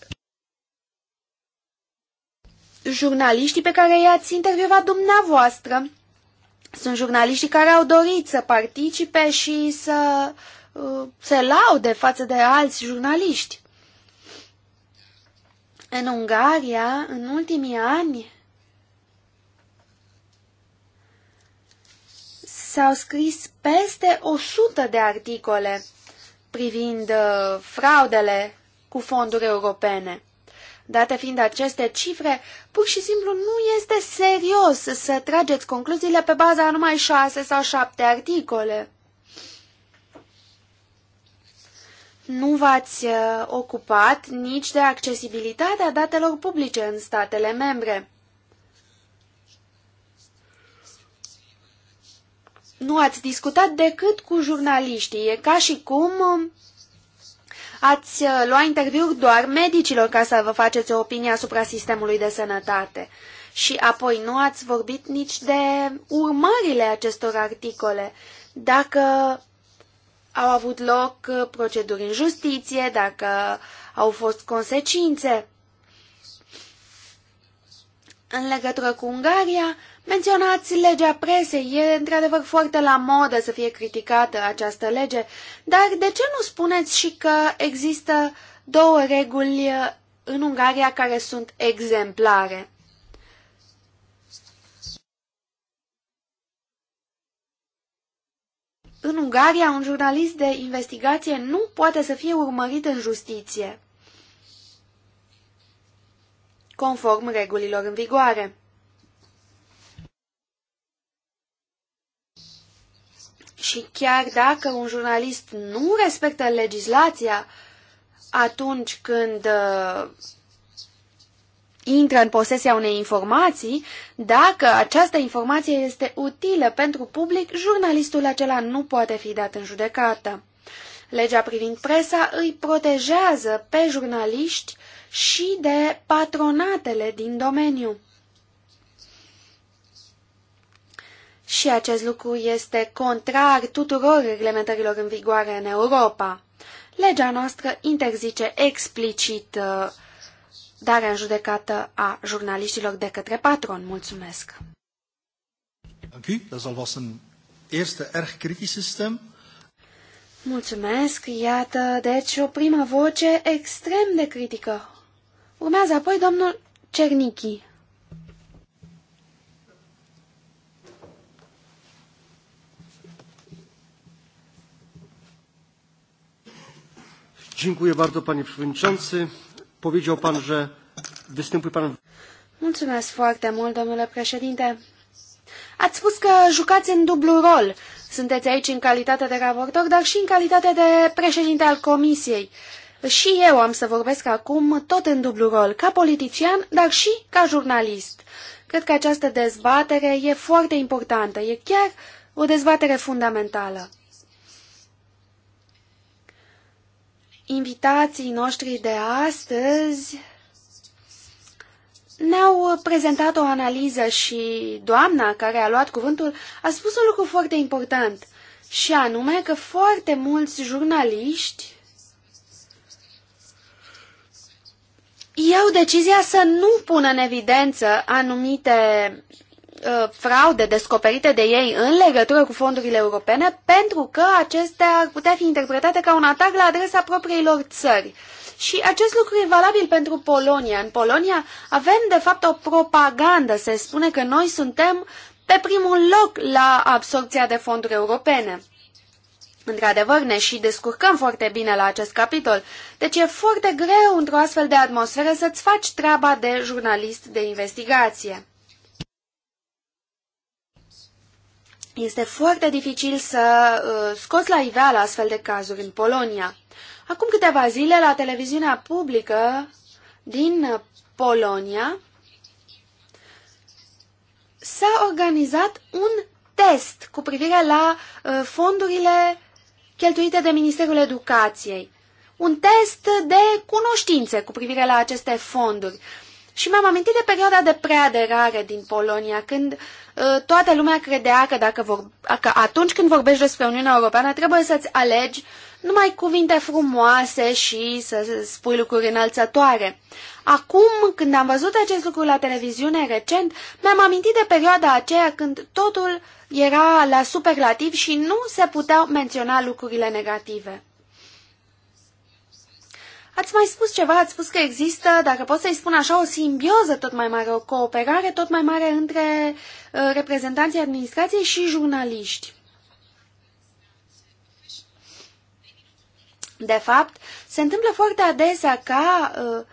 jurnaliștii pe care i-ați intervievat dumneavoastră. Sunt jurnaliștii care au dorit să participe și să uh, se laude față de alți jurnaliști. În Ungaria, în ultimii ani, s-au scris peste 100 de articole privind uh, fraudele cu fonduri europene. Date fiind aceste cifre, pur și simplu nu este serios să trageți concluziile pe baza numai șase sau șapte articole. Nu v-ați uh, ocupat nici de accesibilitatea datelor publice în statele membre. Nu ați discutat decât cu jurnaliștii. E ca și cum um, ați uh, lua interviuri doar medicilor ca să vă faceți o opinie asupra sistemului de sănătate. Și apoi nu ați vorbit nici de urmările acestor articole. Dacă au avut loc uh, proceduri în justiție, dacă au fost consecințe. În legătură cu Ungaria, Menționați legea presei, e într-adevăr foarte la modă să fie criticată această lege, dar de ce nu spuneți și că există două reguli uh, în Ungaria care sunt exemplare? În Ungaria, un jurnalist de investigație nu poate să fie urmărit în justiție, conform regulilor în vigoare. Și chiar dacă un jurnalist nu respectă legislația atunci când uh, intră în posesia unei informații, dacă această informație este utilă pentru public, jurnalistul acela nu poate fi dat în judecată. Legea privind presa îi protejează pe jurnaliști și de patronatele din domeniu. Și acest lucru este contrar tuturor reglementărilor în vigoare în Europa. Legea noastră interzice explicit uh, darea în judecată a jurnaliștilor de către patron. Mulțumesc! Mulțumesc, iată, deci o primă voce extrem de critică. Urmează apoi domnul Cernichi. Mulțumesc foarte mult, domnule președinte. Ați spus că jucați în dublu rol. Sunteți aici în calitate de raportor, dar și în calitate de președinte al comisiei. Și eu am să vorbesc acum tot în dublu rol, ca politician, dar și ca jurnalist. Cred că această dezbatere e foarte importantă, e chiar o dezbatere fundamentală. invitații noștri de astăzi ne-au prezentat o analiză și doamna care a luat cuvântul a spus un lucru foarte important și anume că foarte mulți jurnaliști iau decizia să nu pună în evidență anumite Uh, fraude descoperite de ei în legătură cu fondurile europene pentru că acestea ar putea fi interpretate ca un atac la adresa propriilor țări. Și acest lucru e valabil pentru Polonia. În Polonia avem, de fapt, o propagandă. Se spune că noi suntem pe primul loc la absorpția de fonduri europene. Într-adevăr, ne și descurcăm foarte bine la acest capitol, deci e foarte greu într-o astfel de atmosferă să-ți faci treaba de jurnalist de investigație. Este foarte dificil să uh, scoți la iveală astfel de cazuri în Polonia. Acum câteva zile, la televiziunea publică din Polonia, s-a organizat un test cu privire la uh, fondurile cheltuite de Ministerul Educației. Un test de cunoștințe cu privire la aceste fonduri. Și m-am amintit de perioada de preaderare din Polonia, când uh, Uh, toată lumea credea că, dacă vor, că atunci când vorbești despre Uniunea Europeană trebuie să-ți alegi numai cuvinte frumoase și să spui lucruri înălțătoare. Acum, când am văzut acest lucru la televiziune recent, mi-am amintit de perioada aceea când totul era la superlativ și nu se puteau menționa lucrurile negative. Ați mai spus ceva, ați spus că există, dacă pot să-i spun așa, o simbioză tot mai mare, o cooperare tot mai mare între uh, reprezentanții administrației și jurnaliști. De fapt, se întâmplă foarte adesea ca uh,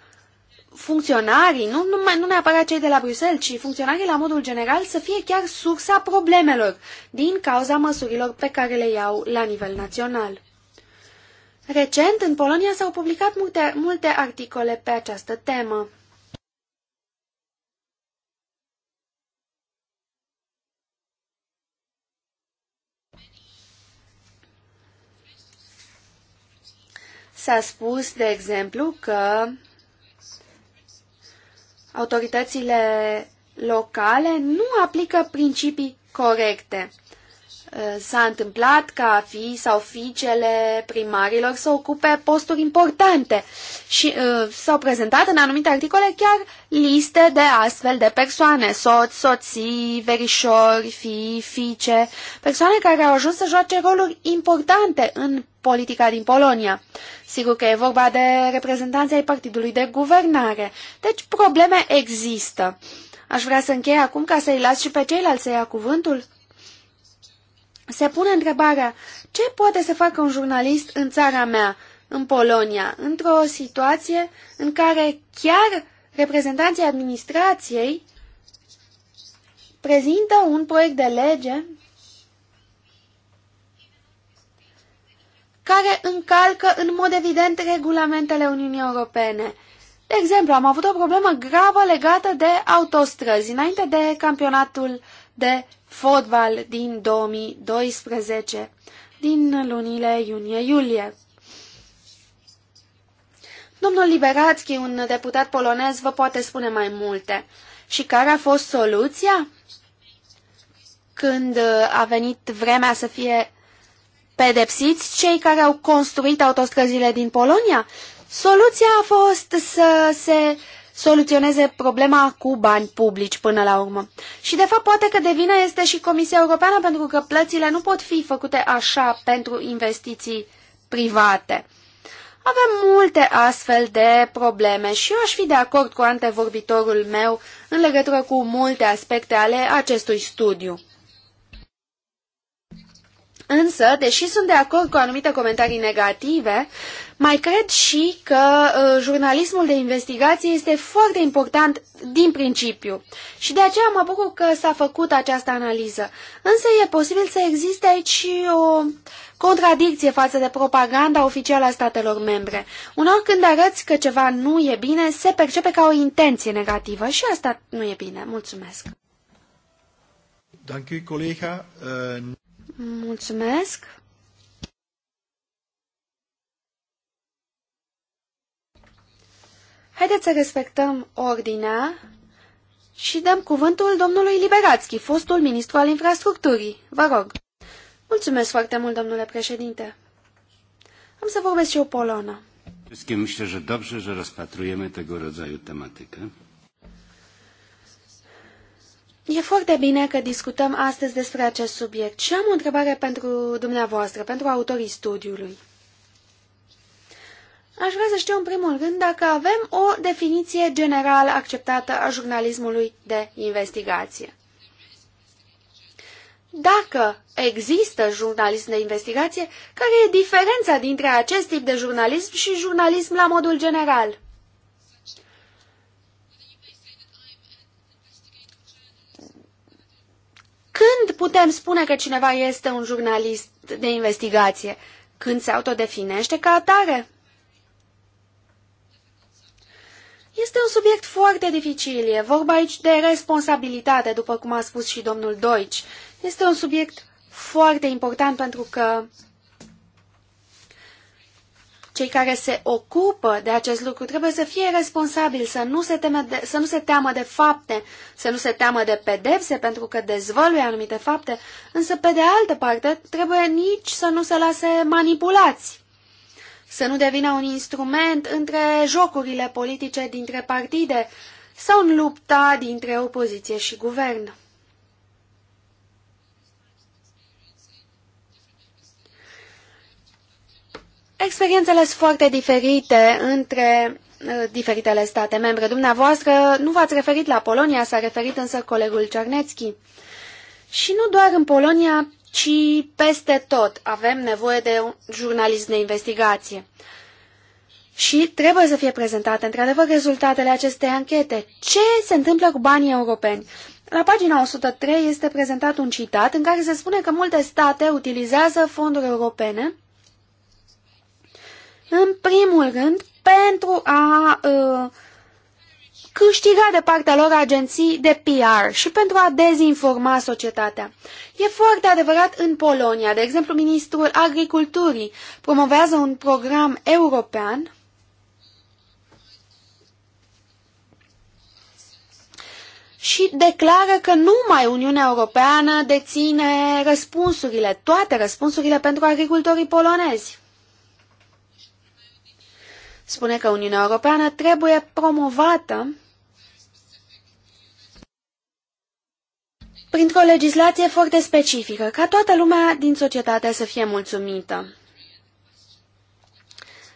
funcționarii, nu, nu, nu neapărat cei de la Bruxelles, ci funcționarii la modul general, să fie chiar sursa problemelor din cauza măsurilor pe care le iau la nivel național. Recent, în Polonia s-au publicat multe, multe articole pe această temă. S-a spus, de exemplu, că autoritățile locale nu aplică principii corecte. Eh, s-a întâmplat ca fii sau fiicele primarilor să ocupe posturi importante și uh, s-au prezentat în anumite articole chiar liste de astfel de persoane, soți, soții, verișori, fii, fiice, persoane care au ajuns să joace roluri importante în politica din Polonia. Sigur că e vorba de reprezentanții ai partidului de guvernare, deci probleme există. Aș vrea să închei acum ca să-i las și pe ceilalți să ia cuvântul se pune întrebarea ce poate să facă un jurnalist în țara mea, în Polonia, într-o situație în care chiar reprezentanții administrației prezintă un proiect de lege care încalcă în mod evident regulamentele Uniunii Europene. De exemplu, am avut o problemă gravă legată de autostrăzi înainte de campionatul de fotbal din 2012, din lunile iunie-iulie. Domnul Liberațchi, un deputat polonez, vă poate spune mai multe. Și care a fost soluția? Când a venit vremea să fie pedepsiți cei care au construit autostrăzile din Polonia, soluția a fost să se soluționeze problema cu bani publici până la urmă. Și de fapt poate că de vină este și Comisia Europeană pentru că plățile nu pot fi făcute așa pentru investiții private. Avem multe astfel de probleme și eu aș fi de acord cu antevorbitorul meu în legătură cu multe aspecte ale acestui studiu. Însă, deși sunt de acord cu anumite comentarii negative, mai cred și că uh, jurnalismul de investigație este foarte important din principiu și de aceea mă bucur că s-a făcut această analiză. Însă e posibil să existe aici și o contradicție față de propaganda oficială a statelor membre. Unor când arăți că ceva nu e bine, se percepe ca o intenție negativă și asta nu e bine. Mulțumesc! Danke, colega. Uh... Eh, Mulțumesc. Haideți să respectăm ordinea și dăm cuvântul domnului Liberațchi, fostul ministru al infrastructurii. Vă rog. Mulțumesc foarte mult, domnule președinte. Am să vorbesc și o polonă. Wszystkim myślę, że dobrze, że rozpatrujemy tego rodzaju tematykę. E foarte bine că discutăm astăzi despre acest subiect și am o întrebare pentru dumneavoastră, pentru autorii studiului. Aș vrea să știu în primul rând dacă avem o definiție generală acceptată a jurnalismului de investigație. Dacă există jurnalism de investigație, care e diferența dintre acest tip de jurnalism și jurnalism la modul general? Când putem spune că cineva este un jurnalist de investigație? Când se autodefinește ca atare? Este un subiect foarte dificil. E vorba aici de responsabilitate, după cum a spus și domnul Deutsch. Este un subiect foarte important pentru că cei care se ocupă de acest lucru trebuie să fie responsabili, să nu se, teme de, să nu se teamă de fapte, să nu se teamă de pedepse pentru că dezvăluie anumite fapte, însă pe de altă parte trebuie nici să nu se lase manipulați, să nu devină un instrument între jocurile politice dintre partide sau în lupta dintre opoziție și guvern. Experiențele sunt foarte diferite între uh, diferitele state membre. Dumneavoastră nu v-ați referit la Polonia, s-a referit însă colegul Cernețchi. Și nu doar în Polonia, ci peste tot avem nevoie de jurnalism de investigație. Și trebuie să fie prezentate, într-adevăr, rezultatele acestei anchete. Ce se întâmplă cu banii europeni? La pagina 103 este prezentat un citat în care se spune că multe state utilizează fonduri europene în primul rând, pentru a uh, câștiga de partea lor agenții de PR și pentru a dezinforma societatea. E foarte adevărat în Polonia. De exemplu, ministrul agriculturii promovează un program european și declară că numai Uniunea Europeană deține răspunsurile, toate răspunsurile pentru agricultorii polonezi spune că Uniunea Europeană trebuie promovată printr-o legislație foarte specifică, ca toată lumea din societate să fie mulțumită.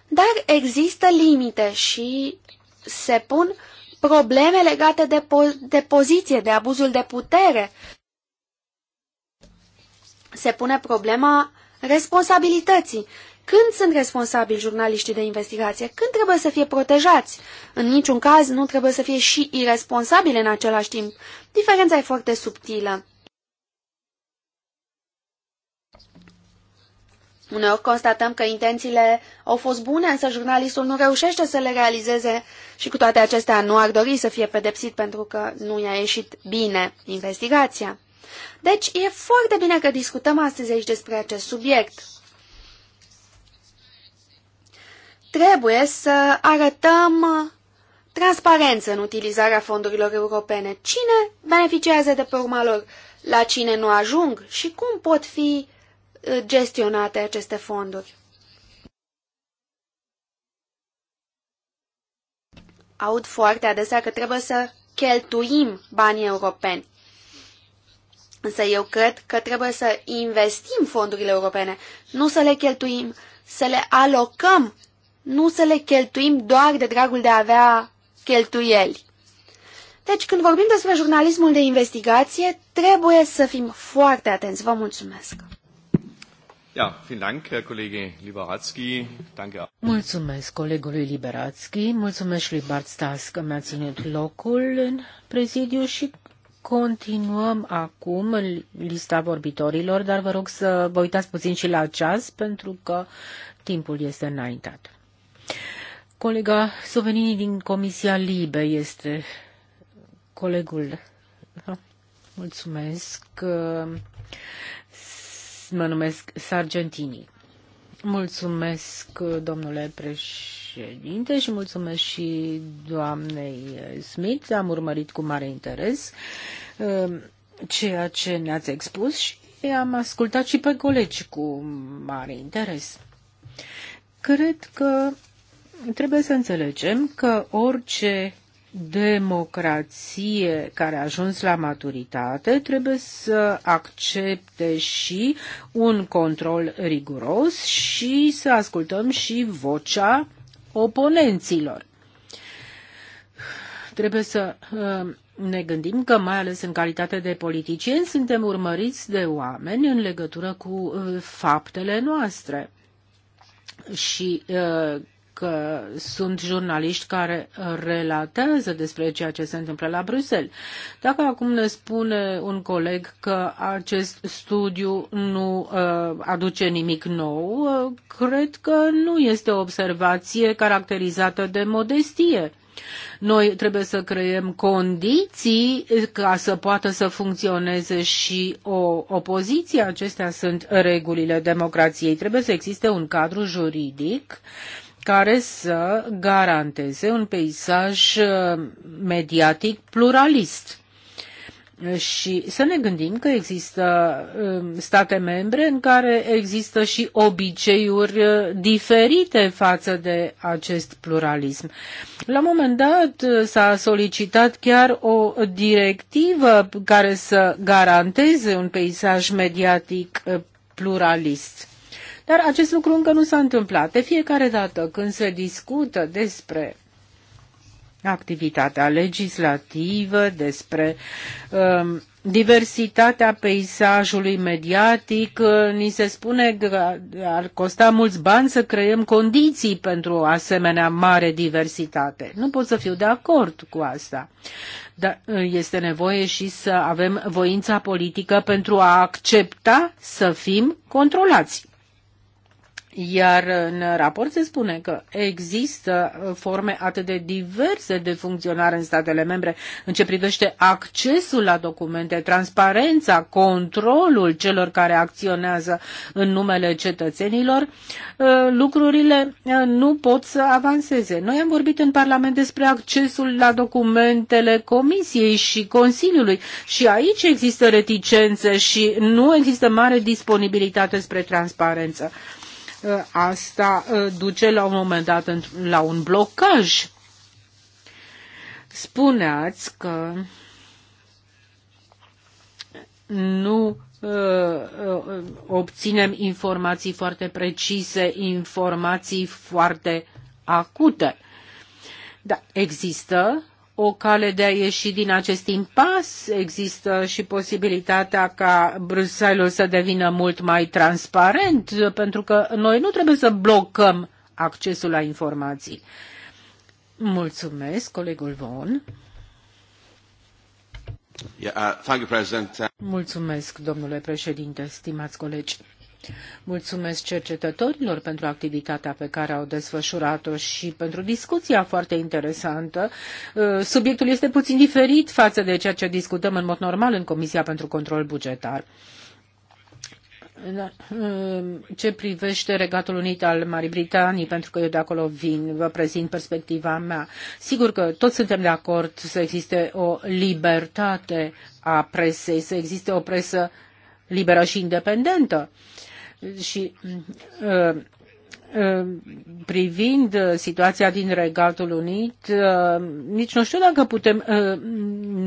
Dar există limite și se pun probleme legate de, po de poziție, de abuzul de putere. Se pune problema responsabilității când sunt responsabili jurnaliștii de investigație? Când trebuie să fie protejați? În niciun caz nu trebuie să fie și irresponsabili în același timp. Diferența e foarte subtilă. Uneori constatăm că intențiile au fost bune, însă jurnalistul nu reușește să le realizeze și cu toate acestea nu ar dori să fie pedepsit pentru că nu i-a ieșit bine investigația. Deci e foarte bine că discutăm astăzi aici despre acest subiect. Trebuie să arătăm transparență în utilizarea fondurilor europene. Cine beneficiază de pe urma lor? La cine nu ajung? Și cum pot fi uh, gestionate aceste fonduri? Aud foarte adesea că trebuie să cheltuim banii europeni. Însă eu cred că trebuie să investim fondurile europene, nu să le cheltuim, să le alocăm nu să le cheltuim doar de dragul de a avea cheltuieli. Deci, când vorbim despre jurnalismul de investigație, trebuie să fim foarte atenți. Vă mulțumesc! Ja, vielen Dank, Herr Kollege Liberatski. Danke. Mulțumesc colegului Liberatski, mulțumesc lui Bart Stas că mi-a ținut locul în prezidiu și continuăm acum în lista vorbitorilor, dar vă rog să vă uitați puțin și la ceas pentru că timpul este înaintat. Colega Sovenini din Comisia Libe este colegul. Da? Mulțumesc. Mă numesc Sargentini. Mulțumesc, domnule președinte, și mulțumesc și doamnei Smith. Am urmărit cu mare interes um, ceea ce ne-ați expus și am ascultat și pe colegi cu mare interes. Cred că Trebuie să înțelegem că orice democrație care a ajuns la maturitate trebuie să accepte și un control riguros și să ascultăm și vocea oponenților. Trebuie să uh, ne gândim că, mai ales în calitate de politicieni, suntem urmăriți de oameni în legătură cu uh, faptele noastre și uh, că sunt jurnaliști care relatează despre ceea ce se întâmplă la Bruxelles. Dacă acum ne spune un coleg că acest studiu nu uh, aduce nimic nou, uh, cred că nu este o observație caracterizată de modestie. Noi trebuie să creăm condiții ca să poată să funcționeze și o opoziție. Acestea sunt regulile democrației. Trebuie să existe un cadru juridic uh, care să garanteze un peisaj uh, mediatic pluralist. Și să ne gândim că există um, state membre în care există și obiceiuri uh, diferite față de acest pluralism. La un moment dat uh, s-a solicitat chiar o directivă care să garanteze un peisaj mediatic pluralist. Dar acest lucru încă nu s-a întâmplat. De fiecare dată când se discută despre activitatea legislativă, despre um, diversitatea peisajului mediatic. Uh, ni se spune că ar costa mulți bani să creăm condiții pentru o asemenea mare diversitate. Nu pot să fiu de acord cu asta. Dar uh, este nevoie și să avem voința politică pentru a accepta să fim controlați. Iar în raport se spune că există uh, forme atât de diverse de funcționare în statele membre în ce privește accesul la documente, transparența, controlul celor care acționează în numele cetățenilor, uh, lucrurile uh, nu pot să avanseze. Noi am vorbit în Parlament despre accesul la documentele Comisiei și Consiliului și aici există reticențe și nu există mare disponibilitate spre transparență. Uh, asta uh, duce la un moment dat la un blocaj. Spuneați că nu uh, obținem informații foarte precise, informații foarte acute. Da, există o cale de a ieși din acest impas. Există și posibilitatea ca Bruxelles să devină mult mai transparent, pentru că noi nu trebuie să blocăm accesul la informații. Mulțumesc, colegul Von. Uh, Mulțumesc, domnule președinte, stimați colegi. Mulțumesc cercetătorilor pentru activitatea pe care au desfășurat-o și pentru discuția foarte interesantă. Uh, subiectul este puțin diferit față de ceea ce discutăm în mod normal în Comisia pentru Control Bugetar. Uh, ce privește Regatul Unit al Marii Britanii, pentru că eu de acolo vin, vă prezint perspectiva mea. Sigur că toți suntem de acord să existe o libertate a presei, să existe o presă liberă și independentă. Uh, și uh, uh, privind situația din Regatul Unit, uh, nici nu știu dacă putem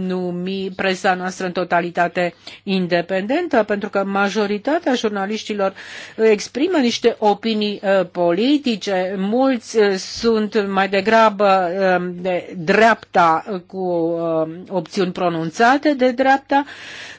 numi presa noastră în totalitate independentă, pentru că majoritatea jurnaliștilor exprimă niște opinii politice. Mulți sunt mai degrabă de dreapta cu opțiuni pronunțate de dreapta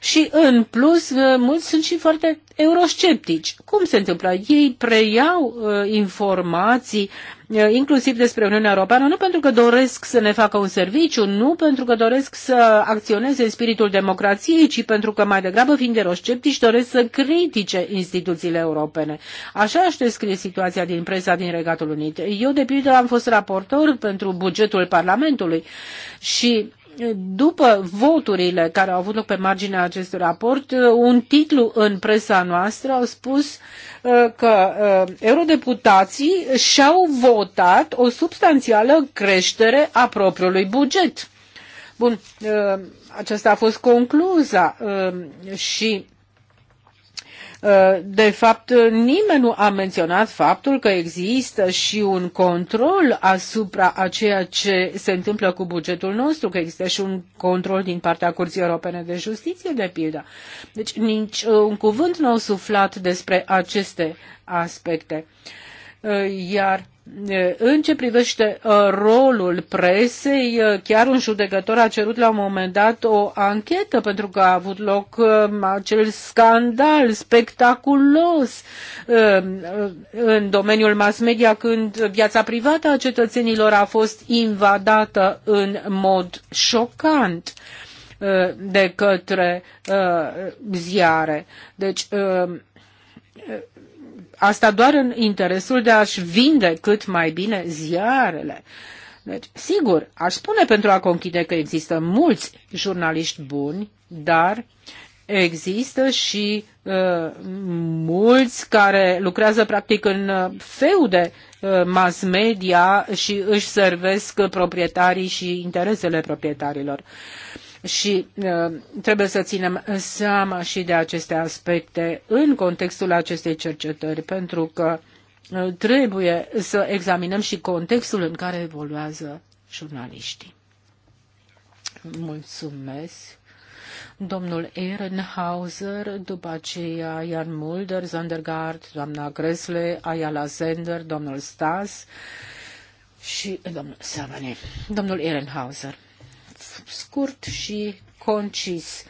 și în plus mulți sunt și foarte eurosceptici. Cum se întâmplă? Ei preiau uh, informații uh, inclusiv despre Uniunea Europeană, nu pentru că doresc să ne facă un serviciu, nu pentru că doresc să acționeze în spiritul democrației, ci pentru că mai degrabă fiind eurosceptici doresc să critique instituțiile europene. Așa aș descrie situația din presa din Regatul Unit. Eu, de pildă, am fost raportor pentru bugetul Parlamentului și după voturile care au avut loc pe marginea acestui raport, uh, un titlu în presa noastră au spus uh, că uh, eurodeputații și-au votat o substanțială creștere a propriului buget. Bun, aceasta a fost concluza și Uh, de fapt, nimeni nu a menționat faptul că există și un control asupra a ceea ce se întâmplă cu bugetul nostru, că există și un control din partea Curții Europene de Justiție, de pildă. Deci, nici un cuvânt nu au suflat despre aceste aspecte. Uh, iar în ce privește uh, rolul presei, uh, chiar un judecător a cerut la un moment dat o anchetă pentru că a avut loc uh, acel scandal spectaculos în domeniul mass media când viața privată a cetățenilor a fost invadată în mod șocant de către ziare. Deci asta doar în interesul de a-și vinde cât mai bine ziarele. Deci, sigur, aș spune pentru a conchide că există mulți jurnaliști buni, dar există și uh, mulți care lucrează practic în uh, feude uh, mass media și își servesc proprietarii și interesele proprietarilor. Uh, și uh, trebuie să ținem seama și de aceste aspecte în contextul acestei cercetări, pentru că uh, trebuie să examinăm și contextul în care evoluează jurnaliștii. Mulțumesc. Domnul Ehrenhauser, după aceea Jan Mulder, Zandergaard, doamna Gresle, Ayala Zender, domnul Stas și uh, domnul Savani. Domnul Ehrenhauser scurt și concis.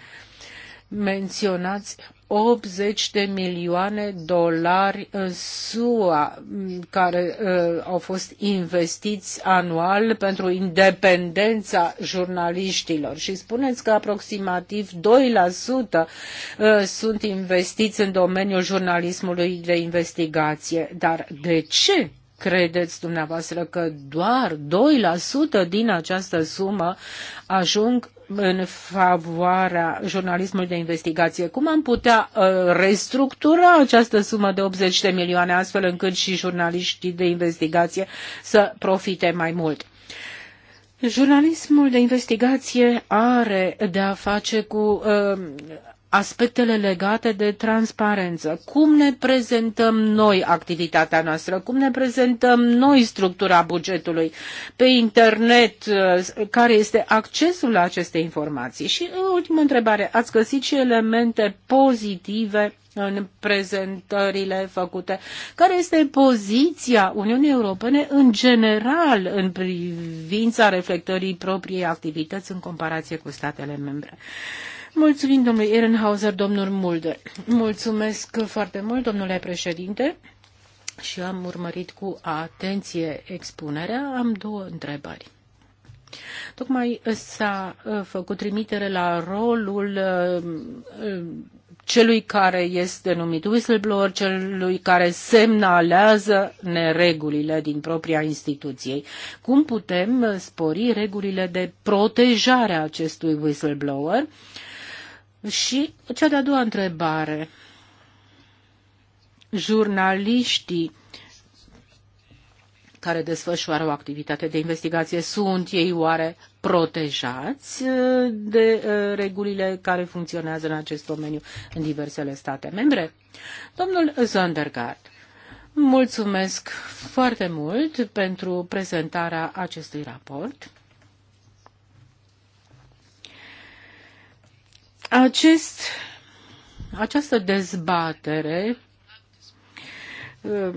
Menționați 80 de milioane dolari în SUA mm, care uh, au fost investiți anual pentru independența jurnaliștilor și spuneți că aproximativ 2% uh, sunt investiți în domeniul jurnalismului de investigație. Dar de ce Credeți dumneavoastră că doar 2% din această sumă ajung în favoarea jurnalismului de investigație. Cum am putea uh, restructura această sumă de 80 de milioane astfel încât și jurnaliștii de investigație să profite mai mult? Jurnalismul de investigație are de a face cu uh, aspectele legate de transparență. Cum ne prezentăm noi activitatea noastră? Cum ne prezentăm noi structura bugetului? Pe internet, uh, care este accesul la aceste informații? Și uh, ultimă întrebare, ați găsit și elemente pozitive în prezentările făcute. Care este poziția Uniunii Europene în general în privința reflectării propriei activități în comparație cu statele membre? Mulțumim domnului Ehrenhauser, domnul Mulder. Mulțumesc foarte mult, domnule președinte, și am urmărit cu atenție expunerea. Am două întrebări. Tocmai s-a uh, făcut trimitere la rolul uh, uh, celui care este numit whistleblower, celui care semnalează neregulile din propria instituție. Cum putem spori regulile de protejare a acestui whistleblower? Uh, și cea de-a doua întrebare. Jurnaliștii care desfășoară o activitate de investigație, sunt ei oare protejați uh, de uh, regulile care funcționează în acest domeniu în diversele state membre? Domnul Zondergaard, mulțumesc foarte mult pentru prezentarea acestui raport. Acest, această dezbatere uh,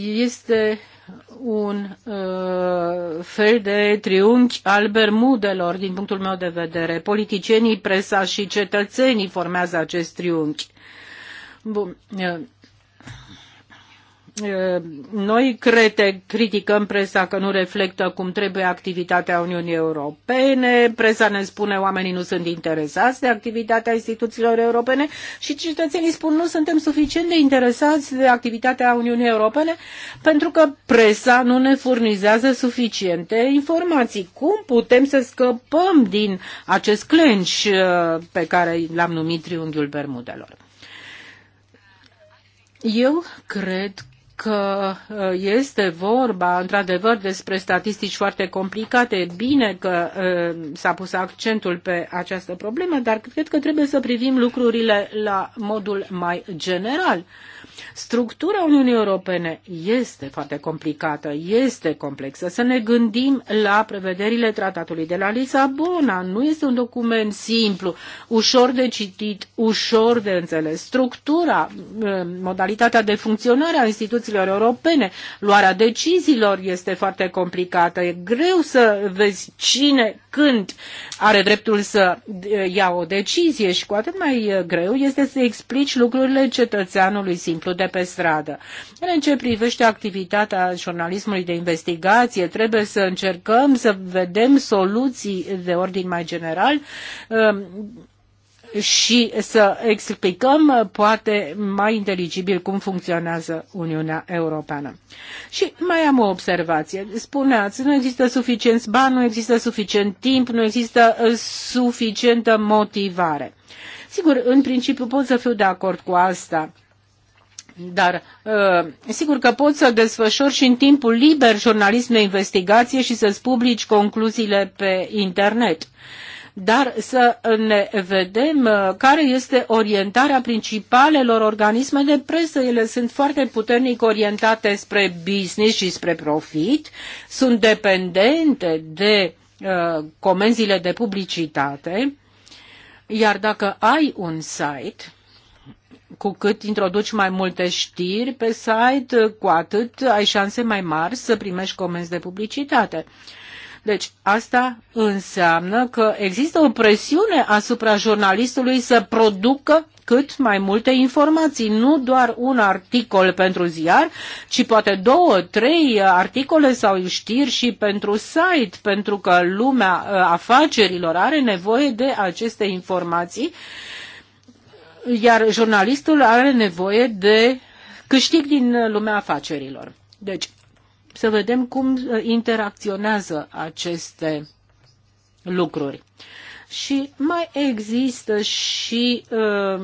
este un uh, fel de triunghi al Bermudelor, din punctul meu de vedere. Politicienii, presa și cetățenii formează acest triunghi. Bun. Uh, noi criticăm presa că nu reflectă cum trebuie activitatea Uniunii Europene, presa ne spune oamenii nu sunt interesați de activitatea instituțiilor europene și cetățenii spun nu suntem suficient de interesați de activitatea Uniunii Europene pentru că presa nu ne furnizează suficiente informații. Cum putem să scăpăm din acest clench pe care l-am numit triunghiul Bermudelor? Eu cred că uh, este vorba într-adevăr despre statistici foarte complicate. E bine că uh, s-a pus accentul pe această problemă, dar cred că trebuie să privim lucrurile la modul mai general. Structura Uniunii Europene este foarte complicată, este complexă. Să ne gândim la prevederile tratatului de la Lisabona. Nu este un document simplu, ușor de citit, ușor de înțeles. Structura, eh, modalitatea de funcționare a instituțiilor europene, luarea deciziilor este foarte complicată. E greu să vezi cine, când are dreptul să eh, ia o decizie și cu atât mai eh, greu este să explici lucrurile cetățeanului simplu exemplu, de pe stradă. în ce privește activitatea jurnalismului de investigație, trebuie să încercăm să vedem soluții de ordin mai general um, și să explicăm poate mai inteligibil cum funcționează Uniunea Europeană. Și mai am o observație. Spuneați, nu există suficient bani, nu există suficient timp, nu există uh, suficientă motivare. Sigur, în principiu pot să fiu de acord cu asta, dar uh, sigur că poți să desfășori și în timpul liber jurnalism de investigație și să-ți publici concluziile pe internet. Dar să ne vedem uh, care este orientarea principalelor organisme de presă. Ele sunt foarte puternic orientate spre business și spre profit, sunt dependente de uh, comenzile de publicitate, iar dacă ai un site, cu cât introduci mai multe știri pe site, cu atât ai șanse mai mari să primești comenzi de publicitate. Deci asta înseamnă că există o presiune asupra jurnalistului să producă cât mai multe informații, nu doar un articol pentru ziar, ci poate două, trei articole sau știri și pentru site, pentru că lumea afacerilor are nevoie de aceste informații iar jurnalistul are nevoie de câștig din lumea afacerilor. Deci, să vedem cum uh, interacționează aceste lucruri. Și mai există și uh,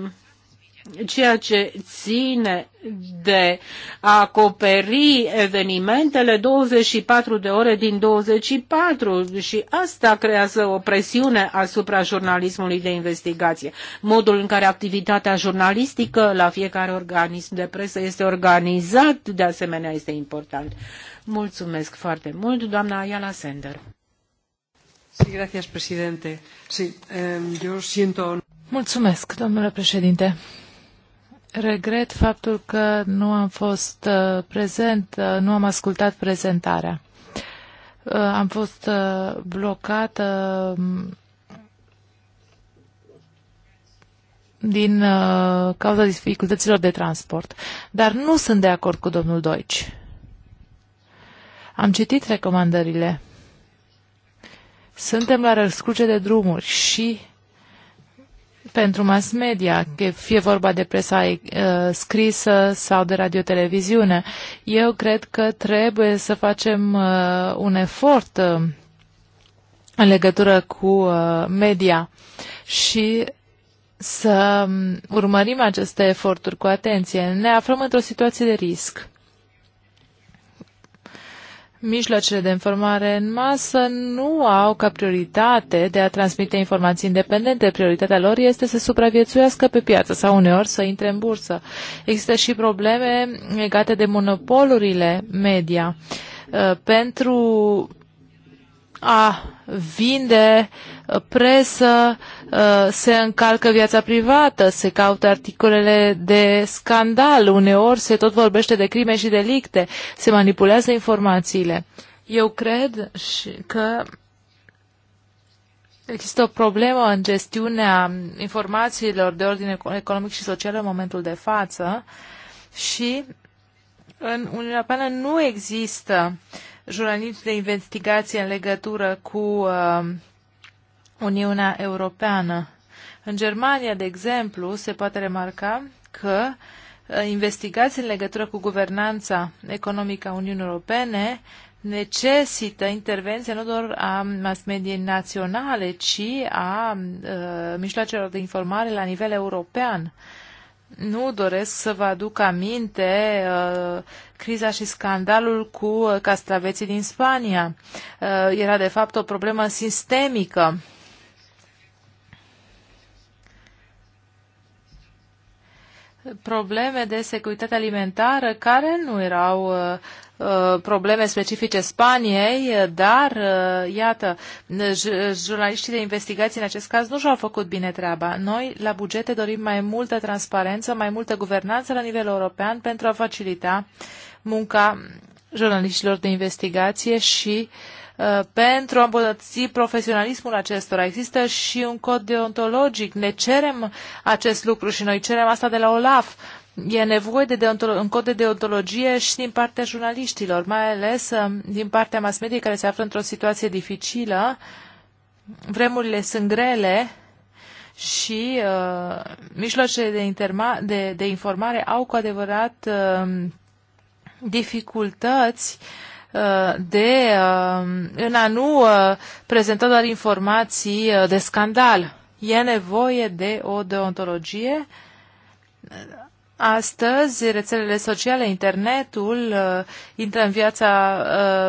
ceea ce ține de a acoperi evenimentele 24 de ore din 24 și asta creează o presiune asupra jurnalismului de investigație. Modul în care activitatea jurnalistică la fiecare organism de presă este organizat, de asemenea, este important. Mulțumesc foarte mult, doamna Ayala Sender. Sí, gracias, presidente. Sí, eh, yo siento... Mulțumesc, domnule președinte. Regret faptul că nu am fost uh, prezent, uh, nu am ascultat prezentarea. Uh, am fost blocată um, din cauza dificultăților de transport. Dar nu sunt de acord cu domnul Deutsch. Am citit recomandările. Suntem la răscruce de drumuri și pentru mass media, că fie vorba de presa uh, scrisă sau de radio-televiziune, Eu cred că trebuie să facem uh, un efort uh, în legătură cu uh, media și să mm, urmărim aceste eforturi cu atenție. Ne aflăm într-o situație de risc mijloacele de informare în masă nu au ca prioritate de a transmite informații independente. Prioritatea lor este să supraviețuiască pe piață sau uneori să intre în bursă. Există și probleme legate de monopolurile media. Uh, pentru a vinde uh, presă, uh, se încalcă viața privată, se caută articolele de scandal, uneori se tot vorbește de crime și delicte, se manipulează informațiile. Eu cred că există o problemă în gestiunea informațiilor de ordine economic și social în momentul de față și în Uniunea Europeană nu există jurnaliști de investigație în legătură cu uh, Uniunea Europeană. În Germania, de exemplu, se poate remarca că uh, investigații în legătură cu guvernanța economică a Uniunii Europene necesită intervenție nu doar a mass mediei naționale, ci a uh, mijloacelor de informare la nivel european. Uh, nu doresc să vă aduc aminte uh, criza și scandalul cu uh, castraveții din Spania. Uh, era de fapt o problemă sistemică. Probleme de securitate alimentară care nu erau uh, Uh, probleme specifice Spaniei, dar, uh, iată, jurnaliștii de investigații în acest caz nu și-au făcut bine treaba. Noi, la bugete, dorim mai multă transparență, mai multă guvernanță la nivel european pentru a facilita munca jurnaliștilor de investigație și uh, pentru a îmbunătăți profesionalismul acestora. Există și un cod deontologic. Ne cerem acest lucru și noi cerem asta de la OLAF. Uh, e nevoie de un cod de deontologie și din partea jurnaliștilor, mai ales um, din partea mass media care se află într-o situație dificilă. Vremurile sunt grele și uh, mijloacele de, interma- de, de informare au cu adevărat um, uh, dificultăți de um, în a nu uh, prezenta doar informații uh, de scandal. E nevoie de o deontologie Astăzi, rețelele sociale, internetul uh, intră în viața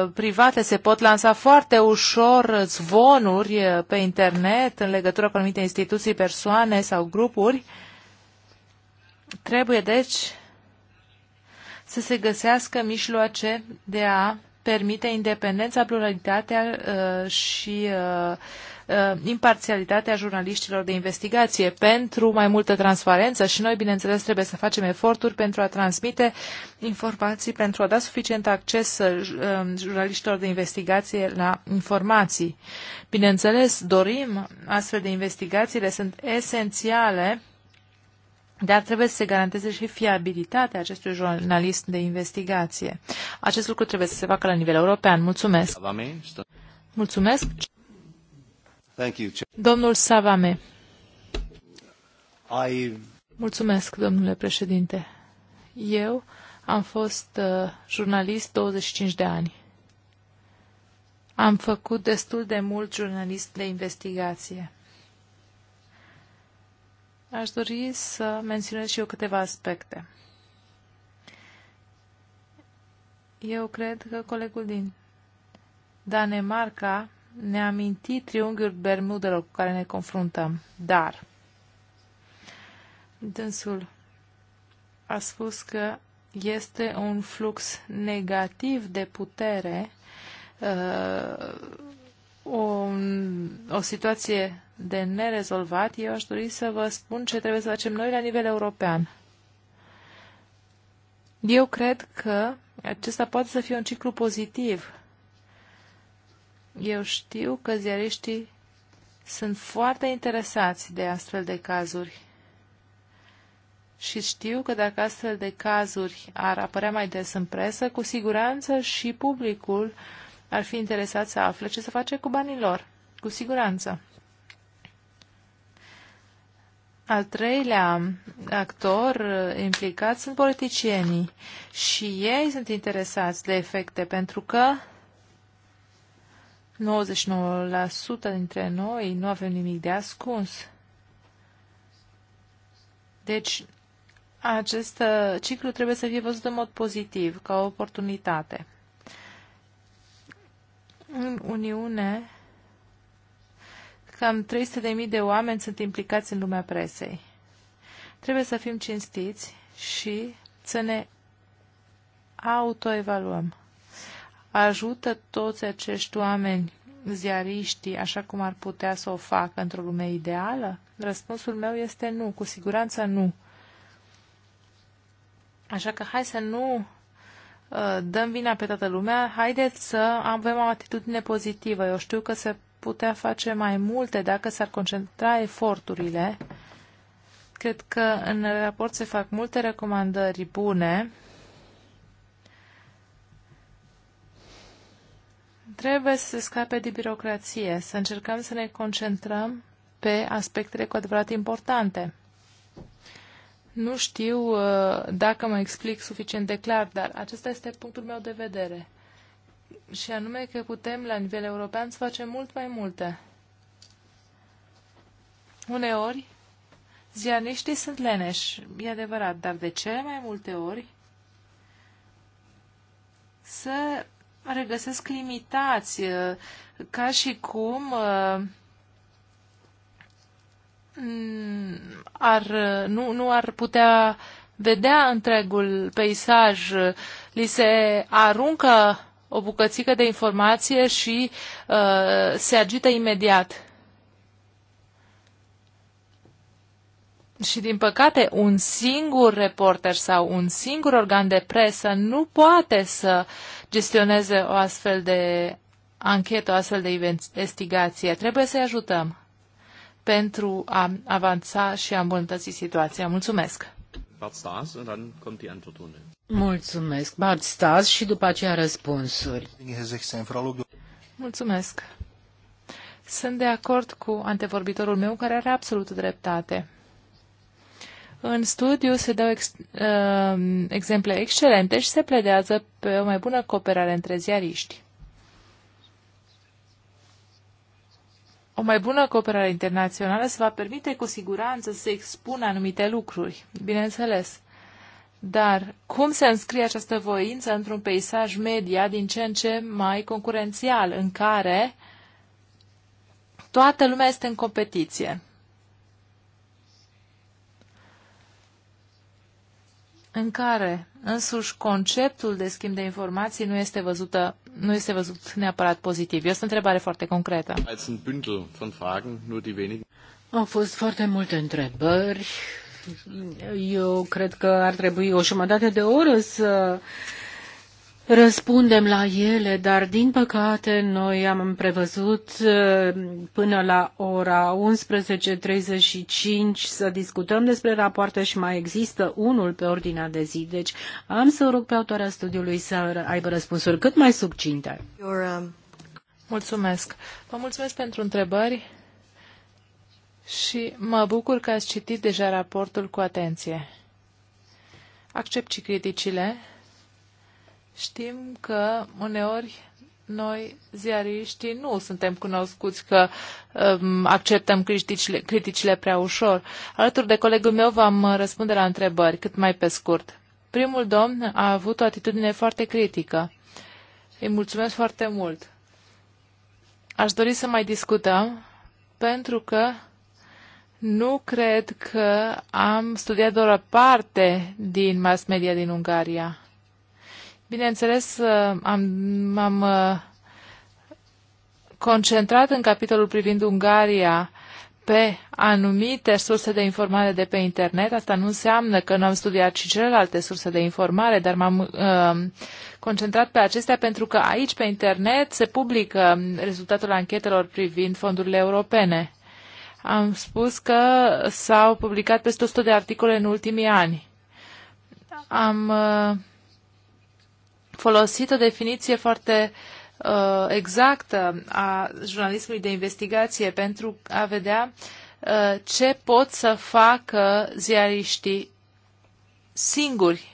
uh, privată, se pot lansa foarte ușor zvonuri uh, pe internet în legătură cu anumite instituții, persoane sau grupuri. Trebuie, deci, să se găsească mijloace de a permite independența, pluralitatea și Uh, imparțialitatea jurnaliștilor de investigație, pentru mai multă transparență și noi, bineînțeles, trebuie să facem eforturi pentru a transmite informații, pentru a da suficient acces uh, uh, jurnaliștilor de investigație la informații. Bineînțeles, dorim astfel de investigațiile, sunt esențiale dar trebuie să se garanteze și fiabilitatea acestui jurnalist de investigație. Acest lucru trebuie să se facă la nivel european. Mulțumesc! Mulțumesc! Domnul Savame. I... Mulțumesc, domnule președinte. Eu am fost uh, jurnalist 25 de ani. Am făcut destul de mult jurnalist de investigație. Aș dori să menționez și eu câteva aspecte. Eu cred că colegul din Danemarca ne aminti triunghiul Bermudelor cu care ne confruntăm, dar dânsul a spus că este un flux negativ de putere, o, uh, o situație de nerezolvat, eu aș dori să vă spun ce trebuie să facem noi la nivel european. Eu cred că acesta poate să fie un ciclu pozitiv eu știu că ziariștii sunt foarte interesați de astfel de cazuri. Și știu că dacă astfel de cazuri ar apărea mai des în presă, cu siguranță și publicul ar fi interesat să afle ce se face cu banii lor. Cu siguranță. Al treilea actor uh, implicat sunt politicienii și ei sunt interesați de efecte pentru că 99% dintre noi nu avem nimic de ascuns. Deci, acest uh, ciclu trebuie să fie văzut în mod pozitiv, ca o oportunitate. În Uniune, cam 300.000 de oameni sunt implicați în lumea presei. Trebuie să fim cinstiți și să ne autoevaluăm ajută toți acești oameni, ziariștii, așa cum ar putea să o facă într-o lume ideală? Răspunsul meu este nu, cu siguranță nu. Așa că hai să nu uh, dăm vina pe toată lumea, haideți să avem o atitudine pozitivă. Eu știu că se putea face mai multe dacă s-ar concentra eforturile. Cred că în raport se fac multe recomandări bune Trebuie să se scape de birocrație, să încercăm să ne concentrăm pe aspectele cu adevărat importante. Nu știu uh, dacă mă explic suficient de clar, dar acesta este punctul meu de vedere. Și anume că putem, la nivel european, să facem mult mai multe. Uneori, ziariștii sunt leneși, e adevărat, dar de cele mai multe ori, să regăsesc limitați, uh, ca și cum uh, ar, uh, nu, nu ar putea vedea întregul peisaj, li se aruncă o bucățică de informație și uh, se agită imediat. Și din păcate, un singur reporter sau un singur organ de presă nu poate să gestioneze o astfel de anchetă, o astfel de investigație. Trebuie să-i ajutăm pentru a avansa și a îmbunătăți situația. Mulțumesc! Mulțumesc, Bart Stas, și după aceea răspunsuri. Mulțumesc. Sunt de acord cu antevorbitorul meu care are absolut dreptate. În studiu se dau ex, uh, exemple excelente și se pledează pe o mai bună cooperare între ziariști. O mai bună cooperare internațională se va permite cu siguranță să expună anumite lucruri, bineînțeles. Dar cum se înscrie această voință într-un peisaj media din ce în ce mai concurențial, în care toată lumea este în competiție? în care însuși conceptul de schimb de informații nu este, văzută, nu este văzut neapărat pozitiv. Este o întrebare foarte concretă. Au fost foarte multe întrebări. Eu cred că ar trebui o jumătate de oră să răspundem la ele, dar din păcate noi am prevăzut uh, până la ora 11.35 să discutăm despre rapoarte și mai există unul pe ordinea de zi. Deci am să rog pe autoarea studiului să aibă răspunsuri cât mai succinte. Um, mulțumesc. Vă mulțumesc pentru întrebări și mă bucur că ați citit deja raportul cu atenție. Accept și criticile Știm că uneori noi, ziariștii, nu suntem cunoscuți că um, acceptăm criticile, criticile prea ușor. Alături de colegul meu v-am uh, răspunde la întrebări, cât mai pe scurt. Primul domn a avut o atitudine foarte critică. Îi mulțumesc foarte mult. Aș dori să mai discutăm, pentru că nu cred că am studiat doar o parte din mass media din Ungaria. Bineînțeles, uh, am, m-am uh, concentrat în capitolul privind Ungaria pe anumite surse de informare de pe internet. Asta nu înseamnă că nu am studiat și celelalte surse de informare, dar m-am uh, concentrat pe acestea pentru că aici, pe internet, se publică rezultatul anchetelor privind fondurile europene. Am spus că s-au publicat peste 100 de articole în ultimii ani. Am uh, folosit o definiție foarte uh, exactă a jurnalismului de investigație pentru a vedea uh, ce pot să facă ziariștii singuri.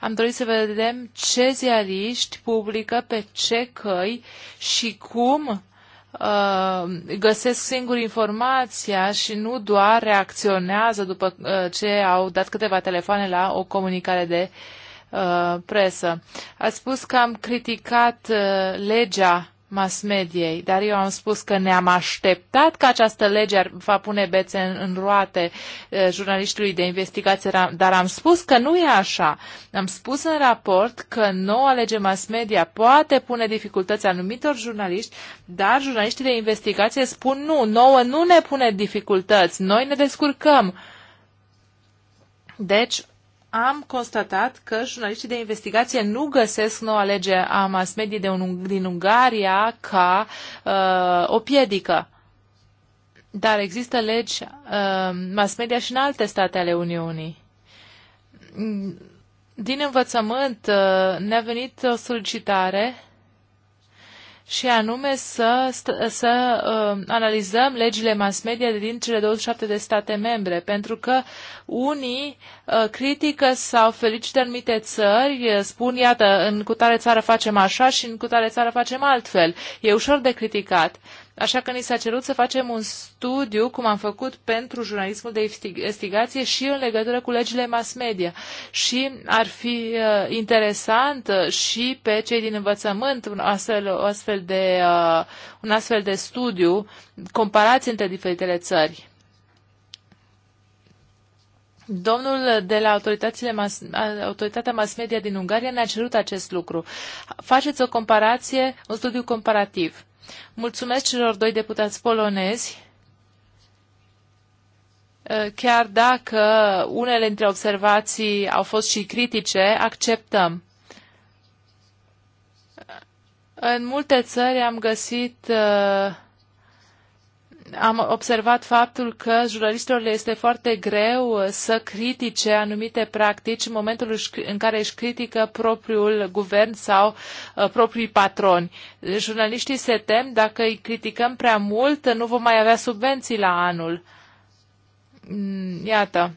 Am dorit să vedem ce ziariști publică pe ce căi și cum uh, găsesc singuri informația și nu doar reacționează după uh, ce au dat câteva telefoane la o comunicare de uh, Uh, presă. Ați spus că am criticat uh, legea mass mediei, dar eu am spus că ne-am așteptat că această lege ar, va pune bețe în, în roate uh, jurnalistului de investigație, dar am spus că nu e așa. Am spus în raport că noua lege mass media poate pune dificultăți anumitor jurnaliști, dar jurnaliștii de investigație spun nu, nouă nu ne pune dificultăți, noi ne descurcăm. Deci, am constatat că jurnaliștii de investigație nu găsesc noua lege a mass media de un, din Ungaria ca uh, o piedică. Dar există legi uh, mass media și în alte state ale Uniunii. Din învățământ uh, ne-a venit o solicitare și anume să, să, uh, analizăm legile mass media din cele 27 de state membre, pentru că unii uh, critică sau felicită anumite țări, uh, spun, iată, în cutare țară facem așa și în cutare țară facem altfel. E ușor de criticat. Așa că ni s-a cerut să facem un studiu, cum am făcut pentru jurnalismul de investigație și în legătură cu legile mass media. Și ar fi uh, interesant uh, și pe cei din învățământ un astfel, o astfel de, uh, un astfel de studiu, comparați între diferitele țări. Domnul de la autoritățile mas, autoritatea mass media din Ungaria ne-a cerut acest lucru. Faceți o comparație, un studiu comparativ. Mulțumesc celor doi deputați polonezi ă, chiar dacă unele dintre observații au fost și critice, acceptăm. În multe țări am găsit uh, am observat faptul că jurnalistilor le este foarte greu să critique anumite practici în momentul în care își critică propriul guvern sau uh, proprii patroni. Jurnaliștii se tem dacă îi criticăm prea mult, nu vom mai avea subvenții la anul. Mm, iată.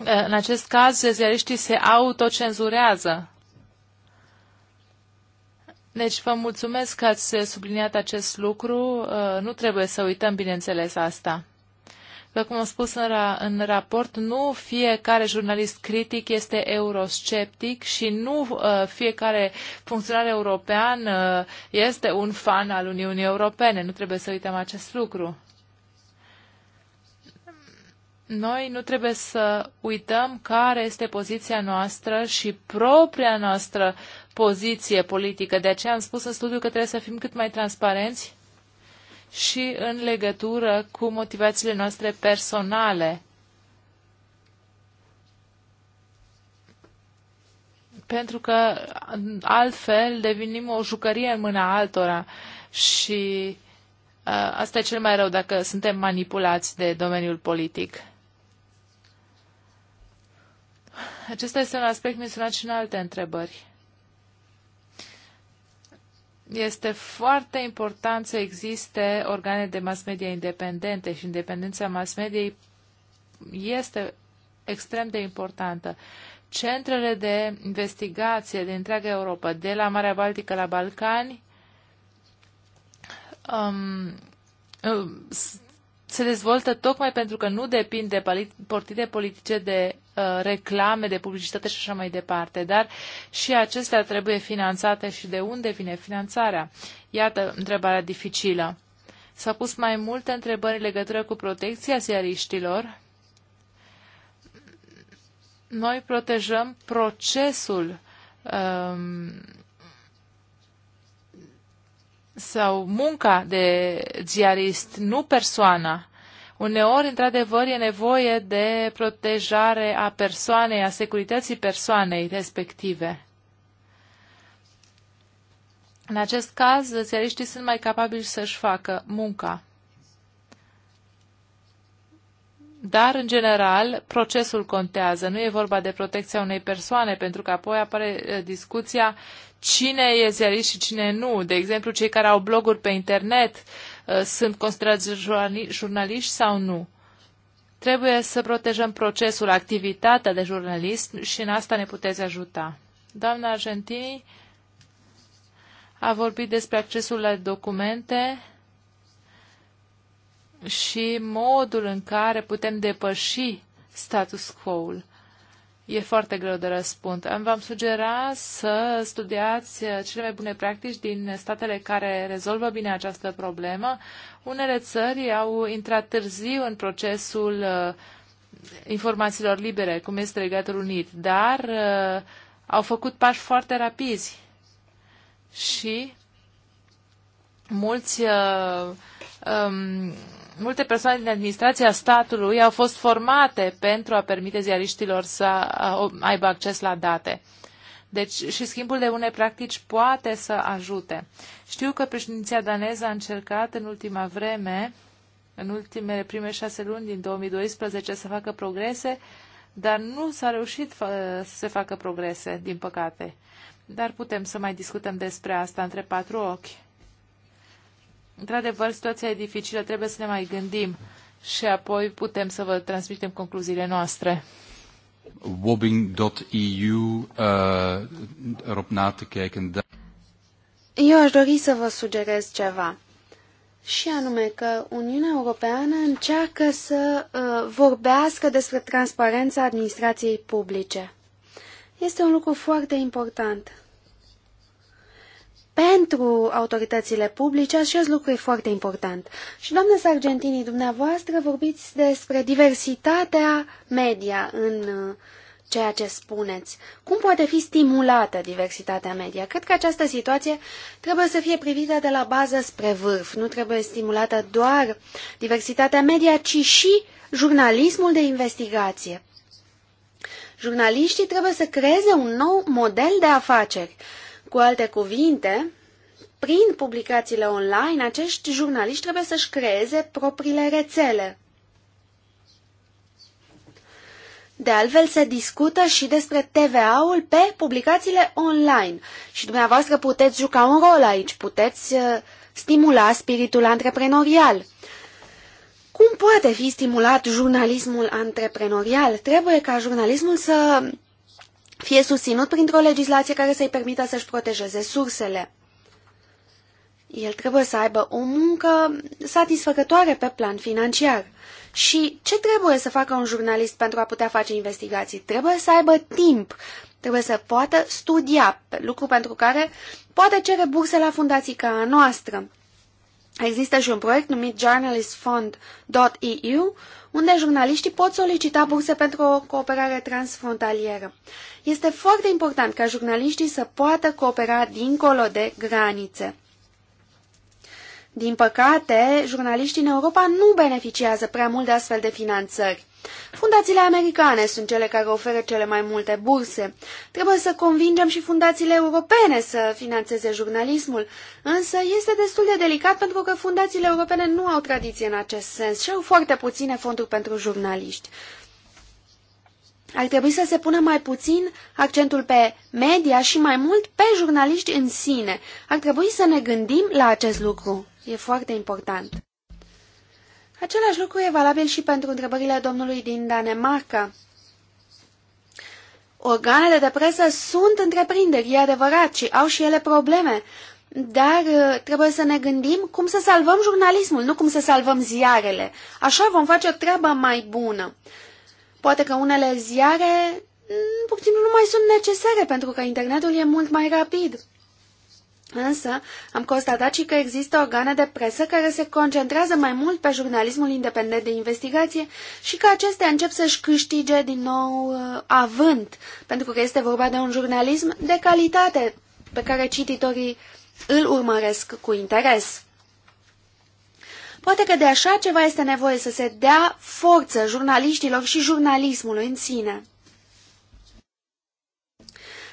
Uh, în acest caz, ziariștii se autocenzurează. Deci vă mulțumesc că ați subliniat acest lucru. Uh, nu trebuie să uităm, bineînțeles, asta. După cum am spus în, ra- în raport, nu fiecare jurnalist critic este eurosceptic și nu uh, fiecare funcționar european uh, este un fan al Uniunii Europene. Nu trebuie să uităm acest lucru noi nu trebuie să uităm care este poziția noastră și propria noastră poziție politică. De aceea am spus în studiu că trebuie să fim cât mai transparenți și în legătură cu motivațiile noastre personale. Pentru că altfel devenim o jucărie în mâna altora și uh, Asta e cel mai rău dacă suntem manipulați de domeniul politic. Acesta este un aspect menționat și în alte întrebări. Este foarte important să existe organe de mass media independente și independența mass mediei este extrem de importantă. Centrele de investigație din întreaga Europa, de la Marea Baltică la Balcani, um, uh, se dezvoltă tocmai pentru că nu depind de partide politice, de uh, reclame, de publicitate și așa mai departe. Dar și acestea trebuie finanțate și de unde vine finanțarea? Iată întrebarea dificilă. s a pus mai multe întrebări în legătură cu protecția ziariștilor. Noi protejăm procesul um, sau munca de ziarist, nu persoana. Uneori, într-adevăr, e nevoie de protejare a persoanei, a securității persoanei respective. În acest caz, ziariștii sunt mai capabili să-și facă munca. Dar, în general, procesul contează. Nu e vorba de protecția unei persoane, pentru că apoi apare eh, discuția cine e ziarist și cine nu. De exemplu, cei care au bloguri pe internet uh, sunt considerați jurnaliști sau nu. Trebuie să protejăm procesul, activitatea de jurnalist și în asta ne puteți ajuta. Doamna Argentini a vorbit despre accesul la documente și modul în care putem depăși status quo-ul. E foarte greu de răspund. V-am sugera să studiați uh, cele mai bune practici din statele care rezolvă bine această problemă. Unele țări au intrat târziu în procesul uh, informațiilor libere, cum este Regatul Unit, dar uh, au făcut pași foarte rapizi și mulți um, multe persoane din administrația statului au fost formate pentru a permite ziariștilor să aibă acces la date. Deci și schimbul de unei practici poate să ajute. Știu că președinția daneză a încercat în ultima vreme, în ultimele prime șase luni din 2012, să facă progrese, dar nu s-a reușit să se facă progrese, din păcate. Dar putem să mai discutăm despre asta între patru ochi. Într-adevăr, situația e dificilă, trebuie să ne mai gândim și apoi putem să vă transmitem concluziile noastre. Wobbing.eu uh, te Eu aș dori să vă sugerez ceva. Și anume că Uniunea Europeană încearcă să uh, vorbească despre transparența administrației publice. Este un lucru foarte important pentru autoritățile publice, acest lucru e foarte important. Și, doamnă Sargentini, dumneavoastră vorbiți despre diversitatea media în uh, ceea ce spuneți. Cum poate fi stimulată diversitatea media? Cred că această situație trebuie să fie privită de la bază spre vârf. Nu trebuie stimulată doar diversitatea media, ci și jurnalismul de investigație. Jurnaliștii trebuie să creeze un nou model de afaceri cu alte cuvinte, prin publicațiile online, acești jurnaliști trebuie să-și creeze propriile rețele. De altfel, se discută și despre TVA-ul pe publicațiile online. Și dumneavoastră puteți juca un rol aici, puteți uh, stimula spiritul antreprenorial. Cum poate fi stimulat jurnalismul antreprenorial? Trebuie ca jurnalismul să fie susținut printr-o legislație care să-i permită să-și protejeze sursele. El trebuie să aibă o muncă satisfăcătoare pe plan financiar. Și ce trebuie să facă un jurnalist pentru a putea face investigații? Trebuie să aibă timp, trebuie să poată studia, lucru pentru care poate cere burse la fundații ca a noastră. Există și un proiect numit journalistfund.eu, unde jurnaliștii pot solicita burse pentru o cooperare transfrontalieră. Este foarte important ca jurnaliștii să poată coopera dincolo de granițe. Din păcate, jurnaliștii în Europa nu beneficiază prea mult de astfel de finanțări. Fundațiile americane sunt cele care oferă cele mai multe burse. Trebuie să convingem și fundațiile europene să financeze jurnalismul, însă este destul de delicat pentru că fundațiile europene nu au tradiție în acest sens și au foarte puține fonduri pentru jurnaliști. Ar trebui să se pună mai puțin accentul pe media și mai mult pe jurnaliști în sine. Ar trebui să ne gândim la acest lucru. E foarte important. Același lucru e valabil și pentru întrebările domnului din Danemarca. Organele de presă sunt întreprinderi, e adevărat, și au și ele probleme. Dar uh, trebuie să ne gândim cum să salvăm jurnalismul, nu cum să salvăm ziarele. Așa vom face o treabă mai bună. Poate că unele ziare pur și simplu nu mai sunt necesare pentru că internetul e mult mai rapid. Însă, am constatat și că există organe de presă care se concentrează mai mult pe jurnalismul independent de investigație și că acestea încep să-și câștige din nou uh, avânt, pentru că este vorba de un jurnalism de calitate pe care cititorii îl urmăresc cu interes. Poate că de așa ceva este nevoie să se dea forță jurnaliștilor și jurnalismului în sine.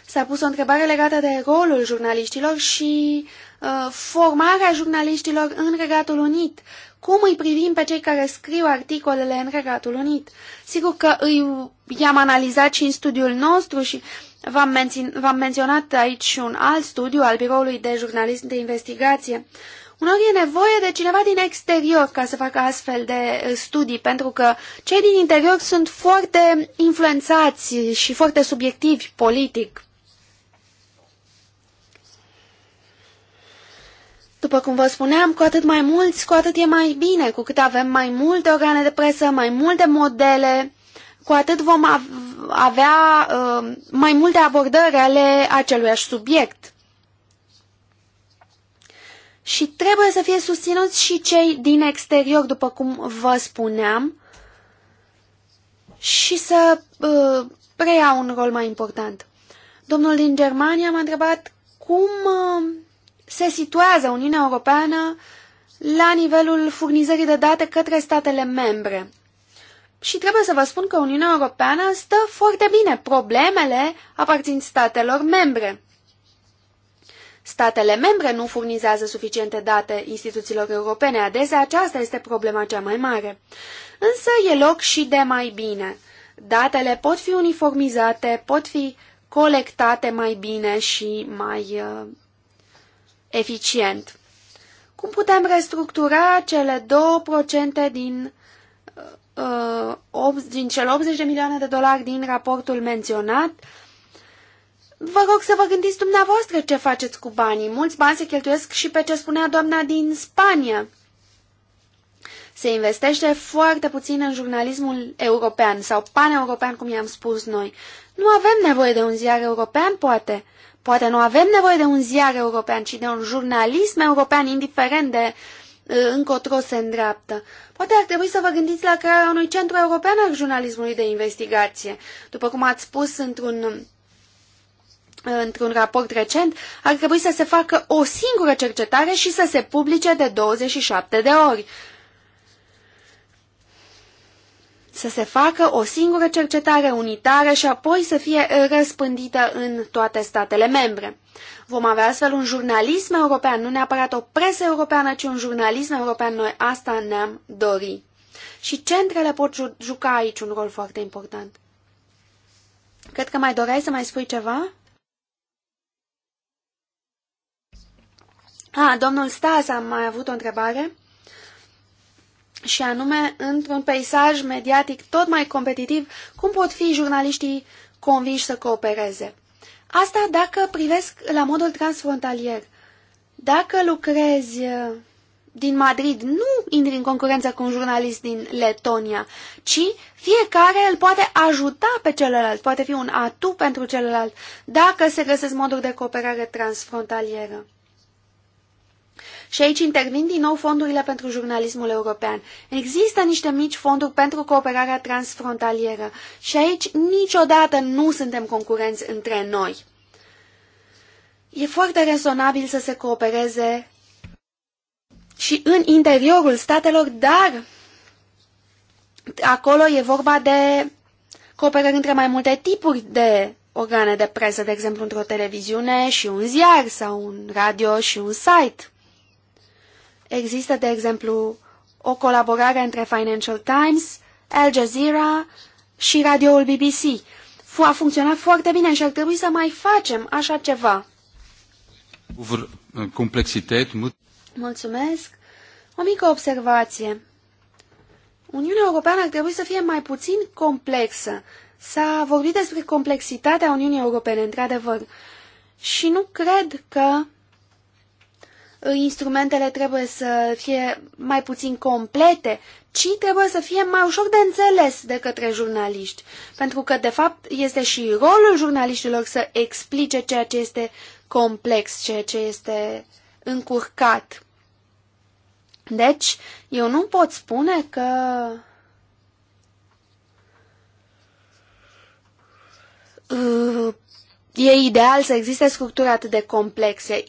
S-a pus o întrebare legată de rolul jurnaliștilor și uh, formarea jurnaliștilor în Regatul Unit. Cum îi privim pe cei care scriu articolele în Regatul Unit? Sigur că îi, i-am analizat și în studiul nostru și v-am, menționat aici și un alt studiu al Biroului de Jurnalism de Investigație. Uh, unor e nevoie de cineva din exterior ca să facă astfel de uh, studii, pentru că cei din interior sunt foarte influențați și foarte subiectivi politic. După cum vă spuneam, cu atât mai mulți, cu atât e mai bine, cu cât avem mai multe organe de presă, mai multe modele, cu atât vom avea uh, mai multe abordări ale aceluiași subiect și trebuie să fie susținuți și cei din exterior, după cum vă spuneam, și să uh, preia un rol mai important. Domnul din Germania m-a întrebat cum uh, se situează Uniunea Europeană la nivelul furnizării de date către statele membre. Și trebuie să vă spun că Uniunea Europeană stă foarte bine. Problemele aparțin statelor membre. Statele membre nu furnizează suficiente date instituțiilor europene, adesea aceasta este problema cea mai mare. Însă e loc și de mai bine. Datele pot fi uniformizate, pot fi colectate mai bine și mai uh, eficient. Cum putem restructura cele 2% din, uh, 8, uh, din cele 80 de milioane de dolari din raportul menționat uh, Vă rog să vă gândiți dumneavoastră ce faceți cu banii. Mulți bani se cheltuiesc și pe ce spunea doamna din Spania. Se investește foarte puțin în jurnalismul european sau european, cum i-am spus noi. Nu avem nevoie de un ziar european, poate. Poate nu avem nevoie de un ziar european, ci de un jurnalism european, indiferent de uh, încotro se îndreaptă. Poate ar trebui să vă gândiți la crearea unui centru european al jurnalismului de investigație. După cum ați spus într-un într-un raport recent, ar trebui să se facă o singură cercetare și să se publice de 27 de ori. Să se facă o singură cercetare unitară și apoi să fie răspândită în toate statele membre. Vom avea astfel un jurnalism european, nu neapărat o presă europeană, ci un jurnalism european. Noi asta ne-am dorit. Și centrele pot juca aici un rol foarte important. Cred că mai doreai să mai spui ceva? A, ah, domnul Stas a mai avut o întrebare și anume, într-un peisaj mediatic tot mai competitiv, cum pot fi jurnaliștii convinși să coopereze? Asta dacă privesc la modul transfrontalier. Dacă lucrezi uh, din Madrid, nu intri în concurență cu un jurnalist din Letonia, ci fiecare îl poate ajuta pe celălalt, poate fi un atu pentru celălalt, dacă se găsesc moduri de cooperare transfrontalieră. Și aici intervin din nou fondurile pentru jurnalismul european. Există niște mici fonduri pentru cooperarea transfrontalieră și aici niciodată nu suntem concurenți între noi. E foarte rezonabil să se coopereze și în interiorul statelor, dar acolo e vorba de cooperări între mai multe tipuri de organe de presă, de exemplu într-o televiziune și un ziar sau un radio și un site. Există, de exemplu, o colaborare între Financial Times, Al Jazeera și radioul BBC. A funcționat foarte bine și ar trebui să mai facem așa ceva. Mulțumesc. O mică observație. Uniunea Europeană ar trebui să fie mai puțin complexă. S-a vorbit despre complexitatea Uniunii Europene, într-adevăr. Și nu cred că instrumentele trebuie să fie mai puțin complete, ci trebuie să fie mai ușor de înțeles de către jurnaliști. Pentru că, de fapt, este și rolul jurnaliștilor să explice ceea ce este complex, ceea ce este încurcat. Deci, eu nu pot spune că... Uh, e ideal să existe structuri atât de complexe.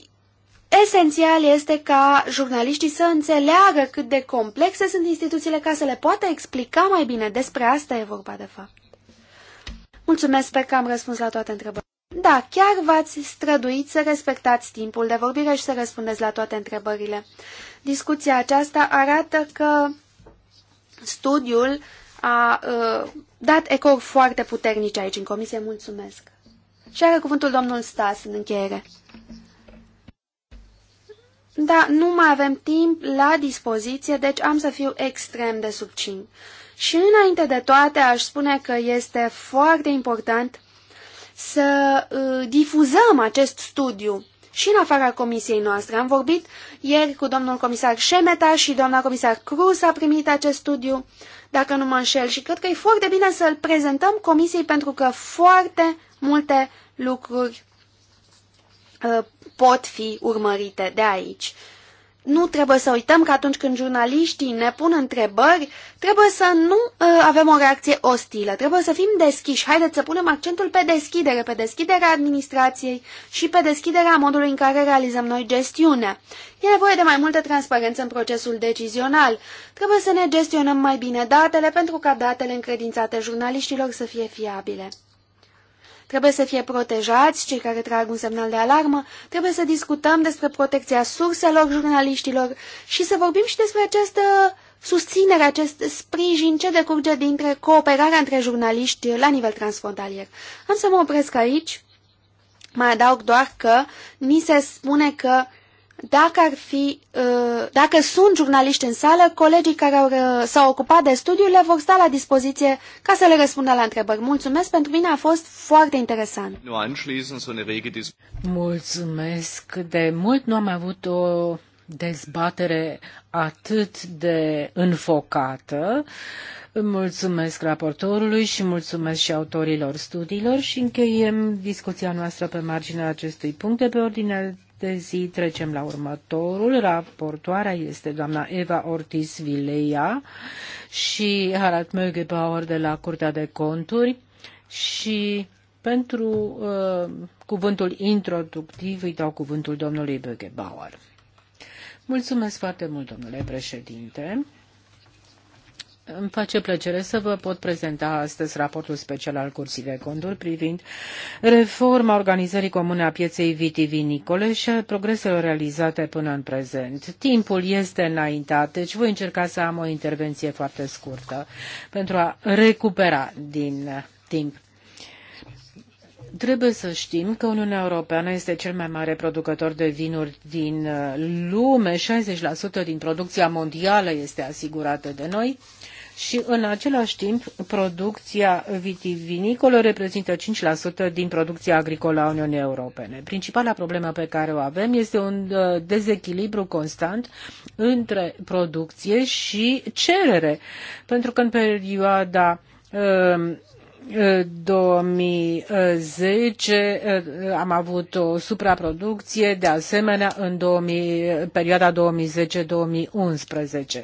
Esențial este ca jurnaliștii să înțeleagă cât de complexe sunt instituțiile ca să le poată explica mai bine. Despre asta e vorba, de fapt. Mulțumesc, sper că am răspuns la toate întrebările. Da, chiar v-ați străduit să respectați timpul de vorbire și să răspundeți la toate întrebările. Discuția aceasta arată că studiul a uh, dat ecouri foarte puternice aici în comisie. Mulțumesc. Și are cuvântul domnul Stas în încheiere. Da, nu mai avem timp la dispoziție, deci am să fiu extrem de subțin. Și înainte de toate aș spune că este foarte important să uh, difuzăm acest studiu și în afara comisiei noastre. Am vorbit ieri cu domnul comisar Șemeta și doamna comisar Cruz a primit acest studiu, dacă nu mă înșel, și cred că e foarte bine să-l prezentăm comisiei pentru că foarte multe lucruri uh, pot fi urmărite de aici. Nu trebuie să uităm că atunci când jurnaliștii ne pun întrebări, trebuie să nu uh, avem o reacție ostilă, trebuie să fim deschiși. Haideți să punem accentul pe deschidere, pe deschiderea administrației și pe deschiderea modului în care realizăm noi gestiunea. E nevoie de mai multă transparență în procesul decizional. Trebuie să ne gestionăm mai bine datele pentru ca datele încredințate jurnaliștilor să fie fiabile. Trebuie să fie protejați cei care trag un semnal de alarmă, trebuie să discutăm despre protecția surselor jurnaliștilor și să vorbim și despre această susținere, acest sprijin ce decurge dintre cooperarea între jurnaliști la nivel transfrontalier. Am să mă opresc aici. Mai adaug doar că ni se spune că dacă ar fi, uh, dacă sunt jurnaliști în sală, colegii care uh, s-au ocupat de studiu le vor sta la dispoziție ca să le răspundă la întrebări. Mulțumesc, pentru mine a fost foarte interesant. Mulțumesc, de mult nu am avut o dezbatere atât de înfocată. Mulțumesc raportorului și mulțumesc și autorilor studiilor și încheiem discuția noastră pe marginea acestui punct de pe ordinea de zi. Trecem la următorul. Raportoarea este doamna Eva Ortiz Vileia și Harald Mögebauer de la Curtea de Conturi și pentru uh, cuvântul introductiv îi dau cuvântul domnului Bögebauer. Mulțumesc foarte mult, domnule președinte. Îmi face plăcere să vă pot prezenta astăzi raportul special al Curții de Conturi privind reforma organizării comune a pieței vitivinicole și a progreselor realizate până în prezent. Timpul este înaintat, deci voi încerca să am o intervenție foarte scurtă pentru a recupera din timp. Trebuie să știm că Uniunea Europeană este cel mai mare producător de vinuri din lume, 60% din producția mondială este asigurată de noi și în același timp producția vitivinicolă reprezintă 5% din producția agricolă a Uniunii Europene. Principala problemă pe care o avem este un uh, dezechilibru constant între producție și cerere, pentru că în perioada 2010 uh, uh, am avut o supraproducție, de asemenea în 2000, perioada 2010-2011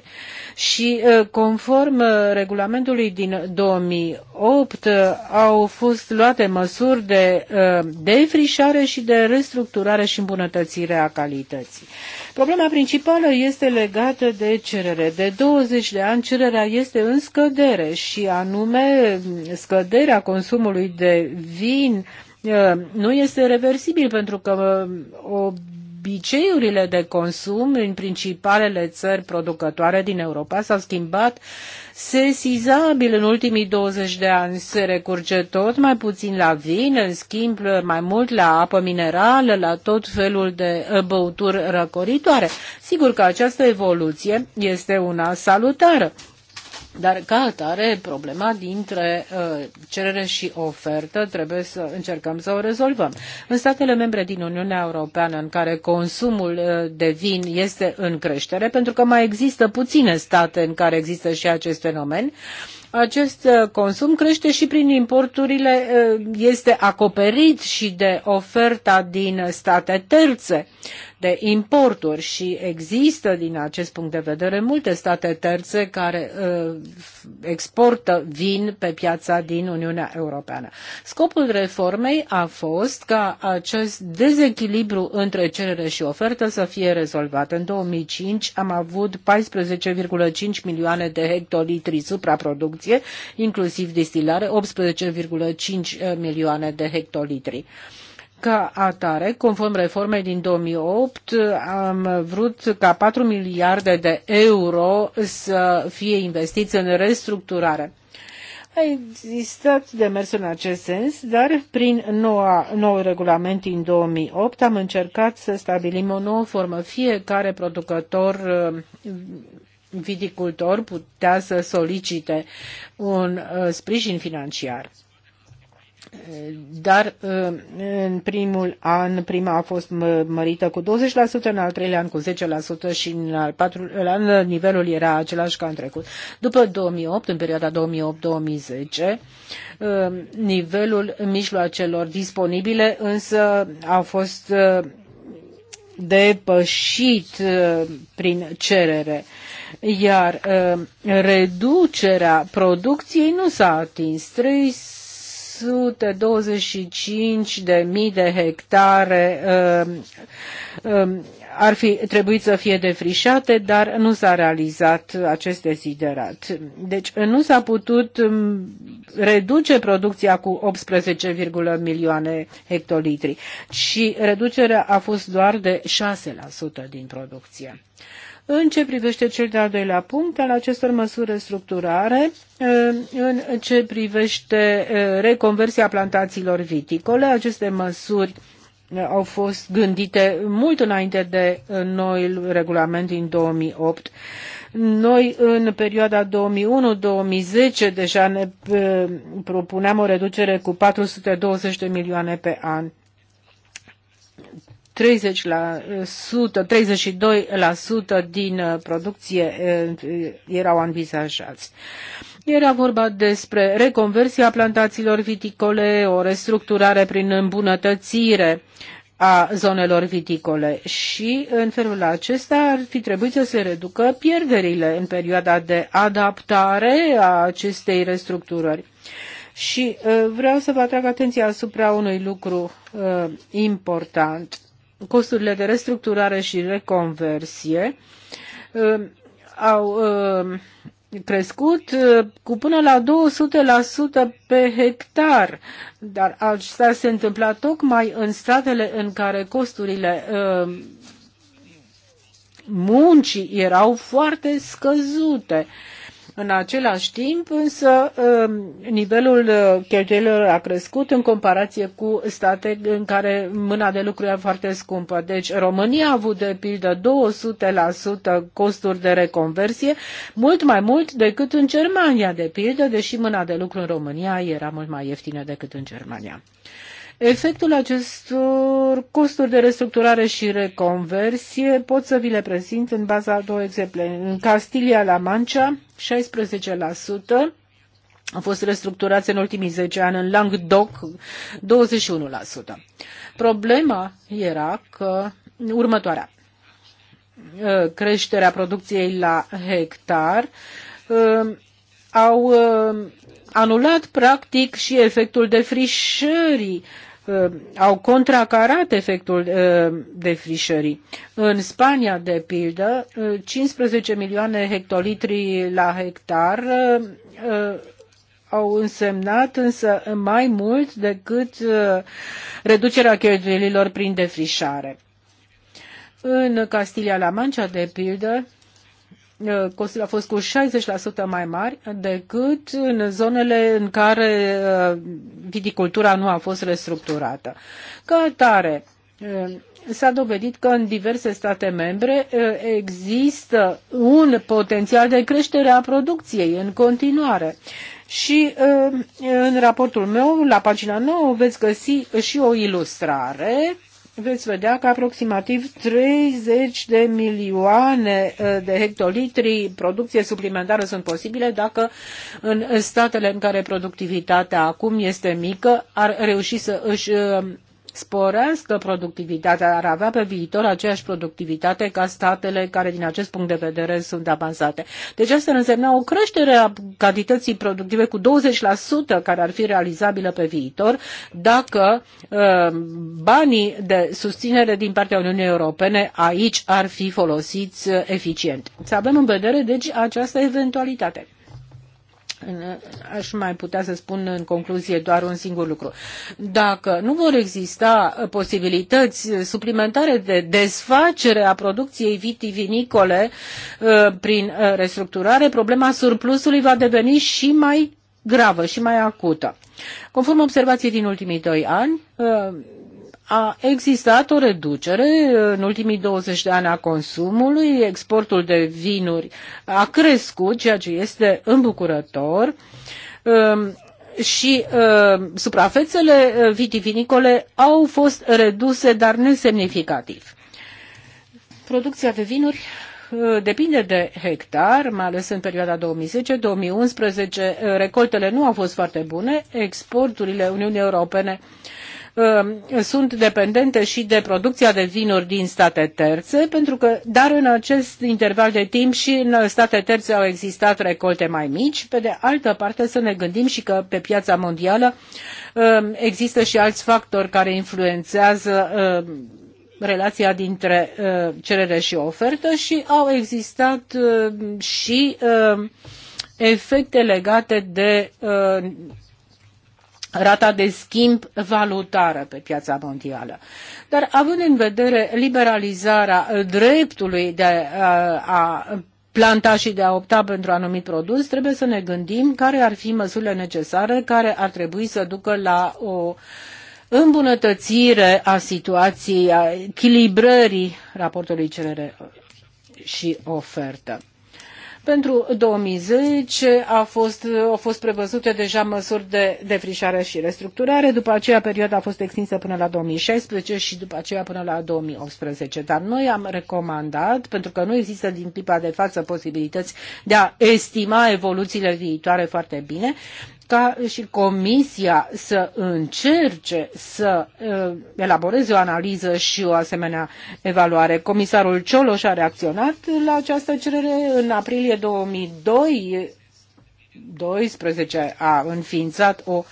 și uh, conform uh, regulamentului din 2008 uh, au fost luate măsuri de defrișare și de restructurare și îmbunătățire a calității. Problema principală este legată de cerere. De 20 de ani cererea este în scădere și anume scăderea consumului de vin nu este reversibil pentru că o obiceiurile de consum în principalele țări producătoare din Europa s-au schimbat sesizabil în ultimii 20 de ani. Se recurge tot mai puțin la vin, în schimb mai mult la apă minerală, la tot felul de uh, băuturi răcoritoare. Sigur că această evoluție este una salutară, dar ca atare, problema dintre uh, cerere și ofertă trebuie să încercăm să o rezolvăm. În statele membre din Uniunea Europeană în care consumul uh, de vin este în creștere, pentru că mai există puține state în care există și acest fenomen, acest uh, consum crește și prin importurile, uh, este acoperit și de oferta din state terțe de importuri și există din acest punct de vedere multe state terțe care uh, exportă vin pe piața din Uniunea Europeană. Scopul reformei a fost ca acest dezechilibru între cerere și ofertă să fie rezolvat. În 2005 am avut 14,5 milioane de hectolitri supraproducție, inclusiv distilare, 18,5 milioane de hectolitri. Ca atare, conform reformei din 2008, am vrut ca 4 miliarde de euro să fie investiți în restructurare. A existat demers în acest sens, dar prin noua, nou regulament din 2008 am încercat să stabilim o nouă formă. Fiecare producător viticultor putea să solicite un uh, sprijin financiar. Dar uh, în primul an, prima a fost mărită cu 20%, în al treilea an cu 10% și în al patrulea an nivelul era același ca în trecut. După 2008, în perioada 2008-2010, uh, nivelul mijloacelor disponibile însă a fost uh, depășit prin cerere, iar reducerea producției nu s-a atins. 3 125 de mii de hectare um, um, ar fi trebuit să fie defrișate, dar nu s-a realizat acest desiderat. Deci nu s-a putut um, reduce producția cu 18, milioane hectolitri și reducerea a fost doar de 6% din producție. În ce privește cel de-al doilea punct al acestor măsuri structurare, uh, în ce privește uh, reconversia plantațiilor viticole, aceste măsuri uh, au fost gândite mult înainte de noul regulament din 2008. Noi în perioada 2001-2010 deja ne propuneam o reducere cu 420 de milioane pe an. 30 la 32% eh, din eh, producție eh, erau anvizajați. Era vorba despre reconversia plantațiilor viticole, o restructurare prin îmbunătățire a zonelor viticole și în felul acesta ar fi trebuit să se reducă pierderile în perioada de adaptare a acestei restructurări. Și vreau să vă atrag atenția asupra unui lucru uh, important costurile de restructurare și reconversie uh, au uh, crescut uh, cu până la 200% pe hectar, dar asta se întâmpla tocmai în statele în care costurile muncii erau foarte scăzute. În același timp, însă, um, nivelul uh, cheltuielilor a crescut în comparație cu state în care mâna de lucru e foarte scumpă. Deci, România a avut, de pildă, 200% costuri de reconversie, mult mai mult decât în Germania, de pildă, deși mâna de lucru în România era mult mai ieftină decât în Germania. Efectul acestor costuri de restructurare și reconversie pot să vi le prezint în baza a două exemple. În Castilia-La Mancha, 16%, au fost restructurați în ultimii 10 ani, în Languedoc 21%. Problema era că următoarea ă, creșterea producției la hectar ă, au ă, anulat practic și efectul defrișării Uh, au contracarat efectul uh, defrișării. În Spania, de pildă, 15 uh, milioane hectolitri la hectar au însemnat însă mai mult decât reducerea cheltuielilor prin defrișare. În Castilia-La Mancha, de pildă, Uh, costul a fost cu 60% mai mari decât în zonele în care uh, viticultura nu a fost restructurată. Ca atare, uh, s-a dovedit că în diverse state membre există un potențial de creștere a producției în continuare. Și în raportul meu, la pagina 9, veți găsi și o ilustrare veți vedea că aproximativ 30 de milioane eh, de hectolitri producție suplimentară sunt posibile dacă în statele în care productivitatea acum este mică ar reuși să își eh, că productivitatea, ar avea pe viitor aceeași productivitate ca statele care din acest punct de vedere sunt avansate. Deci asta însemna o creștere a cantității productive cu 20% care ar fi realizabilă pe viitor dacă uh, banii de susținere din partea Uniunii Europene aici ar fi folosiți uh, eficient. Să avem în vedere deci această eventualitate aș mai putea să spun în concluzie doar un singur lucru. Dacă nu vor exista posibilități suplimentare de desfacere a producției vitivinicole uh, prin uh, restructurare, problema surplusului va deveni și mai gravă și mai acută. Conform observației din ultimii doi ani, uh, a existat o reducere în ultimii 20 de ani a consumului, exportul de vinuri a crescut, ceea ce este îmbucurător ehm, și ehm, suprafețele vitivinicole au fost reduse, dar nesemnificativ. Producția de vinuri depinde de hectar, mai ales în perioada 2010-2011, recoltele nu au fost foarte bune, exporturile Uniunii Europene Uh, sunt dependente și de producția de vinuri din state terțe, pentru că, dar în acest interval de timp și în state terțe au existat recolte mai mici. Pe de altă parte să ne gândim și că pe piața mondială uh, există și alți factori care influențează uh, relația dintre cerere și ofertă și au existat și efecte legate de rata de schimb valutară pe piața mondială. Dar având în vedere liberalizarea dreptului de uh, a planta și de a opta pentru anumit produs, trebuie să ne gândim care ar fi măsurile necesare care ar trebui să ducă la o îmbunătățire a situației, a echilibrării raportului cerere și ofertă. Pentru 2010 a fost, au fost prevăzute deja măsuri de defrișare și restructurare, după aceea perioada a fost extinsă până la 2016 și după aceea până la 2018. Dar noi am recomandat, pentru că nu există din clipa de față posibilități de a estima evoluțiile viitoare foarte bine, ca și Comisia să încerce să uh, elaboreze o analiză și o asemenea evaluare. Comisarul Cioloș a reacționat la această cerere în aprilie 2012, a înființat o,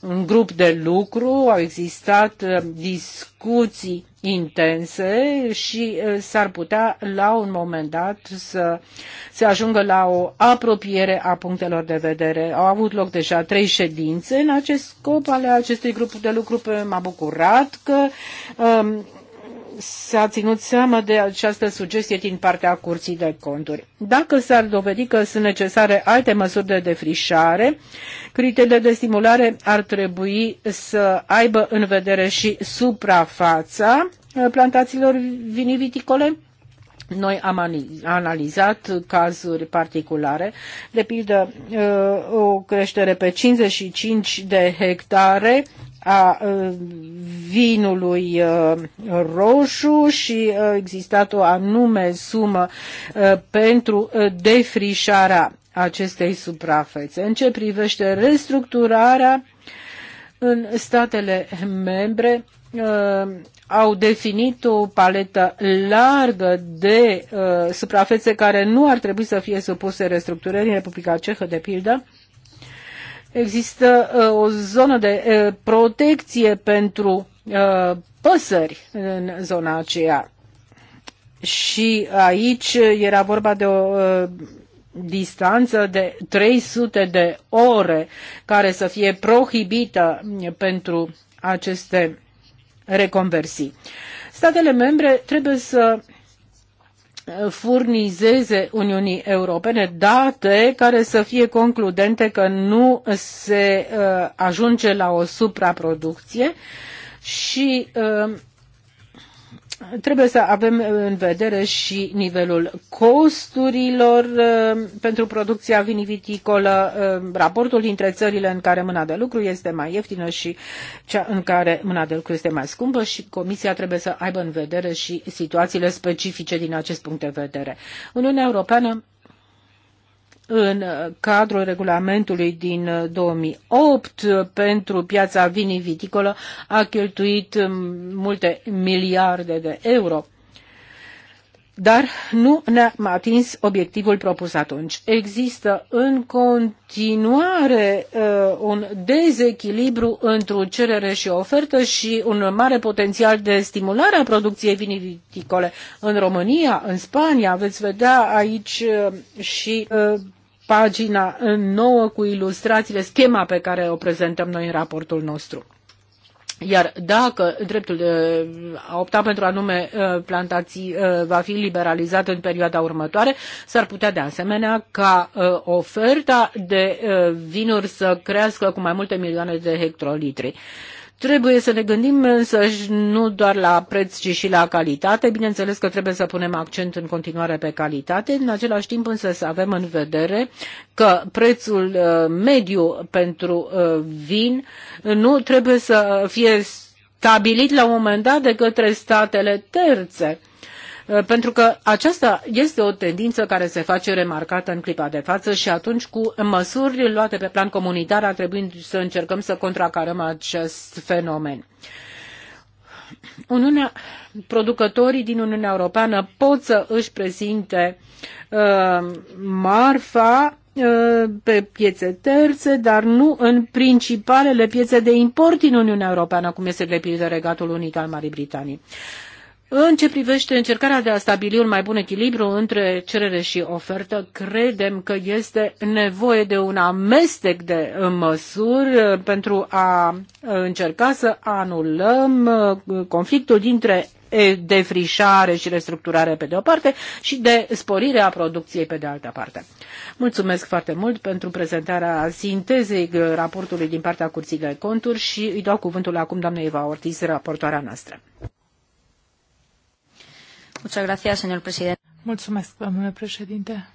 un grup de lucru, au existat uh, discuții intense și s-ar putea la un moment dat să se ajungă la o apropiere a punctelor de vedere. Au avut loc deja trei ședințe în acest scop ale acestui grup de lucru. m-a bucurat că um, s-a ținut seama de această sugestie din partea Curții de Conturi. Dacă s-ar dovedi că sunt necesare alte măsuri de defrișare, criteriile de stimulare ar trebui să aibă în vedere și suprafața uh, plantațiilor viniviticole. Noi am analizat cazuri particulare, de pildă uh, o creștere pe 55 de hectare a vinului roșu și a existat o anume sumă pentru defrișarea acestei suprafețe. În ce privește restructurarea în statele membre, au definit o paletă largă de uh, suprafețe care nu ar trebui să fie supuse restructurării în Republica Cehă, de pildă, Există uh, o zonă de uh, protecție pentru uh, păsări în zona aceea. Și aici era vorba de o distanță de 300 de ore care să fie prohibită pentru aceste reconversii. Statele membre trebuie să furnizeze Uniunii Europene date care să fie concludente că nu se uh, ajunge la o supraproducție și uh, trebuie să avem în vedere și nivelul costurilor uh, pentru producția viniviticolă, uh, raportul dintre țările în care mâna de lucru este mai ieftină și cea în care mâna de lucru este mai scumpă și Comisia trebuie să aibă în vedere și situațiile specifice din acest punct de vedere. Uniunea Europeană în uh, cadrul regulamentului din 2008 uh, uh, pentru piața vinii viticolă a cheltuit um, multe miliarde de euro dar nu ne-am atins obiectivul propus atunci. Există în continuare uh, un dezechilibru între cerere și ofertă și un mare potențial de stimulare a producției viniviticole. În România, în Spania, veți vedea aici uh, și uh, pagina nouă cu ilustrațiile, schema pe care o prezentăm noi în raportul nostru. Iar dacă dreptul de uh, a opta pentru anume uh, plantații uh, va fi liberalizat în perioada următoare, s-ar putea de asemenea ca oferta de vinuri să crească cu mai multe milioane de hectolitri. Trebuie să ne gândim însă nu doar la preț, ci și la calitate. Bineînțeles că trebuie să punem accent în continuare pe calitate, în același timp însă să avem în vedere că prețul uh, mediu pentru uh, vin nu trebuie să fie stabilit la un moment dat de către statele terțe Uh, pentru că aceasta este o tendință care se face remarcată în clipa de față și atunci cu măsuri luate pe plan comunitar ar trebui să încercăm să contracarăm acest fenomen. Uniunea, producătorii din Uniunea Europeană pot să își prezinte uh, marfa uh, pe piețe terțe, dar nu în principalele piețe de import din Uniunea Europeană, cum este de pildă Regatul Unit al Marii Britanii. În ce privește încercarea de a stabili un mai bun echilibru între cerere și ofertă, credem că este nevoie de un amestec de măsuri pentru a încerca să anulăm conflictul dintre defrișare și restructurare pe de o parte și de sporire a producției pe de altă parte. Mulțumesc foarte mult pentru prezentarea sintezei raportului din partea Curții de Conturi și îi dau cuvântul acum doamnei Eva Ortiz, raportoarea noastră. Muchas gracias, señor presidente. Mulțumesc, domnule președinte.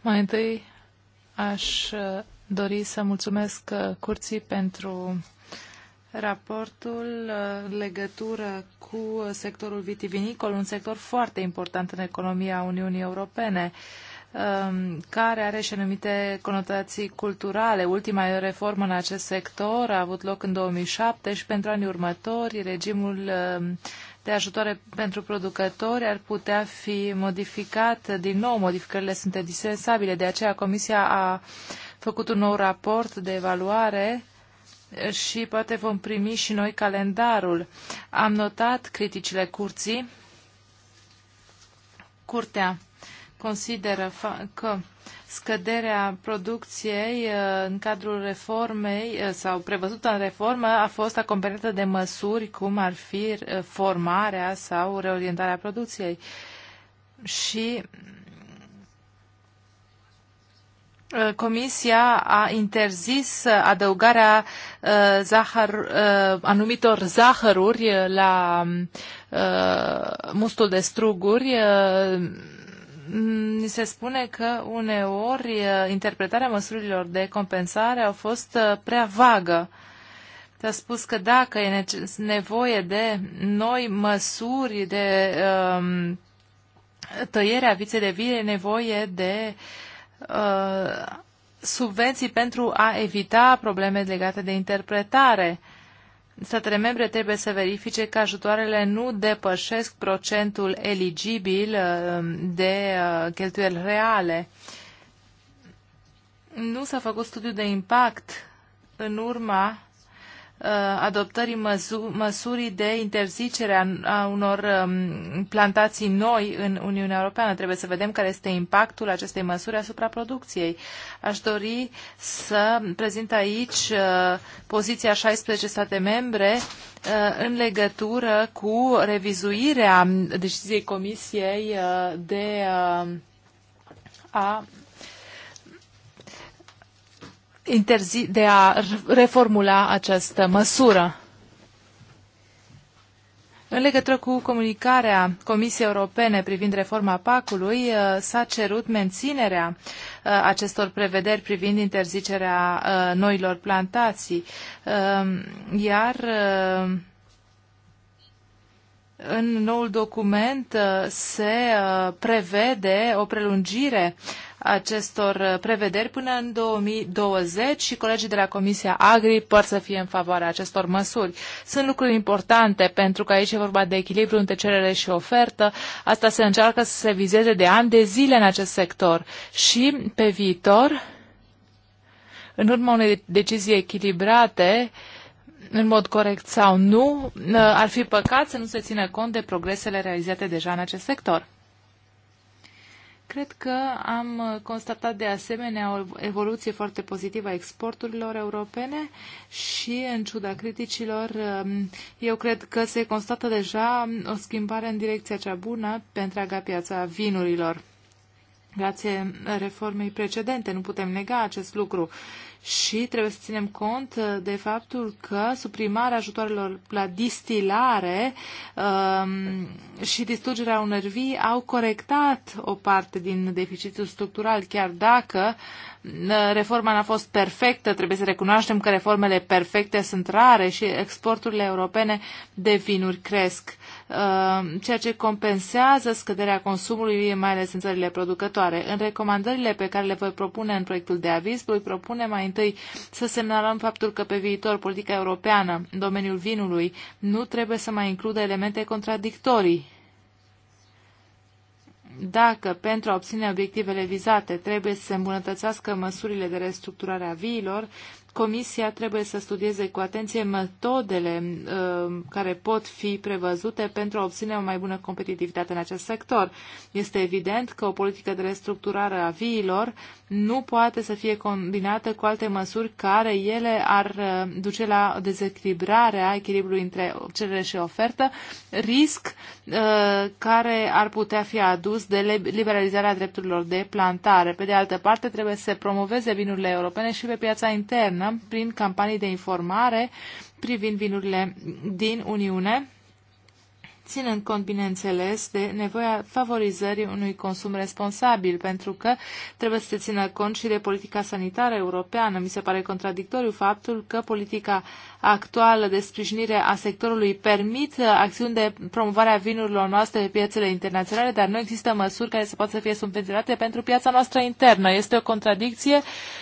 Mai întâi aș uh, dori să mulțumesc uh, curții pentru raportul uh, legătură cu sectorul vitivinicol, un sector foarte important în economia Uniunii Europene um, care are și anumite conotații culturale. Ultima reformă în acest sector a avut loc în 2007 și pentru anii următori regimul um, de ajutoare pentru producători ar putea fi modificat. Din nou, modificările sunt indispensabile. De aceea Comisia a făcut un nou raport de evaluare și poate vom primi și noi calendarul. Am notat criticile curții. Curtea consideră că scăderea producției uh, în cadrul reformei uh, sau prevăzută în reformă a fost acoperită de măsuri cum ar fi uh, formarea sau reorientarea producției. Și Comisia a interzis adăugarea zahăr, anumitor zahăruri la mustul de struguri Ni mm, se spune că uneori uh, interpretarea măsurilor de compensare a fost uh, prea vagă. te a spus că dacă e nevoie de noi măsuri de um, tăiere a viței de vie, e nevoie de uh, subvenții pentru a evita probleme legate de interpretare. Uh, statele membre trebuie să verifice că ajutoarele nu depășesc procentul eligibil uh, de uh, cheltuieli reale. Nu s-a făcut studiu de impact în urma Uh, adoptării măsurii de interzicere a, unor um, plantații noi în Uniunea Europeană. Trebuie să vedem care este impactul acestei măsuri asupra producției. Aș dori să prezint aici uh, poziția 16 state membre uh, în legătură cu revizuirea deciziei Comisiei de a interzi, de a reformula această măsură. În legătură cu comunicarea Comisiei Europene privind reforma PAC-ului, uh, s-a cerut menținerea uh, acestor prevederi privind interzicerea uh, noilor plantații, iar în noul document se prevede o prelungire acestor uh, prevederi până în 2020 și colegii de la Comisia Agri pot să fie în favoarea acestor măsuri. Sunt lucruri importante pentru că aici e vorba de echilibru între cerere și ofertă. Asta se încearcă să se vizeze de ani de zile în acest sector și pe viitor, în urma unei decizii echilibrate, în mod corect sau nu, uh, ar fi păcat să nu se țină cont de progresele realizate deja în acest sector. Cred că am uh, constatat de asemenea o evoluție foarte pozitivă a exporturilor europene și, în ciuda criticilor, um, eu cred că se constată deja o schimbare în direcția cea bună pe întreaga piața vinurilor. Grație reformei precedente, nu putem nega acest lucru și trebuie să ținem cont uh, de faptul că suprimarea ajutoarelor la distilare um, și distrugerea unor vii au corectat o parte din deficitul structural, chiar dacă uh, reforma n-a fost perfectă, trebuie să recunoaștem că reformele perfecte sunt rare și exporturile europene de vinuri cresc Uh, ceea ce compensează scăderea consumului, mai ales în țările producătoare. În recomandările pe care le voi propune în proiectul de aviz, voi propune mai întâi să semnalăm faptul că pe viitor politica europeană în domeniul vinului nu trebuie să mai includă elemente contradictorii dacă pentru a obține obiectivele vizate trebuie să se îmbunătățească măsurile de restructurare a viilor, Comisia trebuie să studieze cu atenție metodele uh, care pot fi prevăzute pentru a obține o mai bună competitivitate în acest sector. Este evident că o politică de restructurare a viilor nu poate să fie combinată cu alte măsuri care ele ar uh, duce la dezechilibrarea echilibrului între cerere și ofertă, risc uh, care ar putea fi adus de liberalizarea drepturilor de plantare. Pe de altă parte, trebuie să promoveze vinurile europene și pe piața internă prin campanii de informare privind vinurile din Uniune ținând cont, bineînțeles, de nevoia favorizării unui consum responsabil, pentru că trebuie să se țină cont și de politica sanitară europeană. Mi se pare contradictoriu faptul că politica actuală de sprijinire a sectorului permit uh, acțiuni de promovare a vinurilor noastre pe piețele internaționale, dar nu există măsuri care să poată să fie subvenționate pentru piața noastră internă. Este o contradicție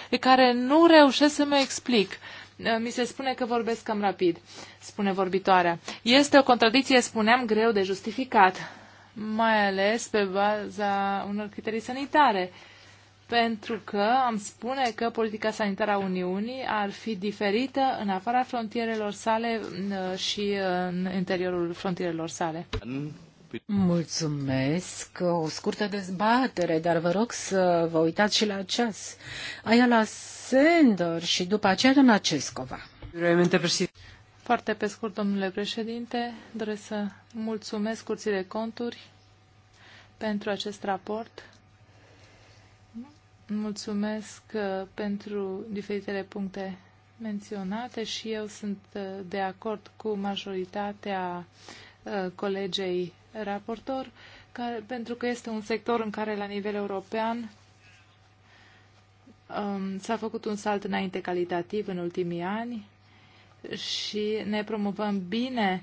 pe care nu reușesc să mă explic. Eh, mi se spune că vorbesc cam rapid, spune vorbitoarea. Este o contradicție, spuneam, greu de justificat, mai ales pe baza unor criterii sanitare pentru că am spune că politica sanitară a Uniunii ar fi diferită în afara frontierelor sale mm, eh, și eh, în interiorul frontierelor sale. Mulțumesc. O scurtă dezbatere, dar vă rog să vă uitați și la ceas. Aia las Sender și după aceea doamna Cescova. Foarte pe scurt, domnule președinte, doresc să mulțumesc Curții de Conturi pentru acest raport. Mulțumesc uh, pentru diferitele puncte menționate și eu sunt uh, de acord cu majoritatea uh, colegei raportor, care, pentru că este un sector în care la nivel european Um, s-a făcut un salt înainte calitativ în ultimii ani și ne promovăm bine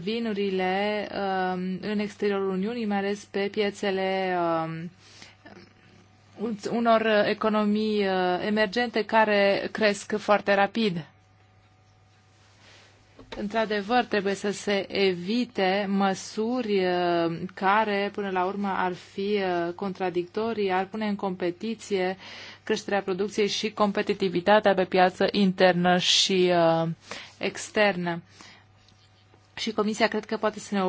vinurile um, în exteriorul Uniunii, mai ales pe piețele um, unor economii uh, emergente care cresc foarte rapid. Într-adevăr, trebuie să se evite măsuri uh, care, până la urmă, ar fi uh, contradictorii, ar pune în competiție creșterea producției și competitivitatea pe piață internă și uh, externă. Și Comisia cred că poate să ne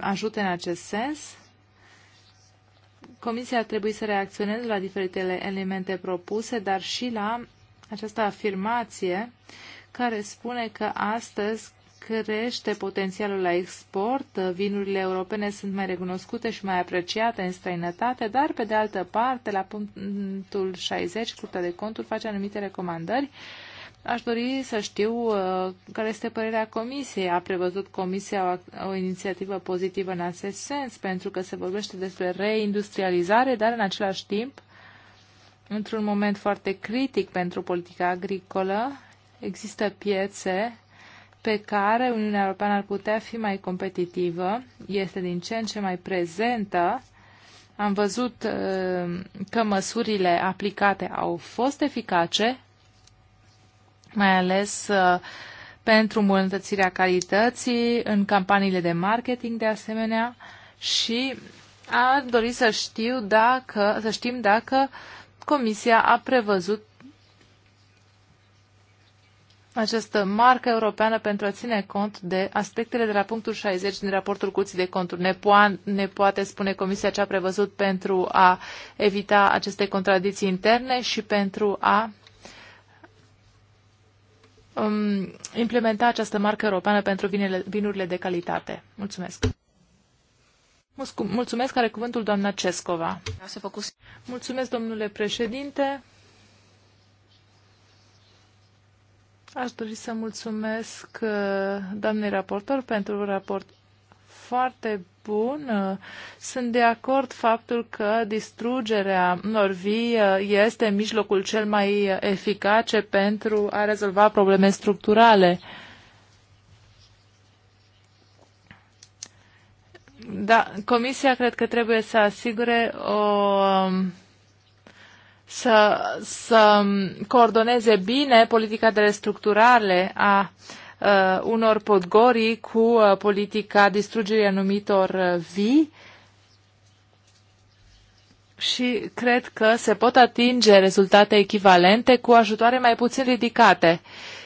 ajute în acest sens. Comisia ar trebui să reacționeze la diferitele elemente propuse, dar și la această afirmație care spune că astăzi crește potențialul la export, vinurile europene sunt mai recunoscute și mai apreciate în străinătate, dar pe de altă parte, la punctul 60, Curtea de Conturi face anumite recomandări. Aș dori să știu uh, care este părerea Comisiei. A prevăzut Comisia o, o inițiativă pozitivă în acest sens, pentru că se vorbește despre reindustrializare, dar în același timp, într-un moment foarte critic pentru politica agricolă, există piețe pe care Uniunea Europeană ar putea fi mai competitivă, este din ce în ce mai prezentă. Am văzut uh, că măsurile aplicate au fost eficace, mai ales uh, pentru îmbunătățirea calității în campaniile de marketing de asemenea și ar dori să știu dacă, să știm dacă Comisia a prevăzut această marcă europeană pentru a ține cont de aspectele de la punctul 60 din raportul Curții de Conturi. Ne, po- ne poate spune Comisia ce a prevăzut pentru a evita aceste contradicții interne și pentru a um, implementa această marcă europeană pentru vinile, vinurile de calitate. Mulțumesc! Mulțumesc, are cuvântul doamna Cescova. Mulțumesc, domnule președinte. Aș dori să mulțumesc uh, doamnei raportor pentru un raport foarte bun. Uh, sunt de acord faptul că distrugerea norvii uh, este mijlocul cel mai eficace pentru a rezolva probleme structurale. Da, Comisia cred că trebuie să asigure o um, să, să coordoneze bine politica de restructurare a uh, unor podgorii cu uh, politica distrugerii anumitor uh, vii și cred că se pot atinge rezultate echivalente cu ajutoare mai puțin ridicate.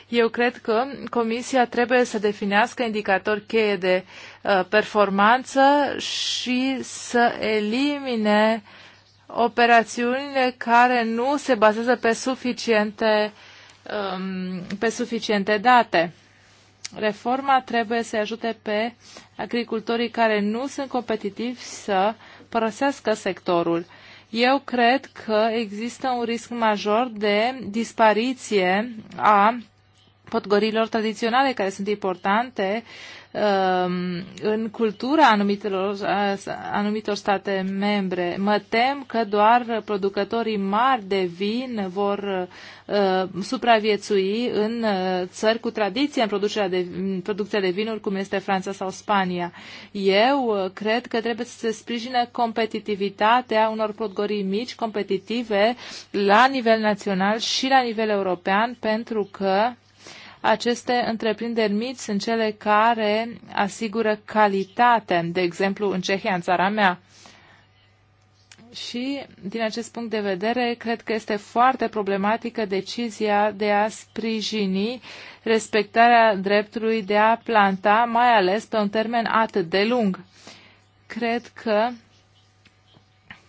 Eu cred că Comisia trebuie să definească indicatori cheie de uh, performanță și să elimine uh, operațiunile care nu se bazează pe suficiente, um, pe suficiente date. Reforma trebuie să ajute pe agricultorii care nu sunt competitivi să părăsească sectorul. Eu cred că există un risc major de dispariție a podgorilor tradiționale care sunt importante Um, în cultura anumitelor, uh, anumitor state membre. Mă tem că doar producătorii mari de vin vor uh, supraviețui în uh, țări cu tradiție în producerea de, în producția de vinuri, cum este Franța sau Spania. Eu cred că trebuie să se sprijine competitivitatea unor producătorii mici, competitive, la nivel național și la nivel european, pentru că aceste întreprinderi mici sunt cele care asigură calitate, de exemplu în Cehia, în țara mea. Și, din acest punct de vedere, cred că este foarte problematică decizia de a sprijini respectarea dreptului de a planta, mai ales pe un termen atât de lung. Cred că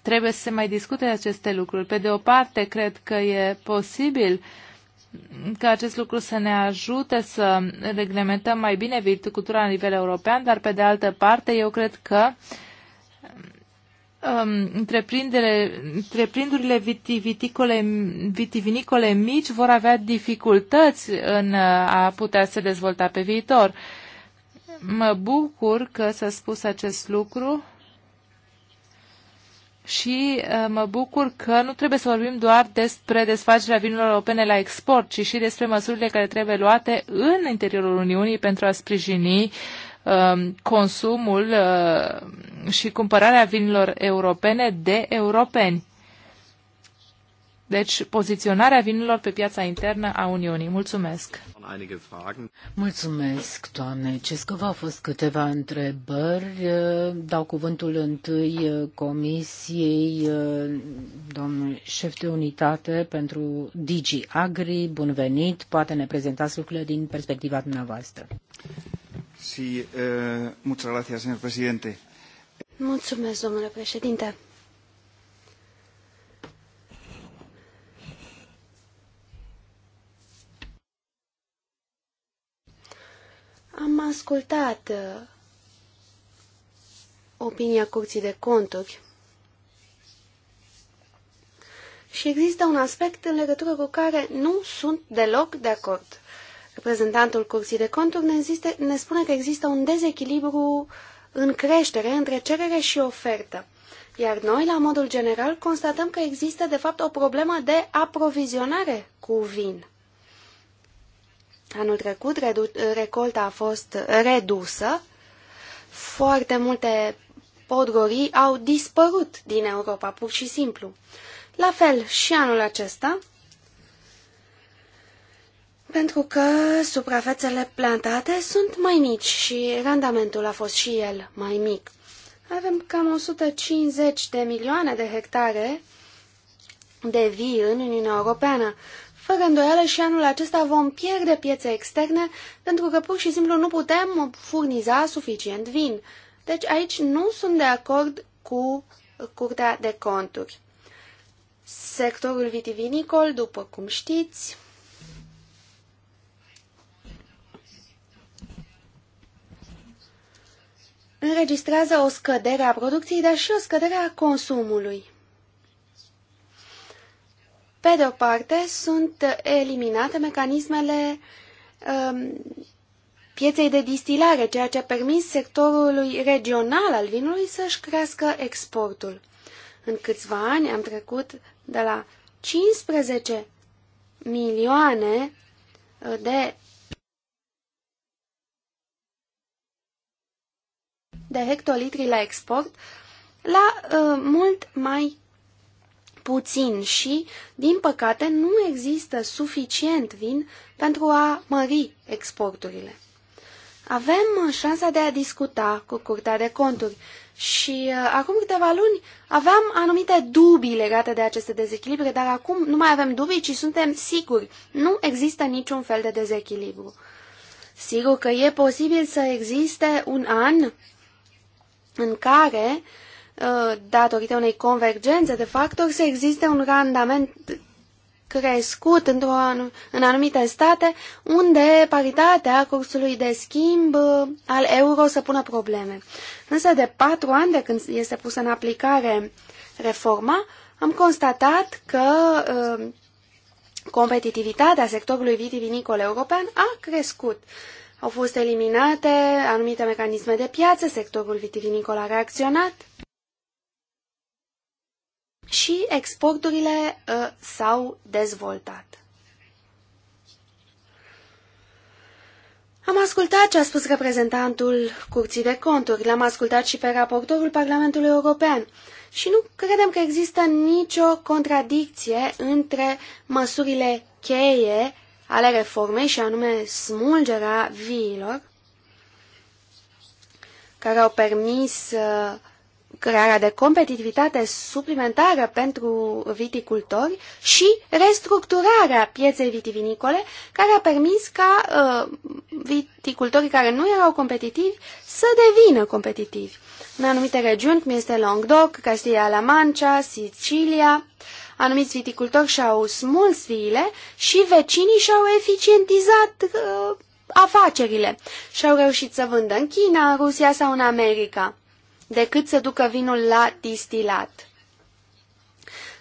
trebuie să se mai discute aceste lucruri. Pe de o parte, cred că e posibil uh, că acest lucru să ne ajute să reglementăm mai bine viticultura la nivel european, dar pe de altă parte eu cred că um, întreprindurile vitivicole, vitivinicole mici vor avea dificultăți în uh, a putea se dezvolta pe viitor. Mă bucur că s-a spus acest lucru și uh, mă bucur că nu trebuie să vorbim doar despre desfacerea vinurilor europene la export, ci și despre măsurile care trebuie luate în interiorul Uniunii pentru a sprijini um, consumul uh, și cumpărarea vinilor europene de europeni. Deci, poziționarea vinurilor pe piața internă a Uniunii. Mulțumesc! Mulțumesc, doamne Cescova. Au fost câteva întrebări. Dau cuvântul întâi Comisiei, domnul șef de unitate pentru Digi Agri. Bun venit! Poate ne prezentați lucrurile din perspectiva dumneavoastră. Sí, uh, muchas gracias, señor presidente. Mulțumesc, domnule președinte. Am ascultat uh, opinia Curții de Conturi și există un aspect în legătură cu care nu sunt deloc de acord. Reprezentantul Curții de Conturi ne, existe, ne spune că există un dezechilibru în creștere între cerere și ofertă. Iar noi, la modul general, constatăm că există, de fapt, o problemă de aprovizionare cu vin. Anul trecut recolta a fost redusă, foarte multe podgorii au dispărut din Europa, pur și simplu. La fel și anul acesta, pentru că suprafețele plantate sunt mai mici și randamentul a fost și el mai mic. Avem cam 150 de milioane de hectare de vii în Uniunea Europeană fără îndoială și anul acesta vom pierde piețe externe pentru că pur și simplu nu putem furniza suficient vin. Deci aici nu sunt de acord cu Curtea de Conturi. Sectorul vitivinicol, după cum știți, înregistrează o scădere a producției, dar și o scădere a consumului. Pe de o parte, sunt eliminate mecanismele um, pieței de distilare, ceea ce a permis sectorului regional al vinului să-și crească exportul. În câțiva ani am trecut de la 15 milioane uh, de de hectolitri la export la uh, mult mai puțin și, din păcate, nu există suficient vin pentru a mări exporturile. Avem șansa de a discuta cu Curtea de Conturi și uh, acum câteva luni aveam anumite dubii legate de aceste dezechilibre, dar acum nu mai avem dubii, ci suntem siguri. Nu există niciun fel de dezechilibru. Sigur că e posibil să existe un an în care uh, Uh, datorită unei convergențe de factori, să existe un randament crescut într-o în anumite state unde paritatea cursului de schimb uh, al euro să pună probleme. Însă de patru ani de când este pusă în aplicare reforma, am constatat că uh, competitivitatea sectorului vitivinicol european a crescut. Au fost eliminate anumite mecanisme de piață, sectorul vitivinicol a reacționat și exporturile uh, s-au dezvoltat. Am ascultat ce a spus reprezentantul Curții de Conturi, l-am ascultat și pe raportorul Parlamentului European și nu credem că există nicio contradicție între măsurile cheie ale reformei și anume smulgerea viilor, care au permis uh, crearea de competitivitate suplimentară pentru viticultori și restructurarea pieței vitivinicole, care a permis ca uh, viticultorii care nu erau competitivi să devină competitivi. În anumite regiuni, cum este Languedoc, Castilla-La Mancha, Sicilia, anumiți viticultori și-au smuls viile și vecinii și-au eficientizat uh, afacerile și-au reușit să vândă în China, Rusia sau în America decât să ducă vinul la distilat.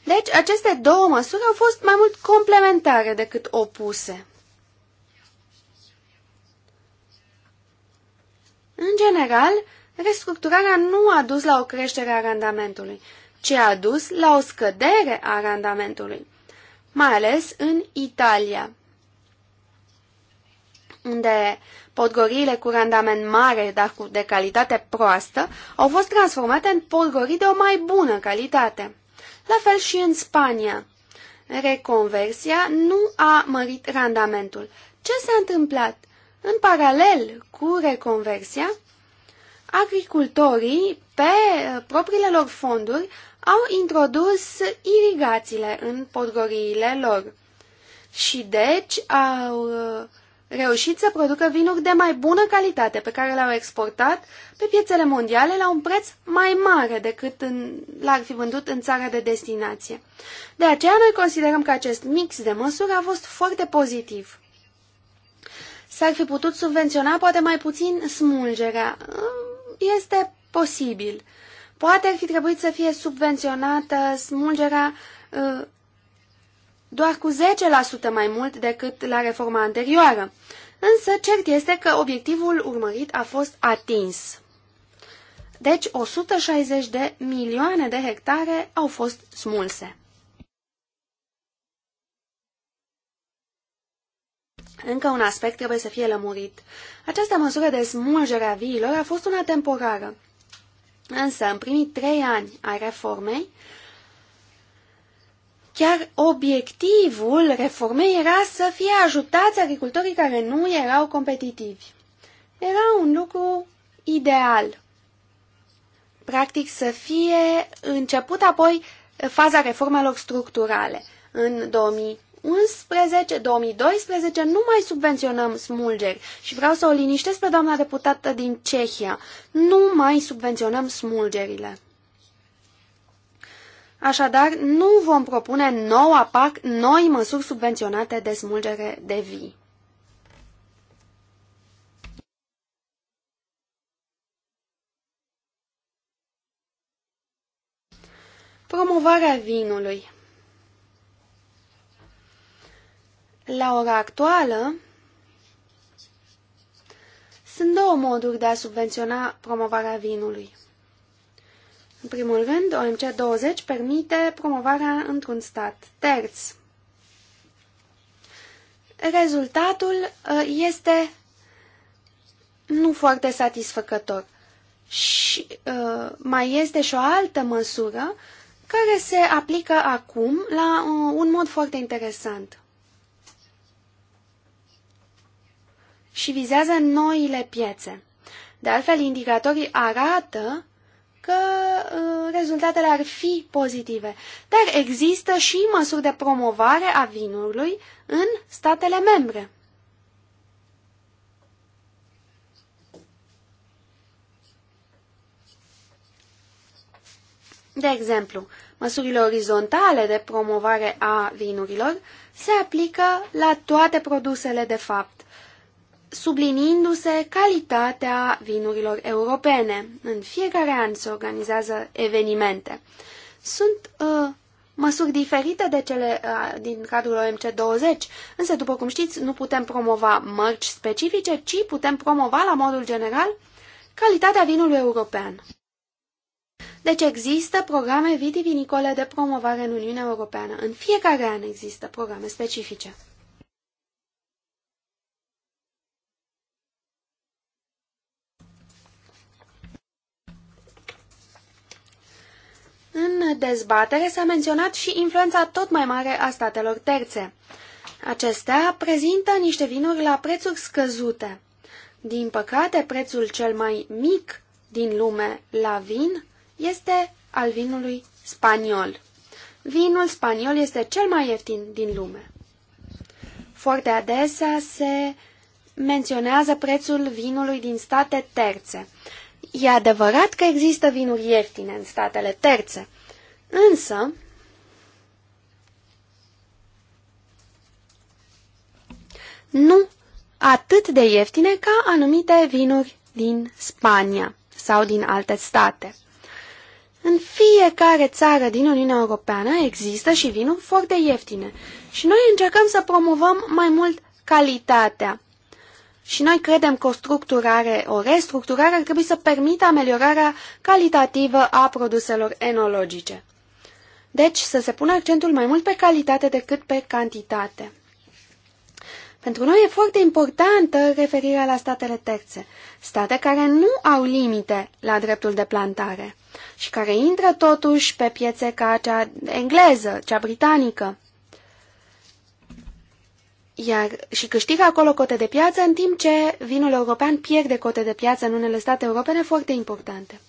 Deci, aceste două măsuri au fost mai mult complementare decât opuse. În general, restructurarea nu a dus la o creștere a randamentului, ci a dus la o scădere a randamentului, mai ales în Italia unde podgoriile cu randament mare, dar cu, de calitate proastă, au fost transformate în podgorii de o mai bună calitate. La fel și în Spania. Reconversia nu a mărit randamentul. Ce s-a întâmplat? În paralel cu reconversia, agricultorii, pe propriile lor fonduri, au introdus irigațiile în podgoriile lor. Și deci au uh, reușit să producă vinuri de mai bună calitate pe care le-au exportat pe piețele mondiale la un preț mai mare decât l-ar fi vândut în țara de destinație. De aceea noi considerăm că acest mix de măsuri a fost foarte pozitiv. S-ar fi putut subvenționa poate mai puțin smulgerea. Este posibil. Poate ar fi trebuit să fie subvenționată smulgerea uh, doar cu 10% mai mult decât la reforma anterioară. Însă cert este că obiectivul urmărit a fost atins. Deci 160 de milioane de hectare au fost smulse. Încă un aspect trebuie să fie lămurit. Această măsură de smulgere a viilor a fost una temporară. Însă, în primii trei ani ai reformei, Chiar obiectivul reformei era să fie ajutați agricultorii care nu erau competitivi. Era un lucru ideal. Practic să fie început apoi faza reformelor structurale. În 2011, 2012 nu mai subvenționăm smulgeri și vreau să o liniștesc pe doamna deputată din Cehia. Nu mai subvenționăm smulgerile. Așadar, nu vom propune noua PAC noi măsuri subvenționate de smulgere de vii. Promovarea vinului La ora actuală, sunt două moduri de a subvenționa promovarea vinului. În primul rând, OMC 20 permite promovarea într-un stat terț. Rezultatul uh, este nu foarte satisfăcător. Și uh, mai este și o altă măsură care se aplică acum la uh, un mod foarte interesant. Și vizează noile piețe. De altfel, indicatorii arată că uh, rezultatele ar fi pozitive. Dar există și măsuri de promovare a vinului în statele membre. De exemplu, măsurile orizontale de promovare a vinurilor se aplică la toate produsele de fapt sublinindu-se calitatea vinurilor europene. În fiecare an se organizează evenimente. Sunt uh, măsuri diferite de cele uh, din cadrul OMC 20, însă, după cum știți, nu putem promova mărci specifice, ci putem promova, la modul general, calitatea vinului european. Deci există programe vitivinicole de promovare în Uniunea Europeană. În fiecare an există programe specifice. În dezbatere s-a menționat și influența tot mai mare a statelor terțe. Acestea prezintă niște vinuri la prețuri scăzute. Din păcate, prețul cel mai mic din lume la vin este al vinului spaniol. Vinul spaniol este cel mai ieftin din lume. Foarte adesea se menționează prețul vinului din state terțe. E adevărat că există vinuri ieftine în statele terțe, însă nu atât de ieftine ca anumite vinuri din Spania sau din alte state. În fiecare țară din Uniunea Europeană există și vinuri foarte ieftine și noi încercăm să promovăm mai mult calitatea. Și noi credem că o structurare, o restructurare ar trebui să permită ameliorarea calitativă a produselor enologice. Deci să se pună accentul mai mult pe calitate decât pe cantitate. Pentru noi e foarte importantă referirea la statele terțe, state care nu au limite la dreptul de plantare și care intră totuși pe piețe ca cea engleză, cea britanică iar și câștigă acolo cote de piață, în timp ce vinul european pierde cote de piață în unele state europene foarte importante.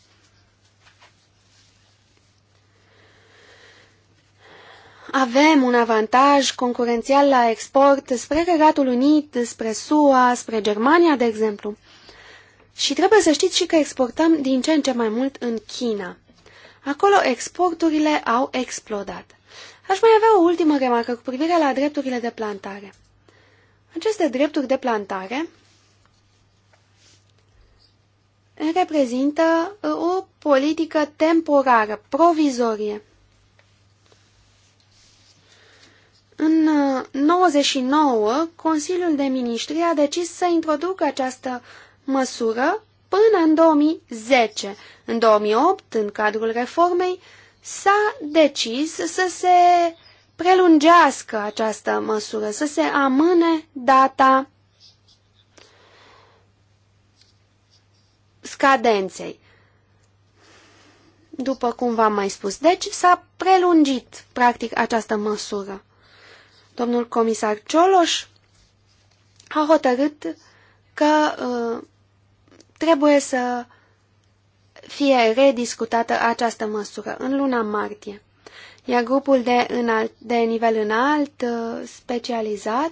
Avem un avantaj concurențial la export spre Regatul Unit, spre SUA, spre Germania, de exemplu. Și trebuie să știți și că exportăm din ce în ce mai mult în China. Acolo exporturile au explodat. Aș mai avea o ultimă remarcă cu privire la drepturile de plantare. Aceste drepturi de plantare reprezintă uh, o politică temporară, provizorie. În 99, uh, Consiliul de Ministri a decis să introducă această măsură până în 2010. În 2008, în cadrul reformei, s-a decis să se prelungească această măsură, să se amâne data scadenței. După cum v-am mai spus, deci s-a prelungit, practic, această măsură. Domnul comisar Cioloș a hotărât că uh, trebuie să fie rediscutată această măsură în luna martie. Iar grupul de, înalt, de nivel înalt, uh, specializat,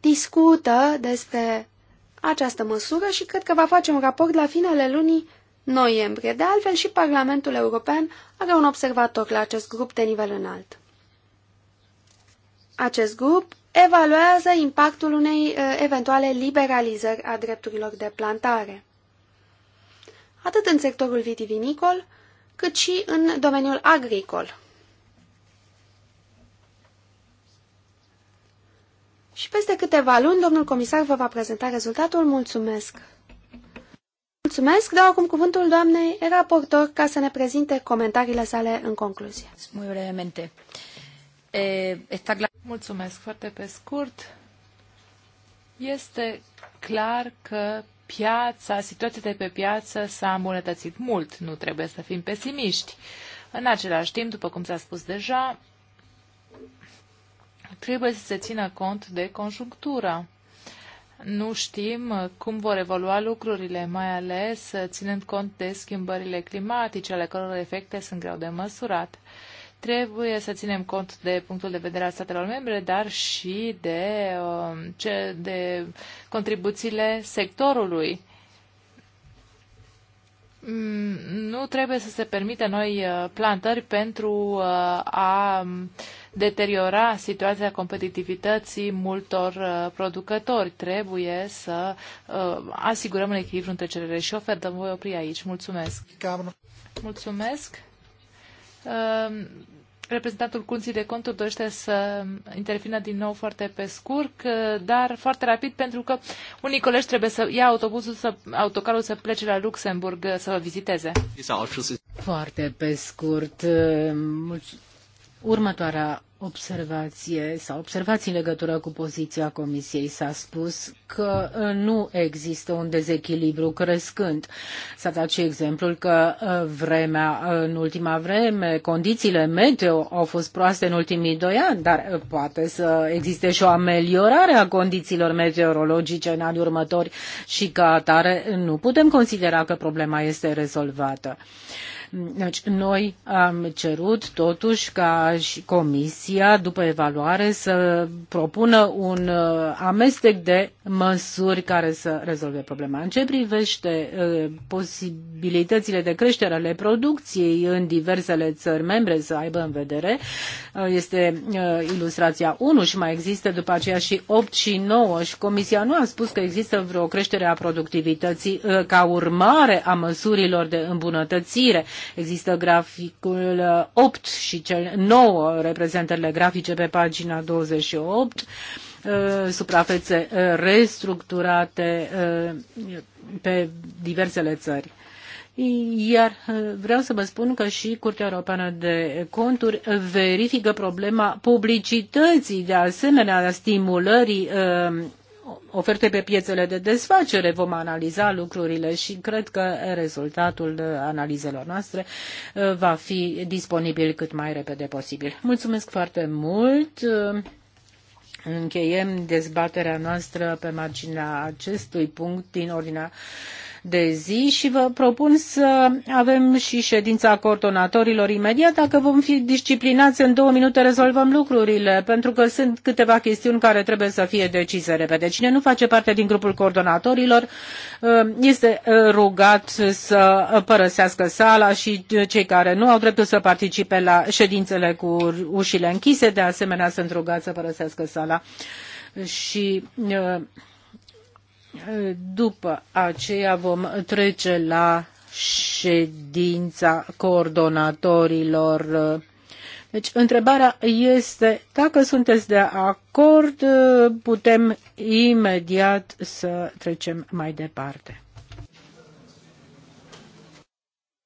discută despre această măsură și cred că va face un raport la finele lunii noiembrie. De altfel, și Parlamentul European are un observator la acest grup de nivel înalt. Acest grup evaluează impactul unei uh, eventuale liberalizări a drepturilor de plantare, atât în sectorul vitivinicol, cât și în domeniul agricol. Și peste câteva luni, domnul comisar vă va prezenta rezultatul. Mulțumesc! Mulțumesc, dau acum cuvântul doamnei raportor ca să ne prezinte comentariile sale în concluzie. Eh, Mulțumesc foarte pe scurt. Este clar că piața, situația de pe piață s-a îmbunătățit mult. Nu trebuie să fim pesimiști. În același timp, după cum s-a spus deja, trebuie să se țină cont de conjunctura. Nu știm uh, cum vor evolua lucrurile, mai ales uh, ținând cont de schimbările climatice, ale căror efecte sunt greu de măsurat. Trebuie să ținem cont de punctul de vedere al statelor membre, dar și de, uh, de contribuțiile sectorului Mm, nu trebuie să se permită noi uh, plantări pentru uh, a mm, deteriora situația competitivității multor uh, producători. Trebuie să asigurăm un echilibru între cerere și ofertă. Voi opri aici. Mulțumesc. Mulțumesc. Reprezentantul Curții de Conturi dorește să intervină din nou foarte pe scurt, dar foarte rapid, pentru că unii colegi trebuie să ia autobuzul, să, autocarul să plece la Luxemburg să vă viziteze. Foarte pe scurt. Următoarea observație sau observații în legătură cu poziția Comisiei. S-a spus că uh, nu există un dezechilibru crescând. S-a dat și exemplul că uh, vremea, uh, în ultima vreme, condițiile meteo au fost proaste în ultimii doi ani, dar poate să existe și o ameliorare a condițiilor meteorologice în anii următori și ca atare nu putem considera că problema este rezolvată. Deci noi am cerut totuși ca și Comisia, după evaluare, să propună un uh, amestec de măsuri care să rezolve problema. În ce privește uh, posibilitățile de creștere ale producției în diversele țări membre să aibă în vedere, uh, este ilustrația 1 și mai există după aceea și 8 și 9 și Comisia nu a spus că există vreo creștere a productivității ca urmare a măsurilor de îmbunătățire Există graficul 8 uh, și cel 9, reprezentările grafice pe pagina 28, uh, suprafețe uh, restructurate pe diversele țări. Iar vreau să vă spun că și Curtea Europeană de Conturi verifică problema publicității, de asemenea, a stimulării oferte pe piețele de desfacere. Vom analiza lucrurile și cred că rezultatul analizelor noastre uh, va fi disponibil cât mai repede posibil. Mulțumesc foarte mult! Uh, încheiem dezbaterea noastră pe marginea acestui punct din ordinea de zi și vă propun să avem și ședința coordonatorilor imediat. Dacă vom fi disciplinați, în două minute rezolvăm lucrurile, pentru că sunt câteva chestiuni care trebuie să fie decise repede. Cine nu face parte din grupul coordonatorilor uh, este uh, rugat să părăsească sala și uh, cei care nu au dreptul să participe la ședințele cu ușile închise, de asemenea sunt rugați să părăsească sala și după aceea vom trece la ședința coordonatorilor. Deci, întrebarea este, dacă sunteți de acord, putem imediat să trecem mai departe.